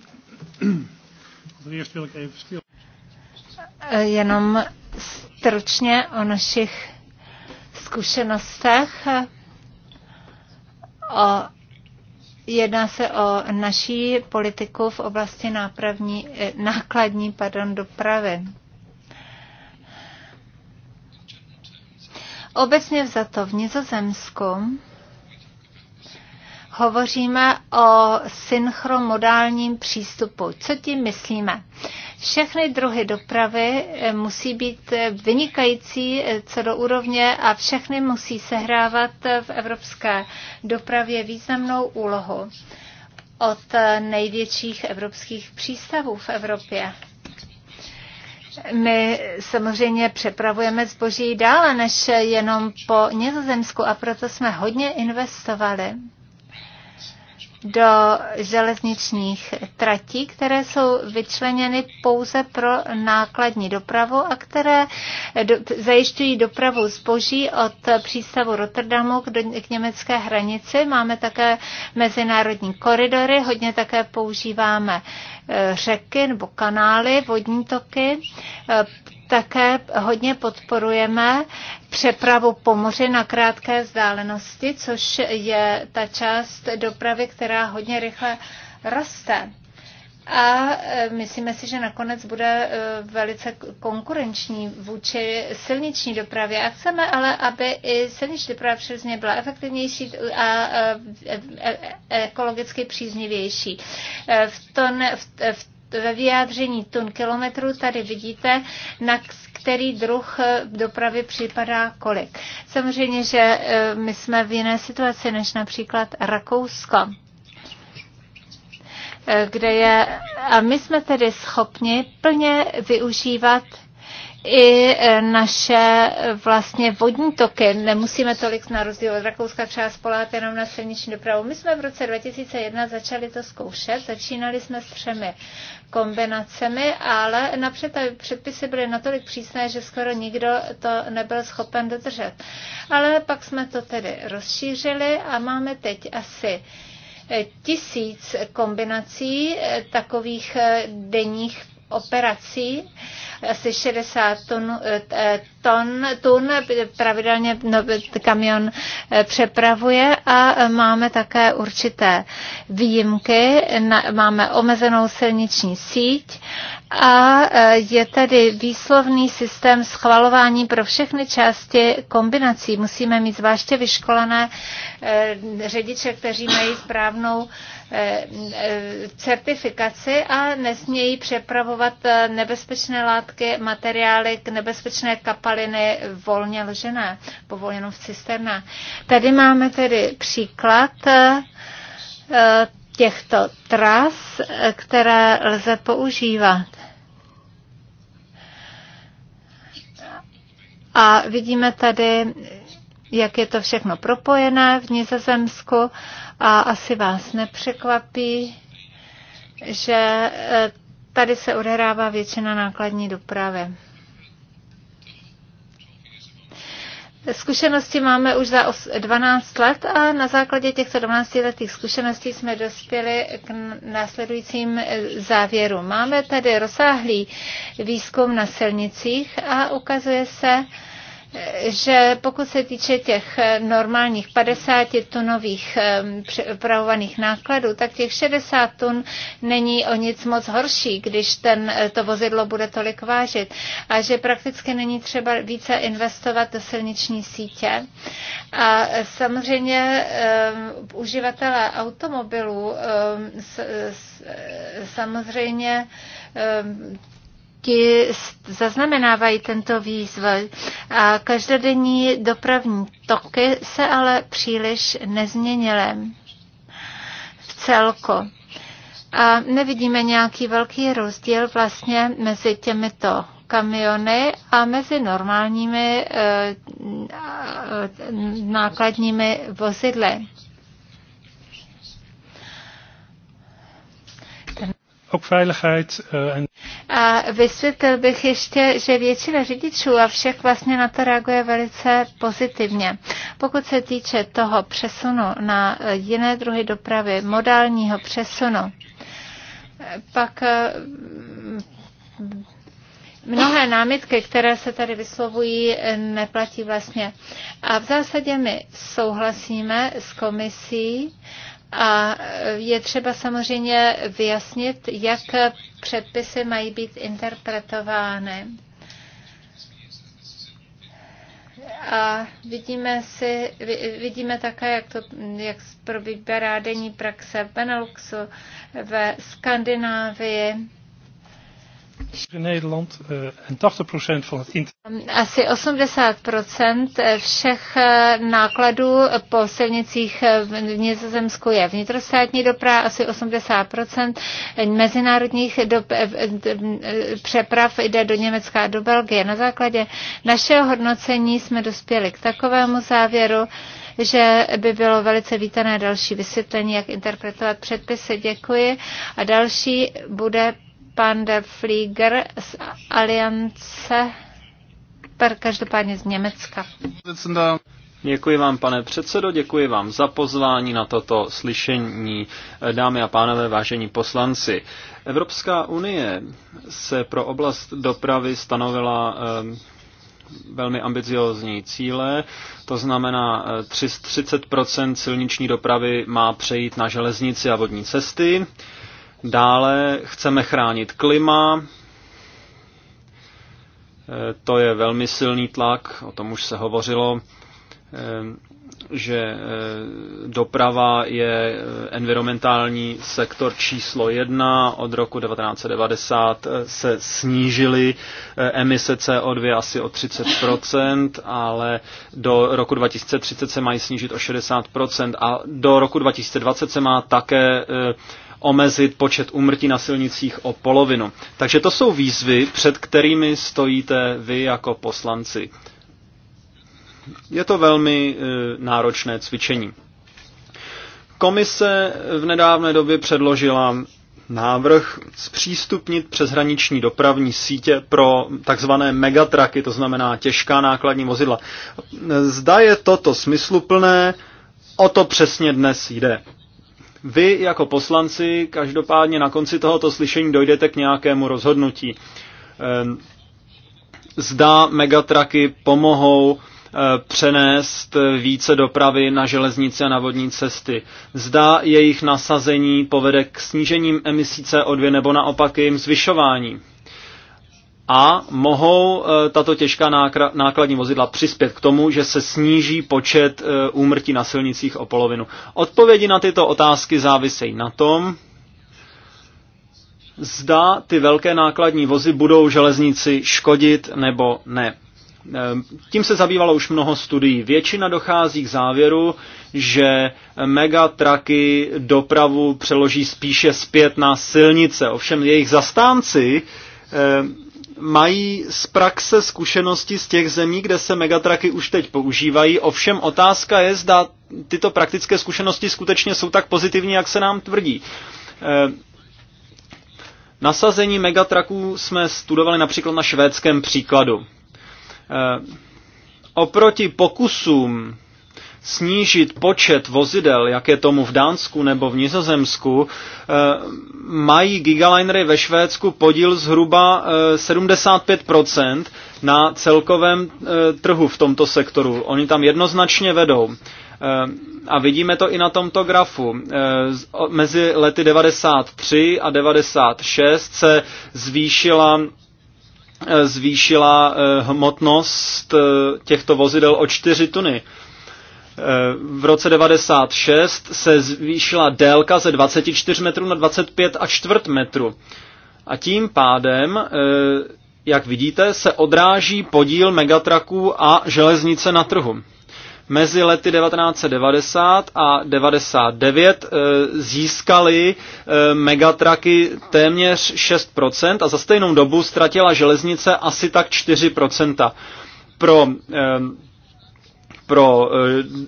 Allereerst wil ik even stil jenom stručně o našich zkušenostech. O, jedná se o naší politiku v oblasti nápravní, eh, nákladní pardon, dopravy. Obecně vzato v Nizozemsku hovoříme o synchromodálním přístupu. Co tím myslíme? Všechny druhy dopravy eh, musí být eh, vynikající eh, co do úrovně a všechny musí sehrávat v evropské dopravě významnou úlohu od největších evropských přístavů v Evropě. My samozřejmě přepravujeme zboží dále než jenom po Nizozemsku a proto jsme hodně investovali do železničních tratí, které jsou vyčleněny pouze pro nákladní dopravu a které do, zajišťují dopravu zboží od přístavu Rotterdamu k, do, k německé hranici. Máme také mezinárodní koridory, hodně také používáme eh, řeky nebo kanály, vodní toky eh, také hodně podporujeme přepravu po moři na krátké vzdálenosti, což je ta část dopravy, která hodně rychle roste. A e, myslíme si, že nakonec bude e, velice konkurenční vůči silniční dopravě. A chceme ale, aby i silniční doprava přesně byla efektivnější a e, ekologicky příznivější. V, ton, v, v ve vyjádření tun kilometrů tady vidíte, na který druh eh, dopravy připadá kolik. Samozřejmě, že eh, my jsme v jiné situaci než například Rakousko eh, kde je, a my jsme tedy schopni plně využívat i e, naše e, vlastně vodní toky. Nemusíme tolik na rozdíl od Rakouska třeba spolát jenom na silniční dopravu. My jsme v roce 2001 začali to zkoušet. Začínali jsme s třemi kombinacemi, ale napřed předpisy byly natolik přísné, že skoro nikdo to nebyl schopen dodržet. Ale pak jsme to tedy rozšířili a máme teď asi e, tisíc kombinací takových denních operací, asi 60 tun, eh, ton, tun pravidelně no, kamion eh, přepravuje a máme také určité výjimky, máme omezenou silniční síť a eh, je tady výslovný systém schvalování pro všechny části kombinací. Musíme mít zvláště vyškolené řidiče, kteří mají správnou Eh, eh, certifikaci a nesmějí přepravovat eh, nebezpečné látky, materiály k nebezpečné kapaliny volně ležené, povolenou v cisternách. Tady máme tedy příklad těchto tras, které lze používat. A vidíme tady jak je to všechno propojené v Nizozemsku a asi vás nepřekvapí, že e, tady se odehrává většina nákladní dopravy. Zkušenosti máme už za 12 let a na základě těchto 12 letých zkušeností jsme dospěli k následujícím e, závěru. Máme tady rozsáhlý výzkum na silnicích a ukazuje se, že pokud se týče těch normálních 50 tunových eh, připravovaných nákladů, tak těch 60 tun není o nic moc horší, když ten, eh, to vozidlo bude tolik vážit a že prakticky není třeba více investovat do silniční sítě. A samozřejmě um, uživatelé automobilů um, s, s, samozřejmě um, podniky zaznamenávají tento výzvoj a každodenní dopravní toky se ale příliš nezměnily v celku. A nevidíme nějaký velký rozdíl vlastně mezi těmito kamiony a mezi normálními eh, nákladními vozidly. Eh, a vysvětlil bych ještě, že většina řidičů a všech vlastně na to reaguje velice pozitivně. Pokud se týče toho přesunu na eh, jiné druhy dopravy, modálního přesunu, pak eh, mnohé námitky, které se tady vyslovují, neplatí vlastně. A v zásadě my souhlasíme s komisí a je třeba samozřejmě vyjasnit, jak předpisy mají být interpretovány. A vidíme, si, vidíme také, jak, to, jak probíhá rádenní praxe v Beneluxu, ve Skandinávii Eh, ehm, asi 80% eh, všech eh, nákladů po silnicích v Nizozemsku je vnitrostátní doprava, asi 80% mezinárodních přeprav jde do Německa a do Belgie. Na základě našeho hodnocení jsme dospěli k takovému závěru, že by bylo velice vítané další vysvětlení, jak interpretovat předpisy. Děkuji. A další bude pan der Flieger z Aliance, per každopádně z Německa. Děkuji vám, pane předsedo, děkuji vám za pozvání na toto slyšení. Dámy a pánové, vážení poslanci, Evropská unie se pro oblast dopravy stanovila eh, velmi ambiciózní cíle, to znamená 30 eh, silniční dopravy má přejít na železnici a vodní cesty. Dále chceme chránit klima, eh, to je velmi silný tlak, o tom už se hovořilo, eh, že eh, doprava je environmentální sektor číslo jedna. Od roku 1990 se snížily emise CO2 asi o 30%, ale do roku 2030 se mají snížit o 60%. A do roku 2020 se má také omezit počet úmrtí na silnicích o polovinu. Takže to jsou výzvy, před kterými stojíte vy jako poslanci. Je to velmi e, náročné cvičení. Komise v nedávné době předložila návrh zpřístupnit přeshraniční dopravní sítě pro takzvané megatraky, to znamená těžká nákladní vozidla. Zda je toto smysluplné, o to přesně dnes jde. Vy jako poslanci každopádně na konci tohoto slyšení dojdete k nějakému rozhodnutí. Ehm, zda megatraky pomohou eh, přenést více dopravy na železnice a na vodní cesty. Zda jejich nasazení povede k snížením emisí CO2 nebo naopak jejím zvyšování a mohou e, tato těžká nákladní vozidla přispět k tomu, že se sníží počet e, úmrtí na silnicích o polovinu. Odpovědi na tyto otázky závisejí na tom, zda ty velké nákladní vozy budou železnici škodit nebo ne. E, tím se zabývalo už mnoho studií. Většina dochází k závěru, že megatraky dopravu přeloží spíše zpět na silnice. Ovšem jejich zastánci mají z praxe zkušenosti z těch zemí, kde se megatraky už teď používají. Ovšem otázka je, zda tyto praktické zkušenosti skutečně jsou tak pozitivní, jak se nám tvrdí. Eh, nasazení megatraků jsme studovali například na švédském příkladu. Eh, oproti pokusům snížit počet vozidel, jak je tomu v Dánsku nebo v Nizozemsku, eh, mají gigalinery ve Švédsku podíl zhruba 75% eh, na celkovém eh, trhu v tomto sektoru. Oni tam jednoznačně vedou. A vidíme to i na tomto grafu. Mezi lety 93 a 96 se zvýšila zvýšila hmotnost těchto vozidel o 4 tuny. V roce 96 se zvýšila délka ze 24 metrů na 25 a čtvrt metru. A tím pádem, eh, jak vidíte, se odráží podíl megatraků a železnice na trhu. Mezi lety 1990 a 99 eh, získaly eh, megatraky téměř 6% a za stejnou dobu ztratila železnice asi tak 4%. Pro pro eh,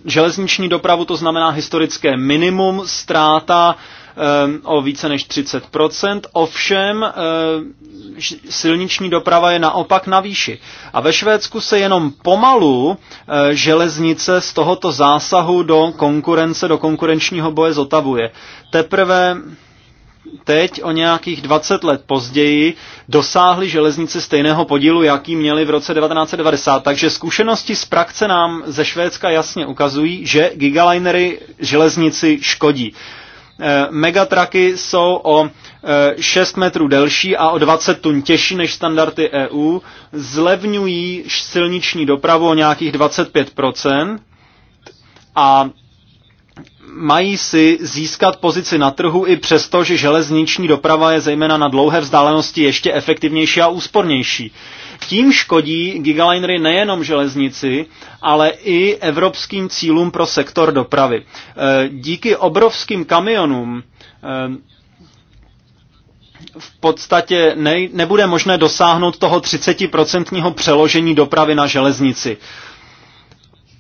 železniční dopravu to znamená historické minimum, ztráta eh, o více než 30%, ovšem eh, silniční doprava je naopak na výši. A ve Švédsku se jenom pomalu železnice z tohoto zásahu do konkurence, do konkurenčního boje zotavuje. Teprve teď o nějakých 20 let později dosáhly železnice stejného podílu, jaký měly v roce 1990. Takže zkušenosti z praxe nám ze Švédska jasně ukazují, že gigalinery železnici škodí. Eh, megatraky jsou o 6 eh, metrů delší a o 20 tun těžší než standardy EU, zlevňují silniční dopravu o nějakých 25 a mají si získat pozici na trhu i přesto, že železniční doprava je zejména na dlouhé vzdálenosti ještě efektivnější a úspornější. Tím škodí gigalinery nejenom železnici, ale i evropským cílům pro sektor dopravy. E, díky obrovským kamionům e, v podstatě ne, nebude možné dosáhnout toho 30% přeložení dopravy na železnici.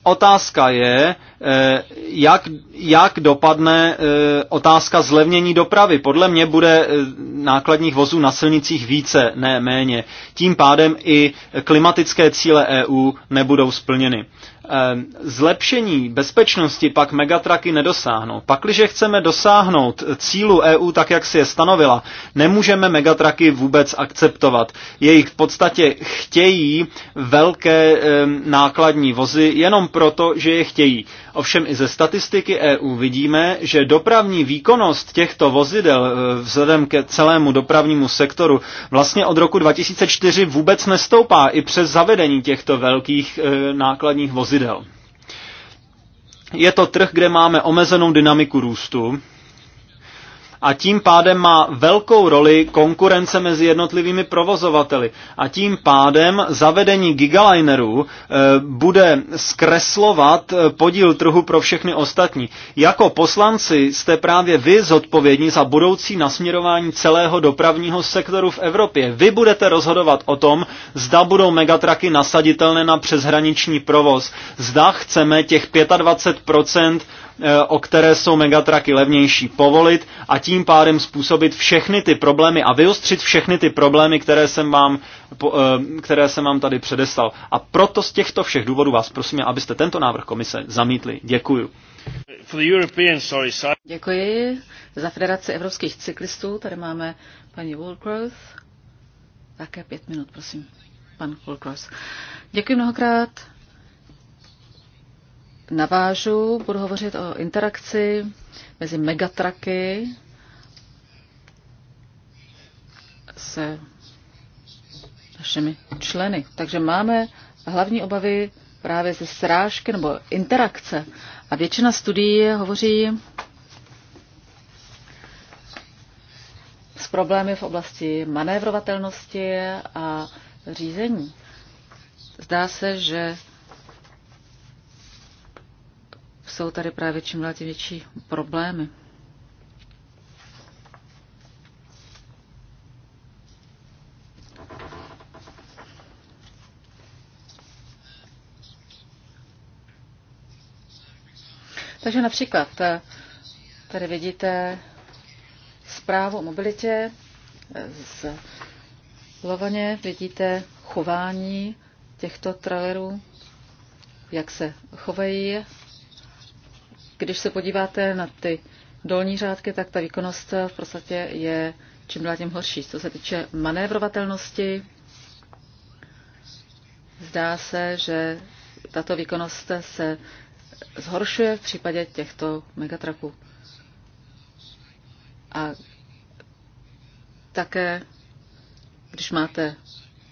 Otázka je, eh, jak, jak dopadne eh, otázka zlevnění dopravy. Podle mě bude eh, nákladních vozů na silnicích více, ne méně. Tím pádem i klimatické cíle EU nebudou splněny. Eh, zlepšení bezpečnosti pak megatraky nedosáhnou. Pakliže chceme dosáhnout cílu EU tak, jak si je stanovila, nemůžeme megatraky vůbec akceptovat. Jejich v podstatě chtějí velké eh, nákladní vozy jenom proto, že je chtějí. Ovšem i ze statistiky EU vidíme, že dopravní výkonnost těchto vozidel eh, vzhledem ke celému dopravnímu sektoru vlastně od roku 2004 vůbec nestoupá i přes zavedení těchto velkých e, nákladních vozidel. Je to trh, kde máme omezenou dynamiku růstu, a tím pádem má velkou roli konkurence mezi jednotlivými provozovateli. A tím pádem zavedení gigalinerů eh, bude zkreslovat eh, podíl trhu pro všechny ostatní. Jako poslanci jste právě vy zodpovědní za budoucí nasměrování celého dopravního sektoru v Evropě. Vy budete rozhodovat o tom, zda budou megatraky nasaditelné na přeshraniční provoz, zda chceme těch 25 Eh, o které jsou megatraky levnější povolit a tím pádem způsobit všechny ty problémy a vyostřit všechny ty problémy, které jsem vám, eh, které jsem vám tady předestal. A proto z těchto všech důvodů vás prosím, abyste tento návrh komise zamítli. Děkuju. Děkuji. Za Federaci evropských cyklistů tady máme paní Woolcross. Také pět minut, prosím. Pan Woolcross. Děkuji mnohokrát navážu, budu hovořit o interakci mezi megatraky se našimi členy. Takže máme hlavní obavy právě ze srážky nebo interakce. A většina studií hovoří s problémy v oblasti manévrovatelnosti a řízení. Zdá se, že jsou tady právě čím dál tím větší problémy. Takže například eh, tady vidíte zprávu o mobilitě eh, z Lovaně, vidíte chování těchto trailerů, jak se chovají, když se podíváte na ty dolní řádky, tak ta výkonnost v podstatě je čím dál tím horší. Co se týče manévrovatelnosti, zdá se, že tato výkonnost se zhoršuje v případě těchto megatraků. A také, když máte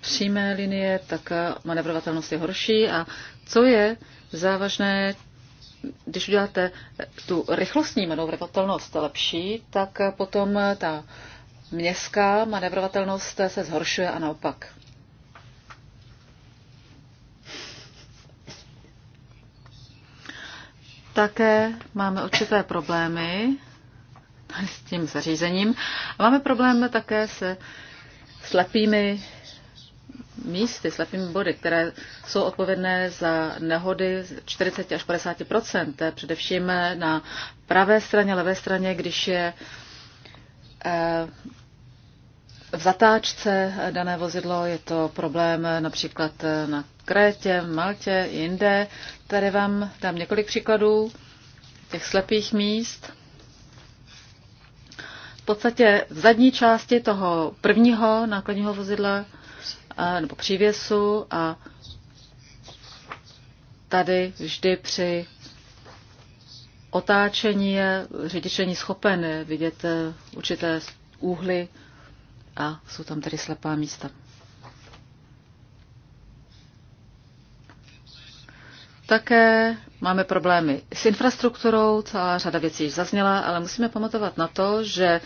přímé linie, tak manevrovatelnost je horší. A co je závažné, když uděláte tu rychlostní manevrovatelnost lepší, tak potom ta městská manevrovatelnost se zhoršuje a naopak. Také máme určité problémy s tím zařízením. A máme problém také se slepými místy, slepými body, které jsou odpovědné za nehody 40 až 50 především na pravé straně, levé straně, když je eh, v zatáčce dané vozidlo je to problém například na Krétě, Maltě, jinde. Tady vám dám několik příkladů těch slepých míst. V podstatě v zadní části toho prvního nákladního vozidla nebo přívěsu a tady vždy při otáčení je řidič není schopen vidět eh, určité úhly a jsou tam tedy slepá místa. Také máme problémy s infrastrukturou, celá řada věcí již zazněla, ale musíme pamatovat na to, že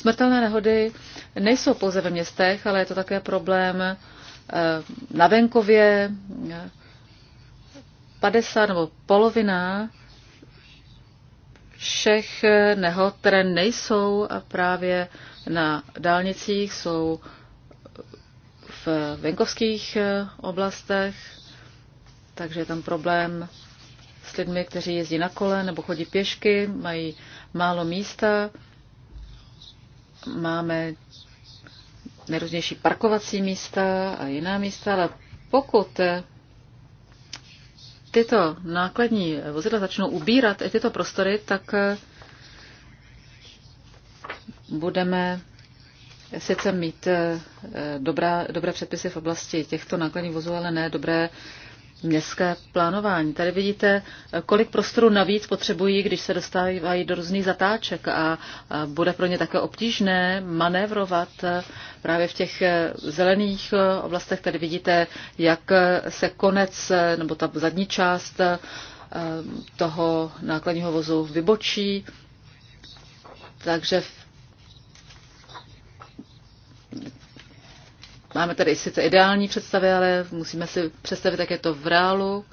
Smrtelné nehody nejsou pouze ve městech, ale je to také problém eh, na venkově. 50 nebo polovina všech nehod, které nejsou právě na dálnicích, jsou v venkovských eh, oblastech, takže je tam problém s lidmi, kteří jezdí na kole nebo chodí pěšky, mají málo místa, Máme nejrůznější parkovací místa a jiná místa, ale pokud tyto nákladní vozidla začnou ubírat i tyto prostory, tak budeme sice mít dobrá, dobré předpisy v oblasti těchto nákladních vozů, ale ne dobré městské plánování. Tady vidíte, kolik prostoru navíc potřebují, když se dostávají do různých zatáček a bude pro ně také obtížné manévrovat eh, právě v těch eh, zelených eh, oblastech. Tady vidíte, jak se konec nebo ta zadní část toho nákladního vozu vybočí. Takže Máme tady sice ideální představy, ale musíme si představit, jak je to v reálu.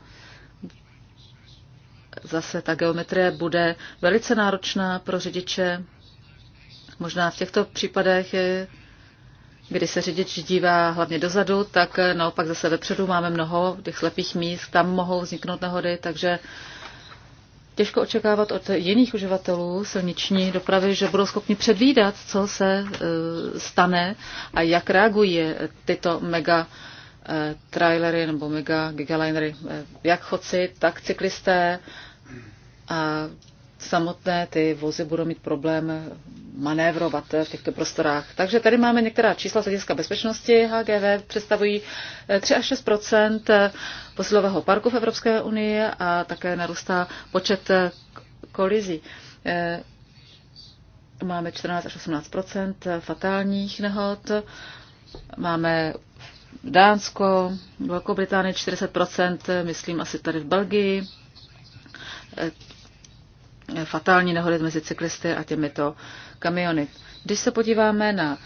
Zase ta geometrie bude velice náročná pro řidiče. Možná v těchto případech, eh, kdy se řidič dívá hlavně dozadu, tak eh, naopak zase vepředu máme mnoho těch slepých míst, tam mohou vzniknout nehody, takže těžko očekávat od jiných uživatelů silniční dopravy, že budou schopni předvídat, co se e, stane a jak reagují tyto mega e, trailery nebo mega gigalinery, e, jak chodci, tak cyklisté. A samotné ty vozy budou mít problém manévrovat v těchto prostorách. Takže tady máme některá čísla z hlediska bezpečnosti. HGV představují 3 eh, až 6 eh, posilového parku v Evropské unii a také narůstá počet eh, kolizí. Máme 14 až 18 fatálních nehod. Máme Dánsko, Velkou Británii 40 myslím asi tady v Belgii fatální nehody mezi cyklisty a těmito kamiony. Když se podíváme na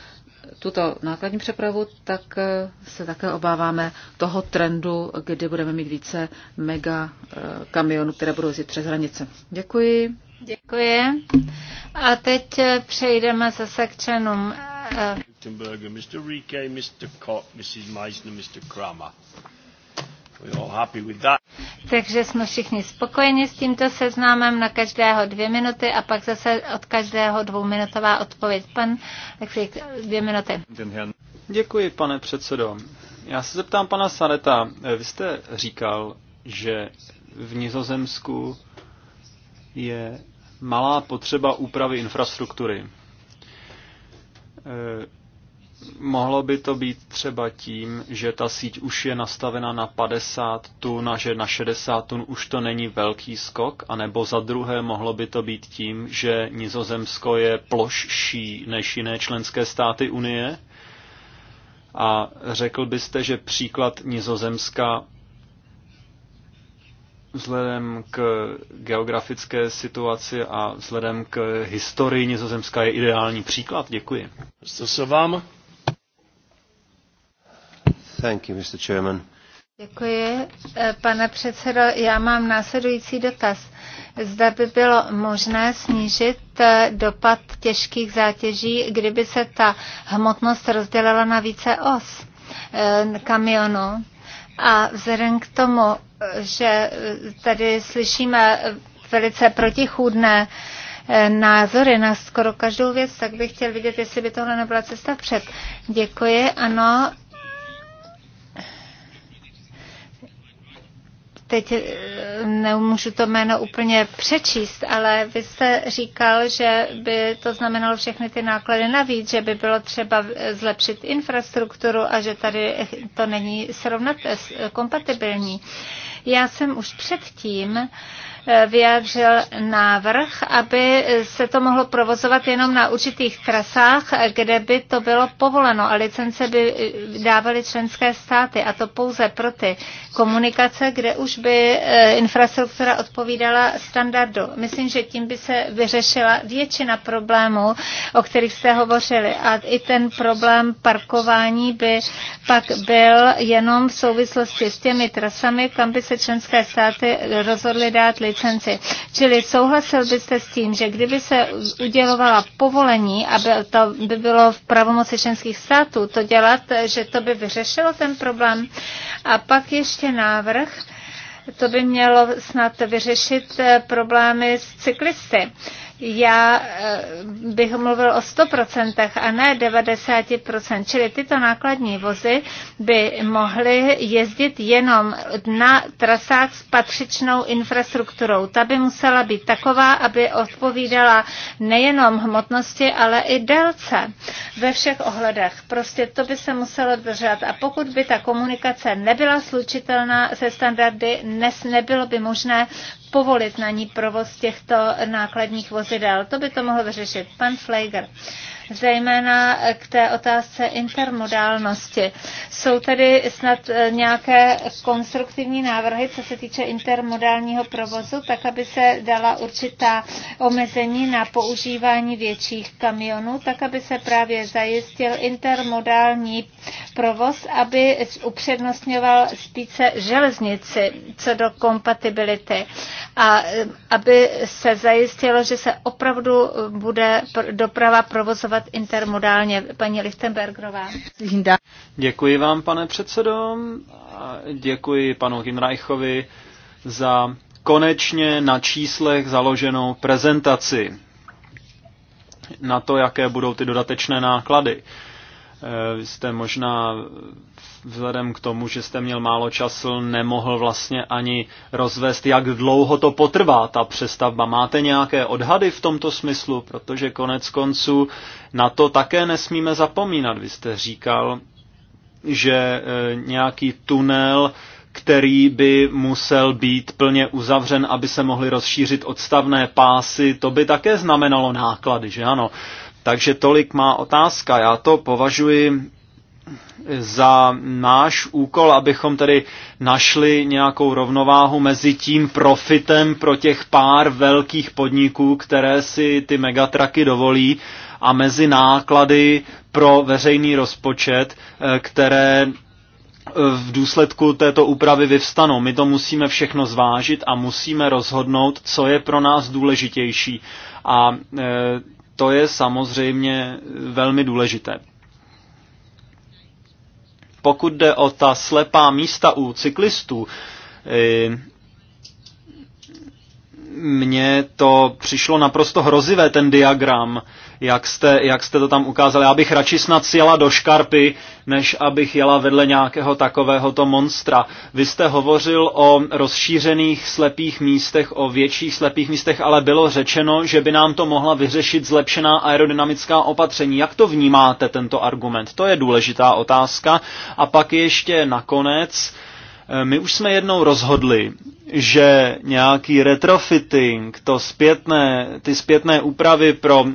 tuto nákladní přepravu, tak eh, se také obáváme toho trendu, kdy budeme mít více mega eh, kamionů, které budou jezdit přes hranice. Děkuji. Děkuji. A teď eh, přejdeme zase k členům. Mr. Rike, Mr. Mrs. Mr. Kramer. We're all happy with that. Takže jsme všichni spokojeni s tímto seznámem na každého dvě minuty a pak zase od každého dvouminutová odpověď. Pan si, dvě minuty. Děkuji, pane předsedo. Já se zeptám pana Sareta. Vy jste říkal, že v Nizozemsku je malá potřeba úpravy infrastruktury. Mohlo by to být třeba tím, že ta síť už je nastavena na 50 tun a že na 60 tun už to není velký skok, anebo za druhé mohlo by to být tím, že Nizozemsko je plošší než jiné členské státy Unie? A řekl byste, že příklad Nizozemska vzhledem k geografické situaci a vzhledem k historii Nizozemska je ideální příklad? Děkuji. Co se vám? Děkuji. Eh, pane předsedo, já mám následující dotaz. Zda by bylo možné snížit eh, dopad těžkých zátěží, kdyby se ta hmotnost rozdělila na více os eh, kamionu. A vzhledem k tomu, že tady slyšíme velice protichůdné názory na skoro každou věc, tak bych chtěl vidět, jestli by tohle nebyla cesta před. Děkuji, ano, teď eh, nemůžu to jméno úplně přečíst, ale vy jste říkal, že by to znamenalo všechny ty náklady navíc, že by bylo třeba zlepšit infrastrukturu a že tady to není srovnat kompatibilní. Já jsem už předtím Eh, vyjádřil návrh, aby se to mohlo provozovat jenom na určitých trasách, kde by to bylo povoleno a licence by dávaly členské státy a to pouze pro ty komunikace, kde už by eh, infrastruktura odpovídala standardu. Myslím, že tím by se vyřešila většina problémů, o kterých jste hovořili a i ten problém parkování by pak byl jenom v souvislosti s těmi trasami, kam by se členské státy rozhodly dát licence licenci. Čili souhlasil byste s tím, že kdyby se udělovala povolení, aby to by bylo v pravomoci členských států to dělat, že to by vyřešilo ten problém. A pak ještě návrh, to by mělo snad vyřešit eh, problémy s cyklisty já eh, bych mluvil o 100% a ne 90%, čili tyto nákladní vozy by mohly jezdit jenom na trasách s patřičnou infrastrukturou. Ta by musela být taková, aby odpovídala nejenom hmotnosti, ale i délce ve všech ohledech. Prostě to by se muselo držet a pokud by ta komunikace nebyla slučitelná se standardy, nebylo by možné povolit na ní provoz těchto nákladních vozidel. To by to mohlo vyřešit. Pan Fleiger, zejména k té otázce intermodálnosti. Jsou tedy snad eh, nějaké konstruktivní návrhy, co se týče intermodálního provozu, tak aby se dala určitá omezení na používání větších kamionů, tak aby se právě zajistil intermodální provoz, aby upřednostňoval spíše železnici co do kompatibility a eh, aby se zajistilo, že se opravdu bude doprava provozovat postupovat intermodálně. Paní Lichtenbergerová. Děkuji vám, pane předsedo. Děkuji panu Hinreichovi za konečně na číslech založenou prezentaci na to, jaké budou ty dodatečné náklady. Eh, vy jste možná vzhledem k tomu, že jste měl málo času, nemohl vlastně ani rozvést, jak dlouho to potrvá, ta přestavba. Máte nějaké odhady v tomto smyslu? Protože konec konců na to také nesmíme zapomínat. Vy jste říkal, že e, nějaký tunel který by musel být plně uzavřen, aby se mohly rozšířit odstavné pásy, to by také znamenalo náklady, že ano? Takže tolik má otázka. Já to považuji za náš úkol, abychom tedy našli nějakou rovnováhu mezi tím profitem pro těch pár velkých podniků, které si ty megatraky dovolí, a mezi náklady pro veřejný rozpočet, eh, které eh, v důsledku této úpravy vyvstanou. My to musíme všechno zvážit a musíme rozhodnout, co je pro nás důležitější. A eh, to je samozřejmě velmi důležité. Pokud jde o ta slepá místa u cyklistů, eh, mně to přišlo naprosto hrozivé, ten diagram jak jste, jak jste to tam ukázali. Já bych radši snad sjela do škarpy, než abych jela vedle nějakého takovéhoto monstra. Vy jste hovořil o rozšířených slepých místech, o větších slepých místech, ale bylo řečeno, že by nám to mohla vyřešit zlepšená aerodynamická opatření. Jak to vnímáte, tento argument? To je důležitá otázka. A pak ještě nakonec, Eh, my už jsme jednou rozhodli, že nějaký retrofitting, to zpětné, ty zpětné úpravy pro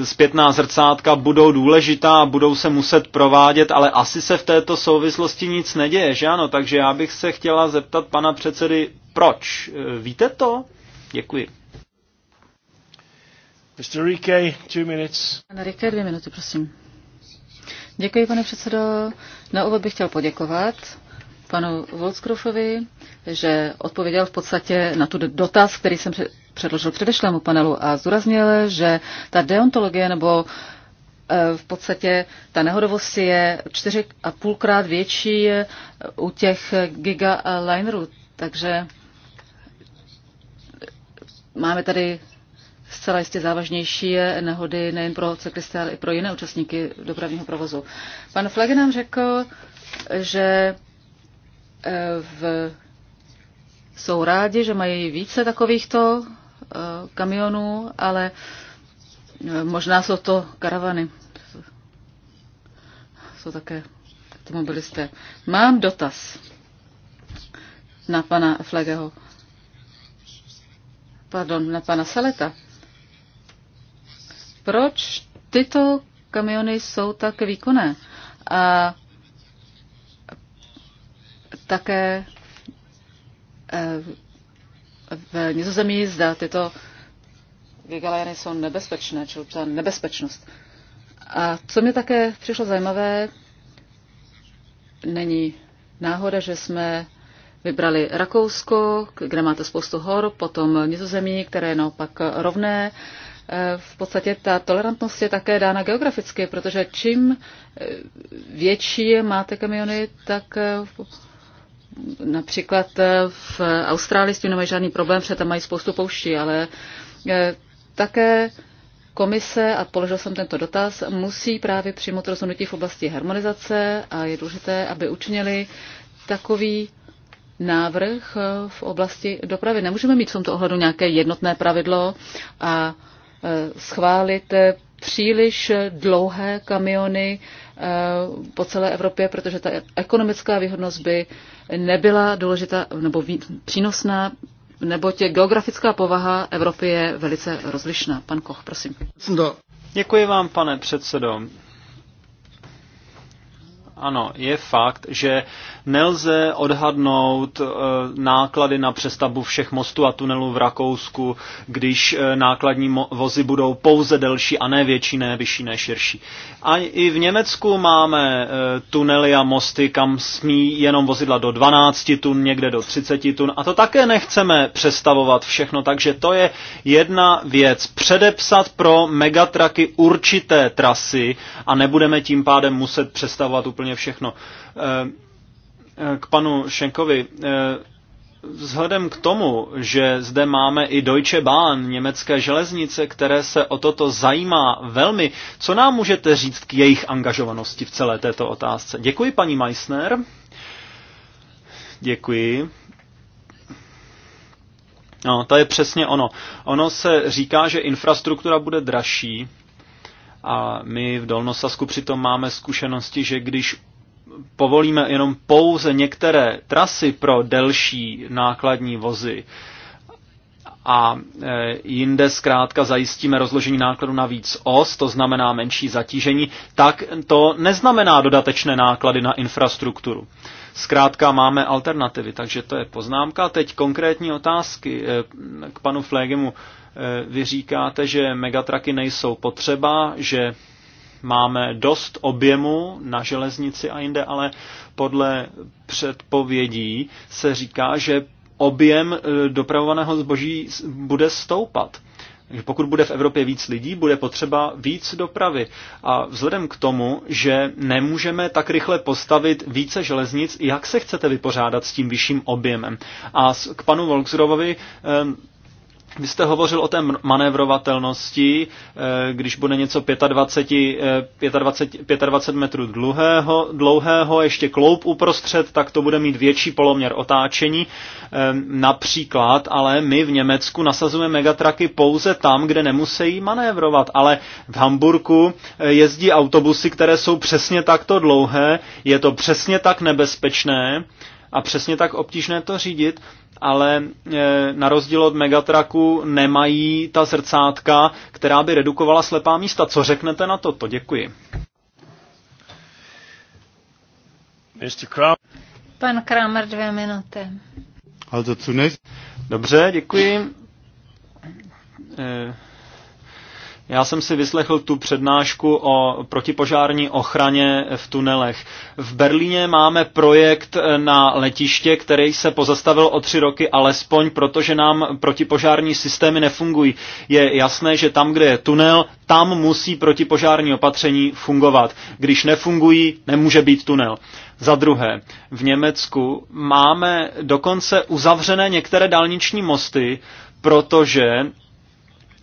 e, zpětná zrcátka budou důležitá, budou se muset provádět, ale asi se v této souvislosti nic neděje, že ano? Takže já bych se chtěla zeptat pana předsedy, proč? Eh, víte to? Děkuji. Mr. Rike, two minutes. Pane Rike, dvě minuty, prosím. Děkuji, pane předsedo. Na úvod bych chtěl poděkovat panu Volskrofovi, že odpověděl v podstatě na tu dotaz, který jsem předložil předešlému panelu a zúraznil, že ta deontologie nebo e, v podstatě ta nehodovost je čtyři a půlkrát větší e, u těch gigalinerů. Takže máme tady zcela jistě závažnější e, nehody nejen pro cyklisty, ale i pro jiné účastníky dopravního provozu. Pan Flege nám řekl, že v, jsou rádi, že mají více takovýchto eh, kamionů, ale eh, možná jsou to karavany. Jsou také automobilisté. Mám dotaz na pana Flegeho. Pardon, na pana Saleta. Proč tyto kamiony jsou tak výkonné? A také eh, v Nizozemí zda tyto gigalajny jsou nebezpečné, čili ta nebezpečnost. A co mě také přišlo zajímavé, není náhoda, že jsme vybrali Rakousko, kde máte spoustu hor, potom Nizozemí, které je naopak rovné. Eh, v podstatě ta tolerantnost je také dána geograficky, protože čím eh, větší máte kamiony, tak Například eh, v Austrálii s tím nemají žádný problém, protože tam mají spoustu pouští, ale eh, také komise, a položil jsem tento dotaz, musí právě přijmout rozhodnutí v oblasti harmonizace a je důležité, aby učinili takový návrh eh, v oblasti dopravy. Nemůžeme mít v tomto ohledu nějaké jednotné pravidlo a schválit příliš dlouhé kamiony, Eh, po celé Evropě, protože ta ekonomická výhodnost by nebyla důležitá nebo přínosná, neboť geografická povaha Evropy je velice rozlišná. Pan Koch, prosím. Děkuji vám, pane předsedo. Ano, je fakt, že nelze odhadnout eh, náklady na přestavbu všech mostů a tunelů v Rakousku, když eh, nákladní vozy budou pouze delší a ne větší, ne vyšší, ne širší. A i v Německu máme eh, tunely a mosty, kam smí jenom vozidla do 12 tun, někde do 30 tun a to také nechceme přestavovat všechno, takže to je jedna věc. Předepsat pro megatraky určité trasy a nebudeme tím pádem muset přestavovat úplně úplně všechno. Eh, eh, k panu Šenkovi. Eh, vzhledem k tomu, že zde máme i Deutsche Bahn, německé železnice, které se o toto zajímá velmi, co nám můžete říct k jejich angažovanosti v celé této otázce? Děkuji, paní Meissner. Děkuji. No, to je přesně ono. Ono se říká, že infrastruktura bude dražší, a my v Dolnosasku přitom máme zkušenosti, že když povolíme jenom pouze některé trasy pro delší nákladní vozy, a e, jinde zkrátka zajistíme rozložení nákladu na víc os, to znamená menší zatížení, tak to neznamená dodatečné náklady na infrastrukturu. Zkrátka máme alternativy, takže to je poznámka. Teď konkrétní otázky e, k panu Flegemu. Eh, vy říkáte, že megatraky nejsou potřeba, že máme dost objemu na železnici a jinde, ale podle předpovědí se říká, že objem eh, dopravovaného zboží bude stoupat. Takže pokud bude v Evropě víc lidí, bude potřeba víc dopravy. A vzhledem k tomu, že nemůžeme tak rychle postavit více železnic, jak se chcete vypořádat s tím vyšším objemem? A k panu Volksrovovi. Eh, vy jste hovořil o té manévrovatelnosti, eh, když bude něco 25, 25, 25 metrů dlouhého, dlouhého, ještě kloup uprostřed, tak to bude mít větší poloměr otáčení. Eh, například, ale my v Německu nasazujeme megatraky pouze tam, kde nemusí manévrovat, ale v Hamburku eh, jezdí autobusy, které jsou přesně takto dlouhé, je to přesně tak nebezpečné a přesně tak obtížné to řídit, ale e, na rozdíl od Megatraku nemají ta zrcátka, která by redukovala slepá místa. Co řeknete na to? To Děkuji. Pan Kramer dvě minuty. Dobře, děkuji. E já jsem si vyslechl tu přednášku o protipožární ochraně v tunelech. V Berlíně máme projekt na letiště, který se pozastavil o tři roky, alespoň protože nám protipožární systémy nefungují. Je jasné, že tam, kde je tunel, tam musí protipožární opatření fungovat. Když nefungují, nemůže být tunel. Za druhé, v Německu máme dokonce uzavřené některé dálniční mosty, protože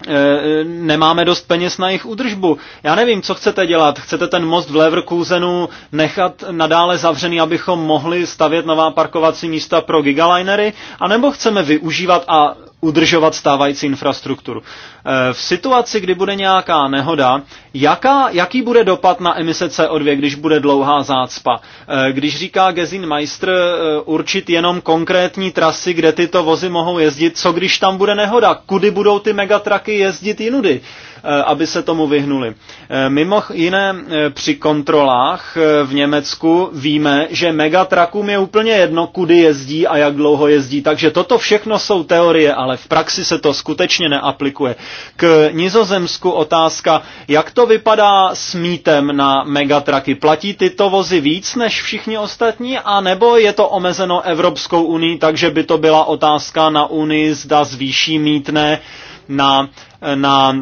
Eh, nemáme dost peněz na jejich udržbu. Já nevím, co chcete dělat. Chcete ten most v Leverkusenu nechat nadále zavřený, abychom mohli stavět nová parkovací místa pro gigalinery? A nebo chceme využívat a udržovat stávající infrastrukturu. Eh, v situaci, kdy bude nějaká nehoda, jaká, jaký bude dopad na emise CO2, když bude dlouhá zácpa? Eh, když říká Meister eh, určit jenom konkrétní trasy, kde tyto vozy mohou jezdit, co když tam bude nehoda? Kudy budou ty megatraky jezdit jinudy, aby se tomu vyhnuli? Mimo jiné při kontrolách v Německu víme, že megatrakům je úplně jedno, kudy jezdí a jak dlouho jezdí. Takže toto všechno jsou teorie, ale ale v praxi se to skutečně neaplikuje. K Nizozemsku otázka, jak to vypadá s mítem na megatraky? Platí tyto vozy víc než všichni ostatní, a nebo je to omezeno Evropskou unii, takže by to byla otázka na unii, zda zvýší mítné na, na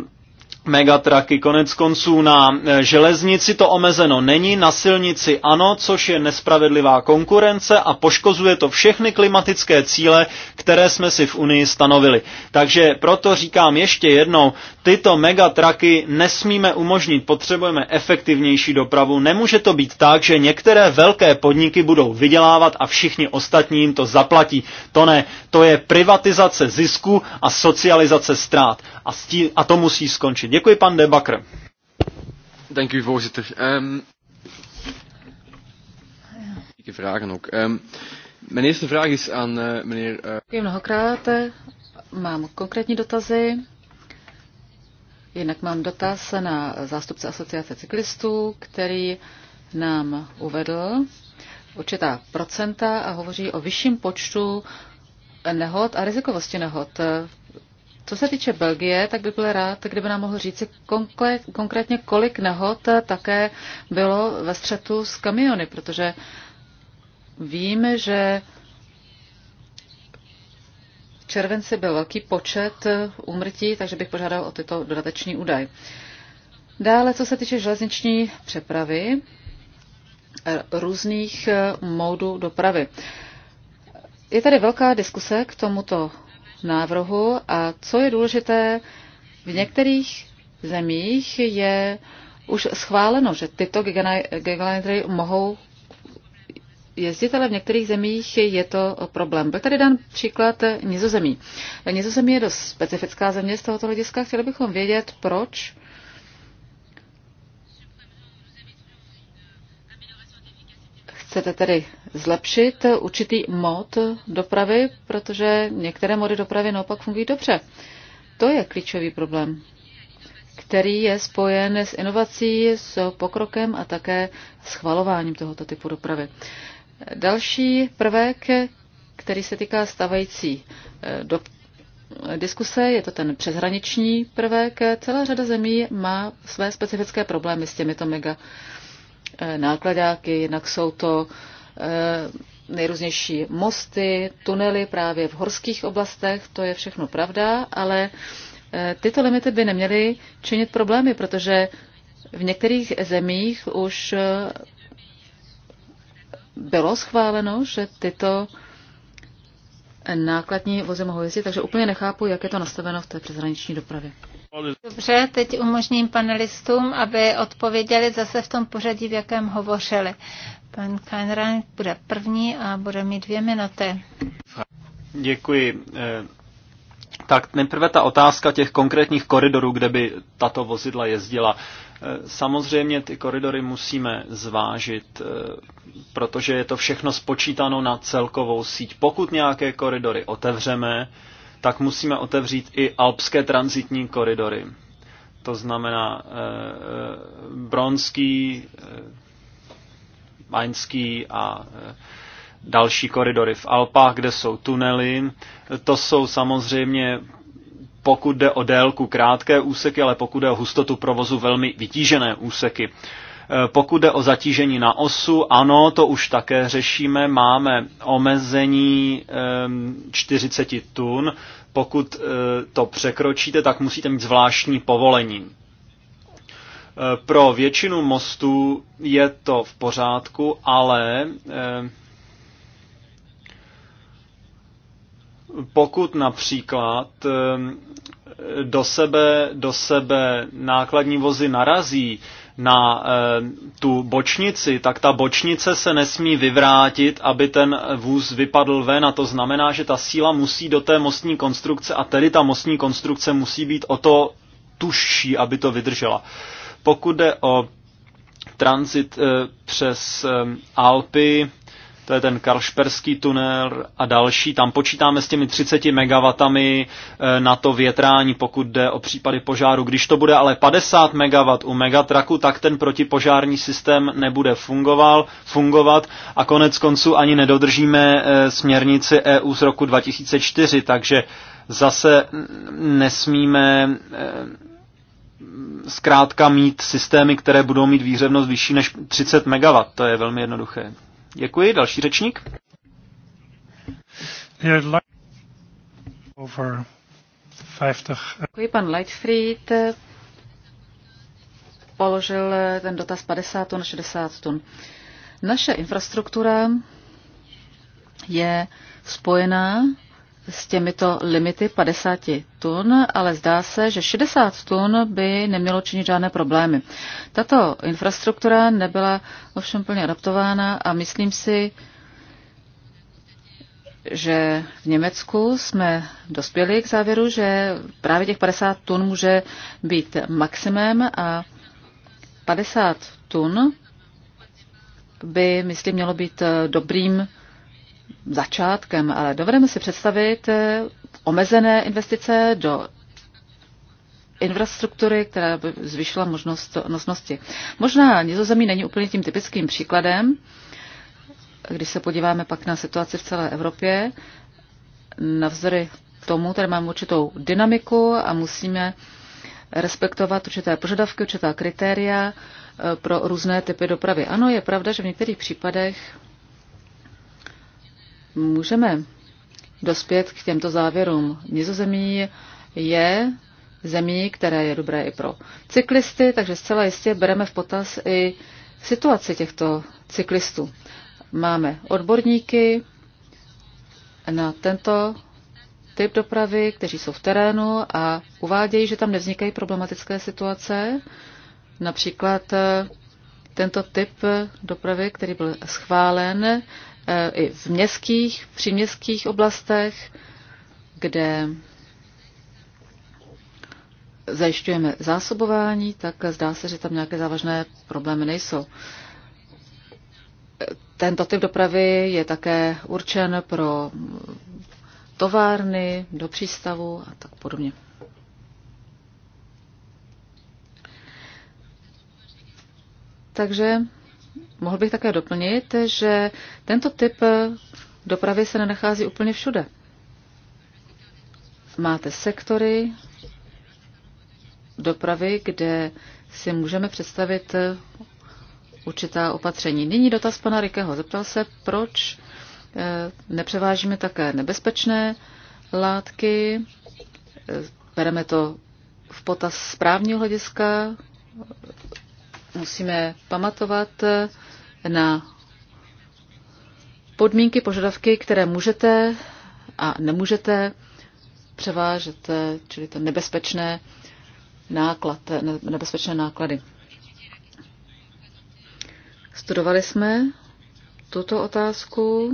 megatraky. Konec konců na e, železnici to omezeno není, na silnici ano, což je nespravedlivá konkurence a poškozuje to všechny klimatické cíle, které jsme si v Unii stanovili. Takže proto říkám ještě jednou, tyto megatraky nesmíme umožnit, potřebujeme efektivnější dopravu. Nemůže to být tak, že některé velké podniky budou vydělávat a všichni ostatní jim to zaplatí. To ne, to je privatizace zisku a socializace ztrát. A, a to musí skončit. Děkuji, pan Debakr. Dank u, voorzitter. Um, vragen ook. Um, mijn eerste vraag is aan uh, meneer... Uh... Eh, Děkuji mnohokrát. Mám konkrétní dotazy. Jinak mám dotaz na zástupce asociace cyklistů, který nám uvedl určitá procenta a hovoří o vyšším počtu nehod a rizikovosti nehod. Co se týče Belgie, tak bych byl rád, kdyby nám mohl říct konkrétně, kolik nehod také bylo ve střetu s kamiony, protože vím, že v červenci byl velký počet úmrtí, takže bych požádal o tyto dodateční údaj. Dále, co se týče železniční přepravy, různých módů dopravy. Je tady velká diskuse k tomuto návrhu a co je důležité, v některých zemích je už schváleno, že tyto gigaliner mohou jezdit, ale v některých zemích je to problém. Byl tady dán příklad Nizozemí. Nizozemí je dost specifická země z tohoto hlediska. Chtěli bychom vědět, proč Chcete tedy zlepšit určitý mod dopravy, protože některé mody dopravy naopak fungují dobře. To je klíčový problém, který je spojen s inovací, s pokrokem a také schvalováním tohoto typu dopravy. Další prvek, který se týká stavající eh, do diskuse, je to ten přeshraniční prvek. Celá řada zemí má své specifické problémy s těmito mega Eh, nákladáky, jednak jsou to eh, nejrůznější mosty, tunely právě v horských oblastech, to je všechno pravda, ale eh, tyto limity by neměly činit problémy, protože v některých zemích už bylo schváleno, že tyto nákladní vozy mohou jezdit, takže úplně nechápu, jak je to nastaveno v té přeshraniční dopravě. Dobře, teď umožním panelistům, aby odpověděli zase v tom pořadí, v jakém hovořili. Pan Kainrein bude první a bude mít dvě minuty. Děkuji. Eh, tak nejprve ta otázka těch konkrétních koridorů, kde by tato vozidla jezdila. Eh, samozřejmě ty koridory musíme zvážit, eh, protože je to všechno spočítáno na celkovou síť. Pokud nějaké koridory otevřeme, tak musíme otevřít i alpské transitní koridory. To znamená e, bronský, e, maňský a e, další koridory v Alpách, kde jsou tunely. To jsou samozřejmě pokud jde o délku krátké úseky, ale pokud jde o hustotu provozu velmi vytížené úseky. Pokud jde o zatížení na osu, ano, to už také řešíme. Máme omezení 40 ehm, tun, pokud eh, to překročíte, tak musíte mít zvláštní povolení. Eh, pro většinu mostů je to v pořádku, ale eh, pokud například do sebe, do sebe nákladní vozy narazí, na eh, tu bočnici, tak ta bočnice se nesmí vyvrátit, aby ten vůz vypadl ven a to znamená, že ta síla musí do té mostní konstrukce a tedy ta mostní konstrukce musí být o to tužší, aby to vydržela. Pokud jde o transit eh, přes eh, Alpy, to je ten Karlšperský tunel a další. Tam počítáme s těmi 30 MW eh, na to větrání, pokud jde o případy požáru. Když to bude ale 50 MW u megatraku, tak ten protipožární systém nebude fungoval, fungovat a konec konců ani nedodržíme eh, směrnici EU z roku 2004, takže zase nesmíme eh, zkrátka mít systémy, které budou mít výřevnost vyšší než 30 MW. To je velmi jednoduché. Děkuji. Další řečník. Děkuji, pan Lightfried položil ten dotaz 50 tun, 60 tun. Naše infrastruktura je spojená s těmito limity 50 tun, ale zdá se, že 60 tun by nemělo činit žádné problémy. Tato infrastruktura nebyla ovšem plně adaptována a myslím si, že v Německu jsme dospěli k závěru, že právě těch 50 tun může být maximem a 50 tun by, myslím, mělo být dobrým začátkem, ale dovedeme si představit eh, omezené investice do infrastruktury, která by zvyšila možnost nosnosti. Možná Nizozemí není úplně tím typickým příkladem, když se podíváme pak na situaci v celé Evropě, navzory tomu tady máme určitou dynamiku a musíme respektovat určité požadavky, určitá kritéria eh, pro různé typy dopravy. Ano, je pravda, že v některých případech můžeme dospět k těmto závěrům. Nizozemí je zemí, která je dobré i pro cyklisty, takže zcela jistě bereme v potaz i situaci těchto cyklistů. Máme odborníky na tento typ dopravy, kteří jsou v terénu a uvádějí, že tam nevznikají problematické situace. Například tento typ dopravy, který byl schválen, i v městských, příměstských oblastech, kde zajišťujeme zásobování, tak zdá se, že tam nějaké závažné problémy nejsou. Tento typ dopravy je také určen pro továrny, do přístavu a tak podobně. Takže Mohl bych také doplnit, že tento typ dopravy se nenachází úplně všude. Máte sektory dopravy, kde si můžeme představit určitá opatření. Nyní dotaz pana Rikeho. Zeptal se, proč eh, nepřevážíme také nebezpečné látky, eh, bereme to v potaz správního hlediska, Musíme pamatovat na podmínky, požadavky, které můžete a nemůžete převážet, čili to nebezpečné náklad, nebezpečné náklady. Studovali jsme tuto otázku,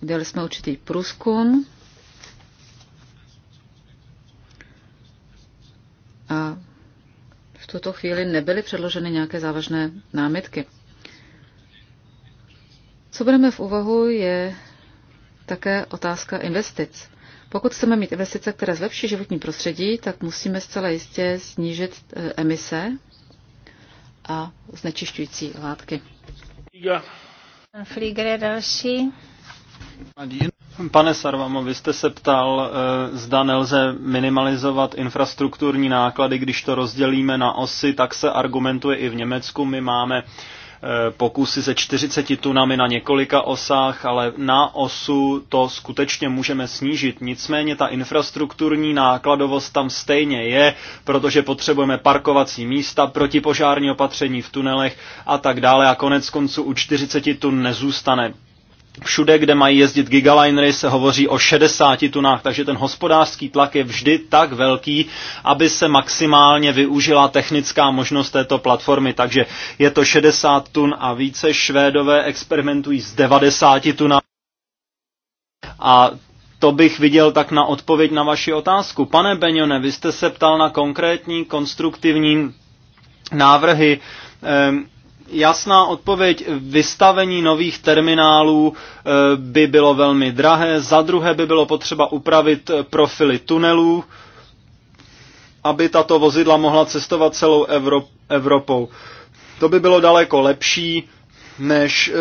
dělali jsme určitý průzkum a v tuto chvíli nebyly předloženy nějaké závažné námitky. Co bereme v úvahu, je také otázka investic. Pokud chceme mít investice, které zlepší životní prostředí, tak musíme zcela jistě snížit eh, emise a znečišťující látky. Flieger je další. Pane Sarvamo, vy jste se ptal, eh, zda nelze minimalizovat infrastrukturní náklady, když to rozdělíme na osy, tak se argumentuje i v Německu. My máme eh, pokusy se 40 tunami na několika osách, ale na osu to skutečně můžeme snížit. Nicméně ta infrastrukturní nákladovost tam stejně je, protože potřebujeme parkovací místa, protipožární opatření v tunelech a tak dále a konec konců u 40 tun nezůstane Všude, kde mají jezdit gigalinery, se hovoří o 60 tunách, takže ten hospodářský tlak je vždy tak velký, aby se maximálně využila technická možnost této platformy. Takže je to 60 tun a více. Švédové experimentují s 90 tunami. A to bych viděl tak na odpověď na vaši otázku. Pane Benjone, vy jste se ptal na konkrétní konstruktivní návrhy. Ehm, jasná odpověď vystavení nových terminálů eh, by bylo velmi drahé, za druhé by bylo potřeba upravit eh, profily tunelů, aby tato vozidla mohla cestovat celou Evropou. To by bylo daleko lepší, než eh,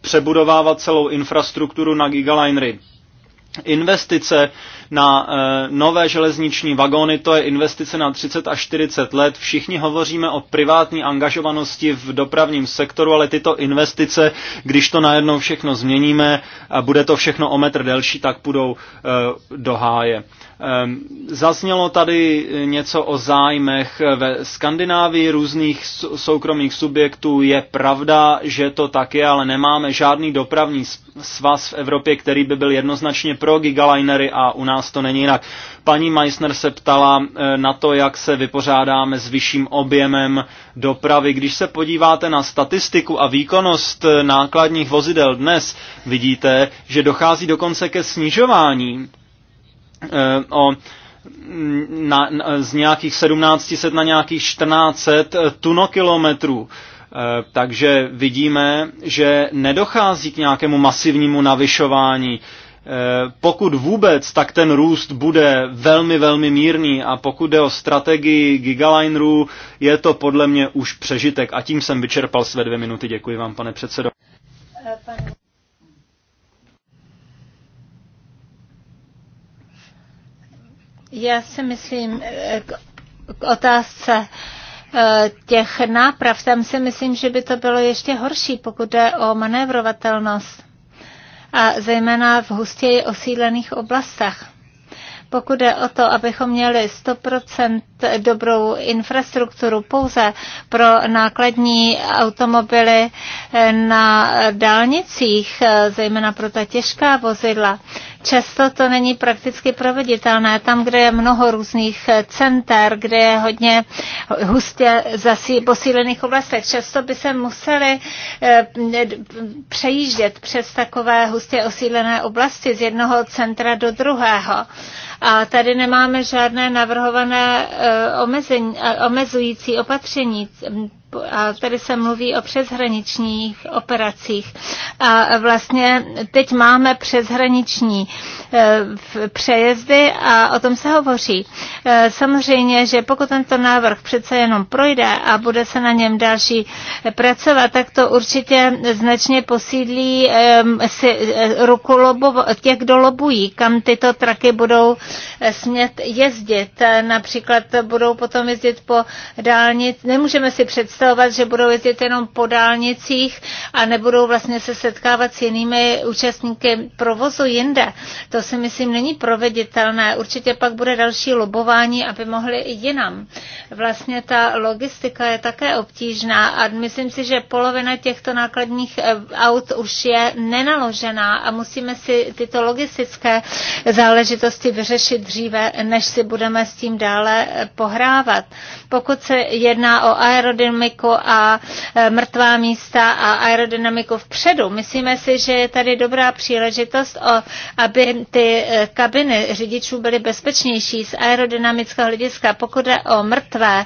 přebudovávat celou infrastrukturu na gigalinery. Investice na e, nové železniční vagóny, to je investice na 30 až 40 let. Všichni hovoříme o privátní angažovanosti v dopravním sektoru, ale tyto investice, když to najednou všechno změníme a bude to všechno o metr delší, tak půjdou e, do háje. E, zaznělo tady něco o zájmech ve Skandinávii různých soukromých subjektů. Je pravda, že to tak je, ale nemáme žádný dopravní svaz v Evropě, který by byl jednoznačně pro gigalinery a u nás to není jinak. Paní Meissner se ptala eh, na to, jak se vypořádáme s vyšším objemem dopravy. Když se podíváte na statistiku a výkonnost eh, nákladních vozidel dnes, vidíte, že dochází dokonce ke snižování eh, o mm, na, na, z nějakých 1700 na nějakých 1400 tunokilometrů. Takže vidíme, že nedochází k nějakému masivnímu navyšování Eh, pokud vůbec, tak ten růst bude velmi, velmi mírný a pokud jde o strategii Gigalinerů, je to podle mě už přežitek a tím jsem vyčerpal své dvě minuty. Děkuji vám, pane předsedo. Já si myslím eh, k otázce eh, těch náprav, tam si myslím, že by to bylo ještě horší, pokud jde o manévrovatelnost a zejména v hustěji osídlených oblastech. Pokud je o to, abychom měli 100% dobrou infrastrukturu pouze pro nákladní automobily eh, na dálnicích, eh, zejména pro ta těžká vozidla, Často to není prakticky proveditelné. Tam, kde je mnoho různých center, kde je hodně hustě zasí, posílených oblastech, často by se museli eh, přejíždět přes takové hustě osídlené oblasti z jednoho centra do druhého. A tady nemáme žádné navrhované eh, omezení, eh, omezující opatření a tady se mluví o přeshraničních operacích. A vlastně teď máme přeshraniční e, přejezdy a o tom se hovoří. E, samozřejmě, že pokud tento návrh přece jenom projde a bude se na něm další pracovat, tak to určitě značně posídlí si e, ruku lobo, těch, kdo lobují, kam tyto traky budou smět jezdit. Například budou potom jezdit po dálnici. Nemůžeme si představit, představovat, že budou jezdit jenom po dálnicích a nebudou vlastně se setkávat s jinými účastníky provozu jinde. To si myslím není proveditelné. Určitě pak bude další lobování, aby mohli i jinam. Vlastně ta logistika je také obtížná a myslím si, že polovina těchto nákladních eh, aut už je nenaložená a musíme si tyto logistické záležitosti vyřešit dříve, než si budeme s tím dále eh, pohrávat. Pokud se jedná o aerodynamiku, aerodynamiku a e, mrtvá místa a aerodynamiku vpředu. Myslíme si, že je tady dobrá příležitost, o, aby ty e, kabiny řidičů byly bezpečnější z aerodynamického hlediska. Pokud jde o mrtvé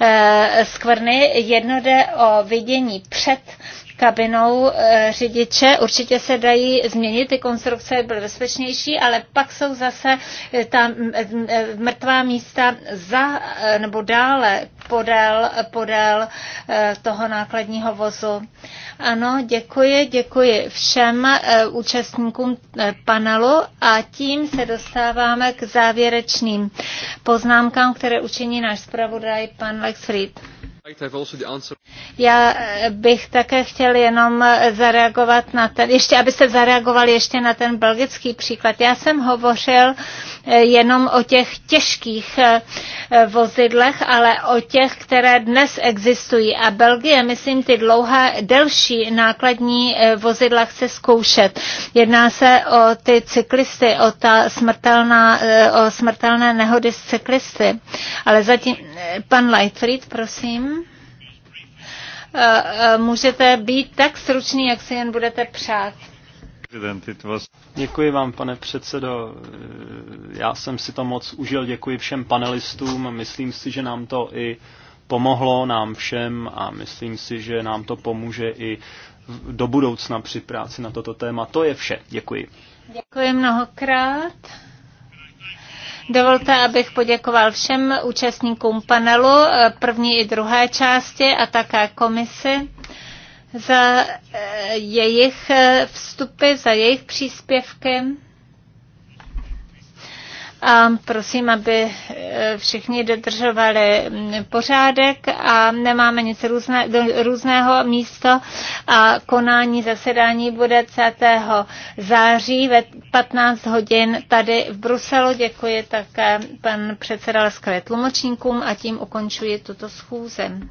e, skvrny, jedno jde o vidění před kabinou eh, řidiče. Určitě se dají změnit, ty konstrukce byly bezpečnější, ale pak jsou zase eh, ta eh, mrtvá místa za nebo dále podél, podél toho nákladního vozu. Ano, děkuji, děkuji všem účastníkům panelu a tím se dostáváme k závěrečným poznámkám, které učiní náš zpravodaj pan Lex Fried. Já eh, bych také chtěl jenom eh, zareagovat na ten, ještě aby se zareagovali ještě na ten belgický příklad. Já jsem hovořil jenom o těch těžkých eh, eh, vozidlech, ale o těch, které dnes existují. A Belgie, myslím, ty dlouhé, delší nákladní eh, vozidla chce zkoušet. Jedná se o ty cyklisty, o, ta smrtelná, o smrtelné nehody s cyklisty. Ale zatím, pan Lightfried, prosím můžete být tak stručný, jak si jen budete přát. Děkuji vám, pane předsedo. Já jsem si to moc užil. Děkuji všem panelistům. Myslím si, že nám to i pomohlo nám všem a myslím si, že nám to pomůže i do budoucna při práci na toto téma. To je vše. Děkuji. Děkuji mnohokrát. Dovolte, abych poděkoval všem účastníkům panelu eh, první i druhé části a také komisi za eh, jejich eh, vstupy, za jejich příspěvky. A prosím, aby eh, všichni dodržovali mm, pořádek a nemáme nic různé, různého místo a konání zasedání bude 10. září ve 15 hodin tady v Bruselu. Děkuji také pan předseda Leskové tlumočníkům a tím ukončuji tuto schůzi.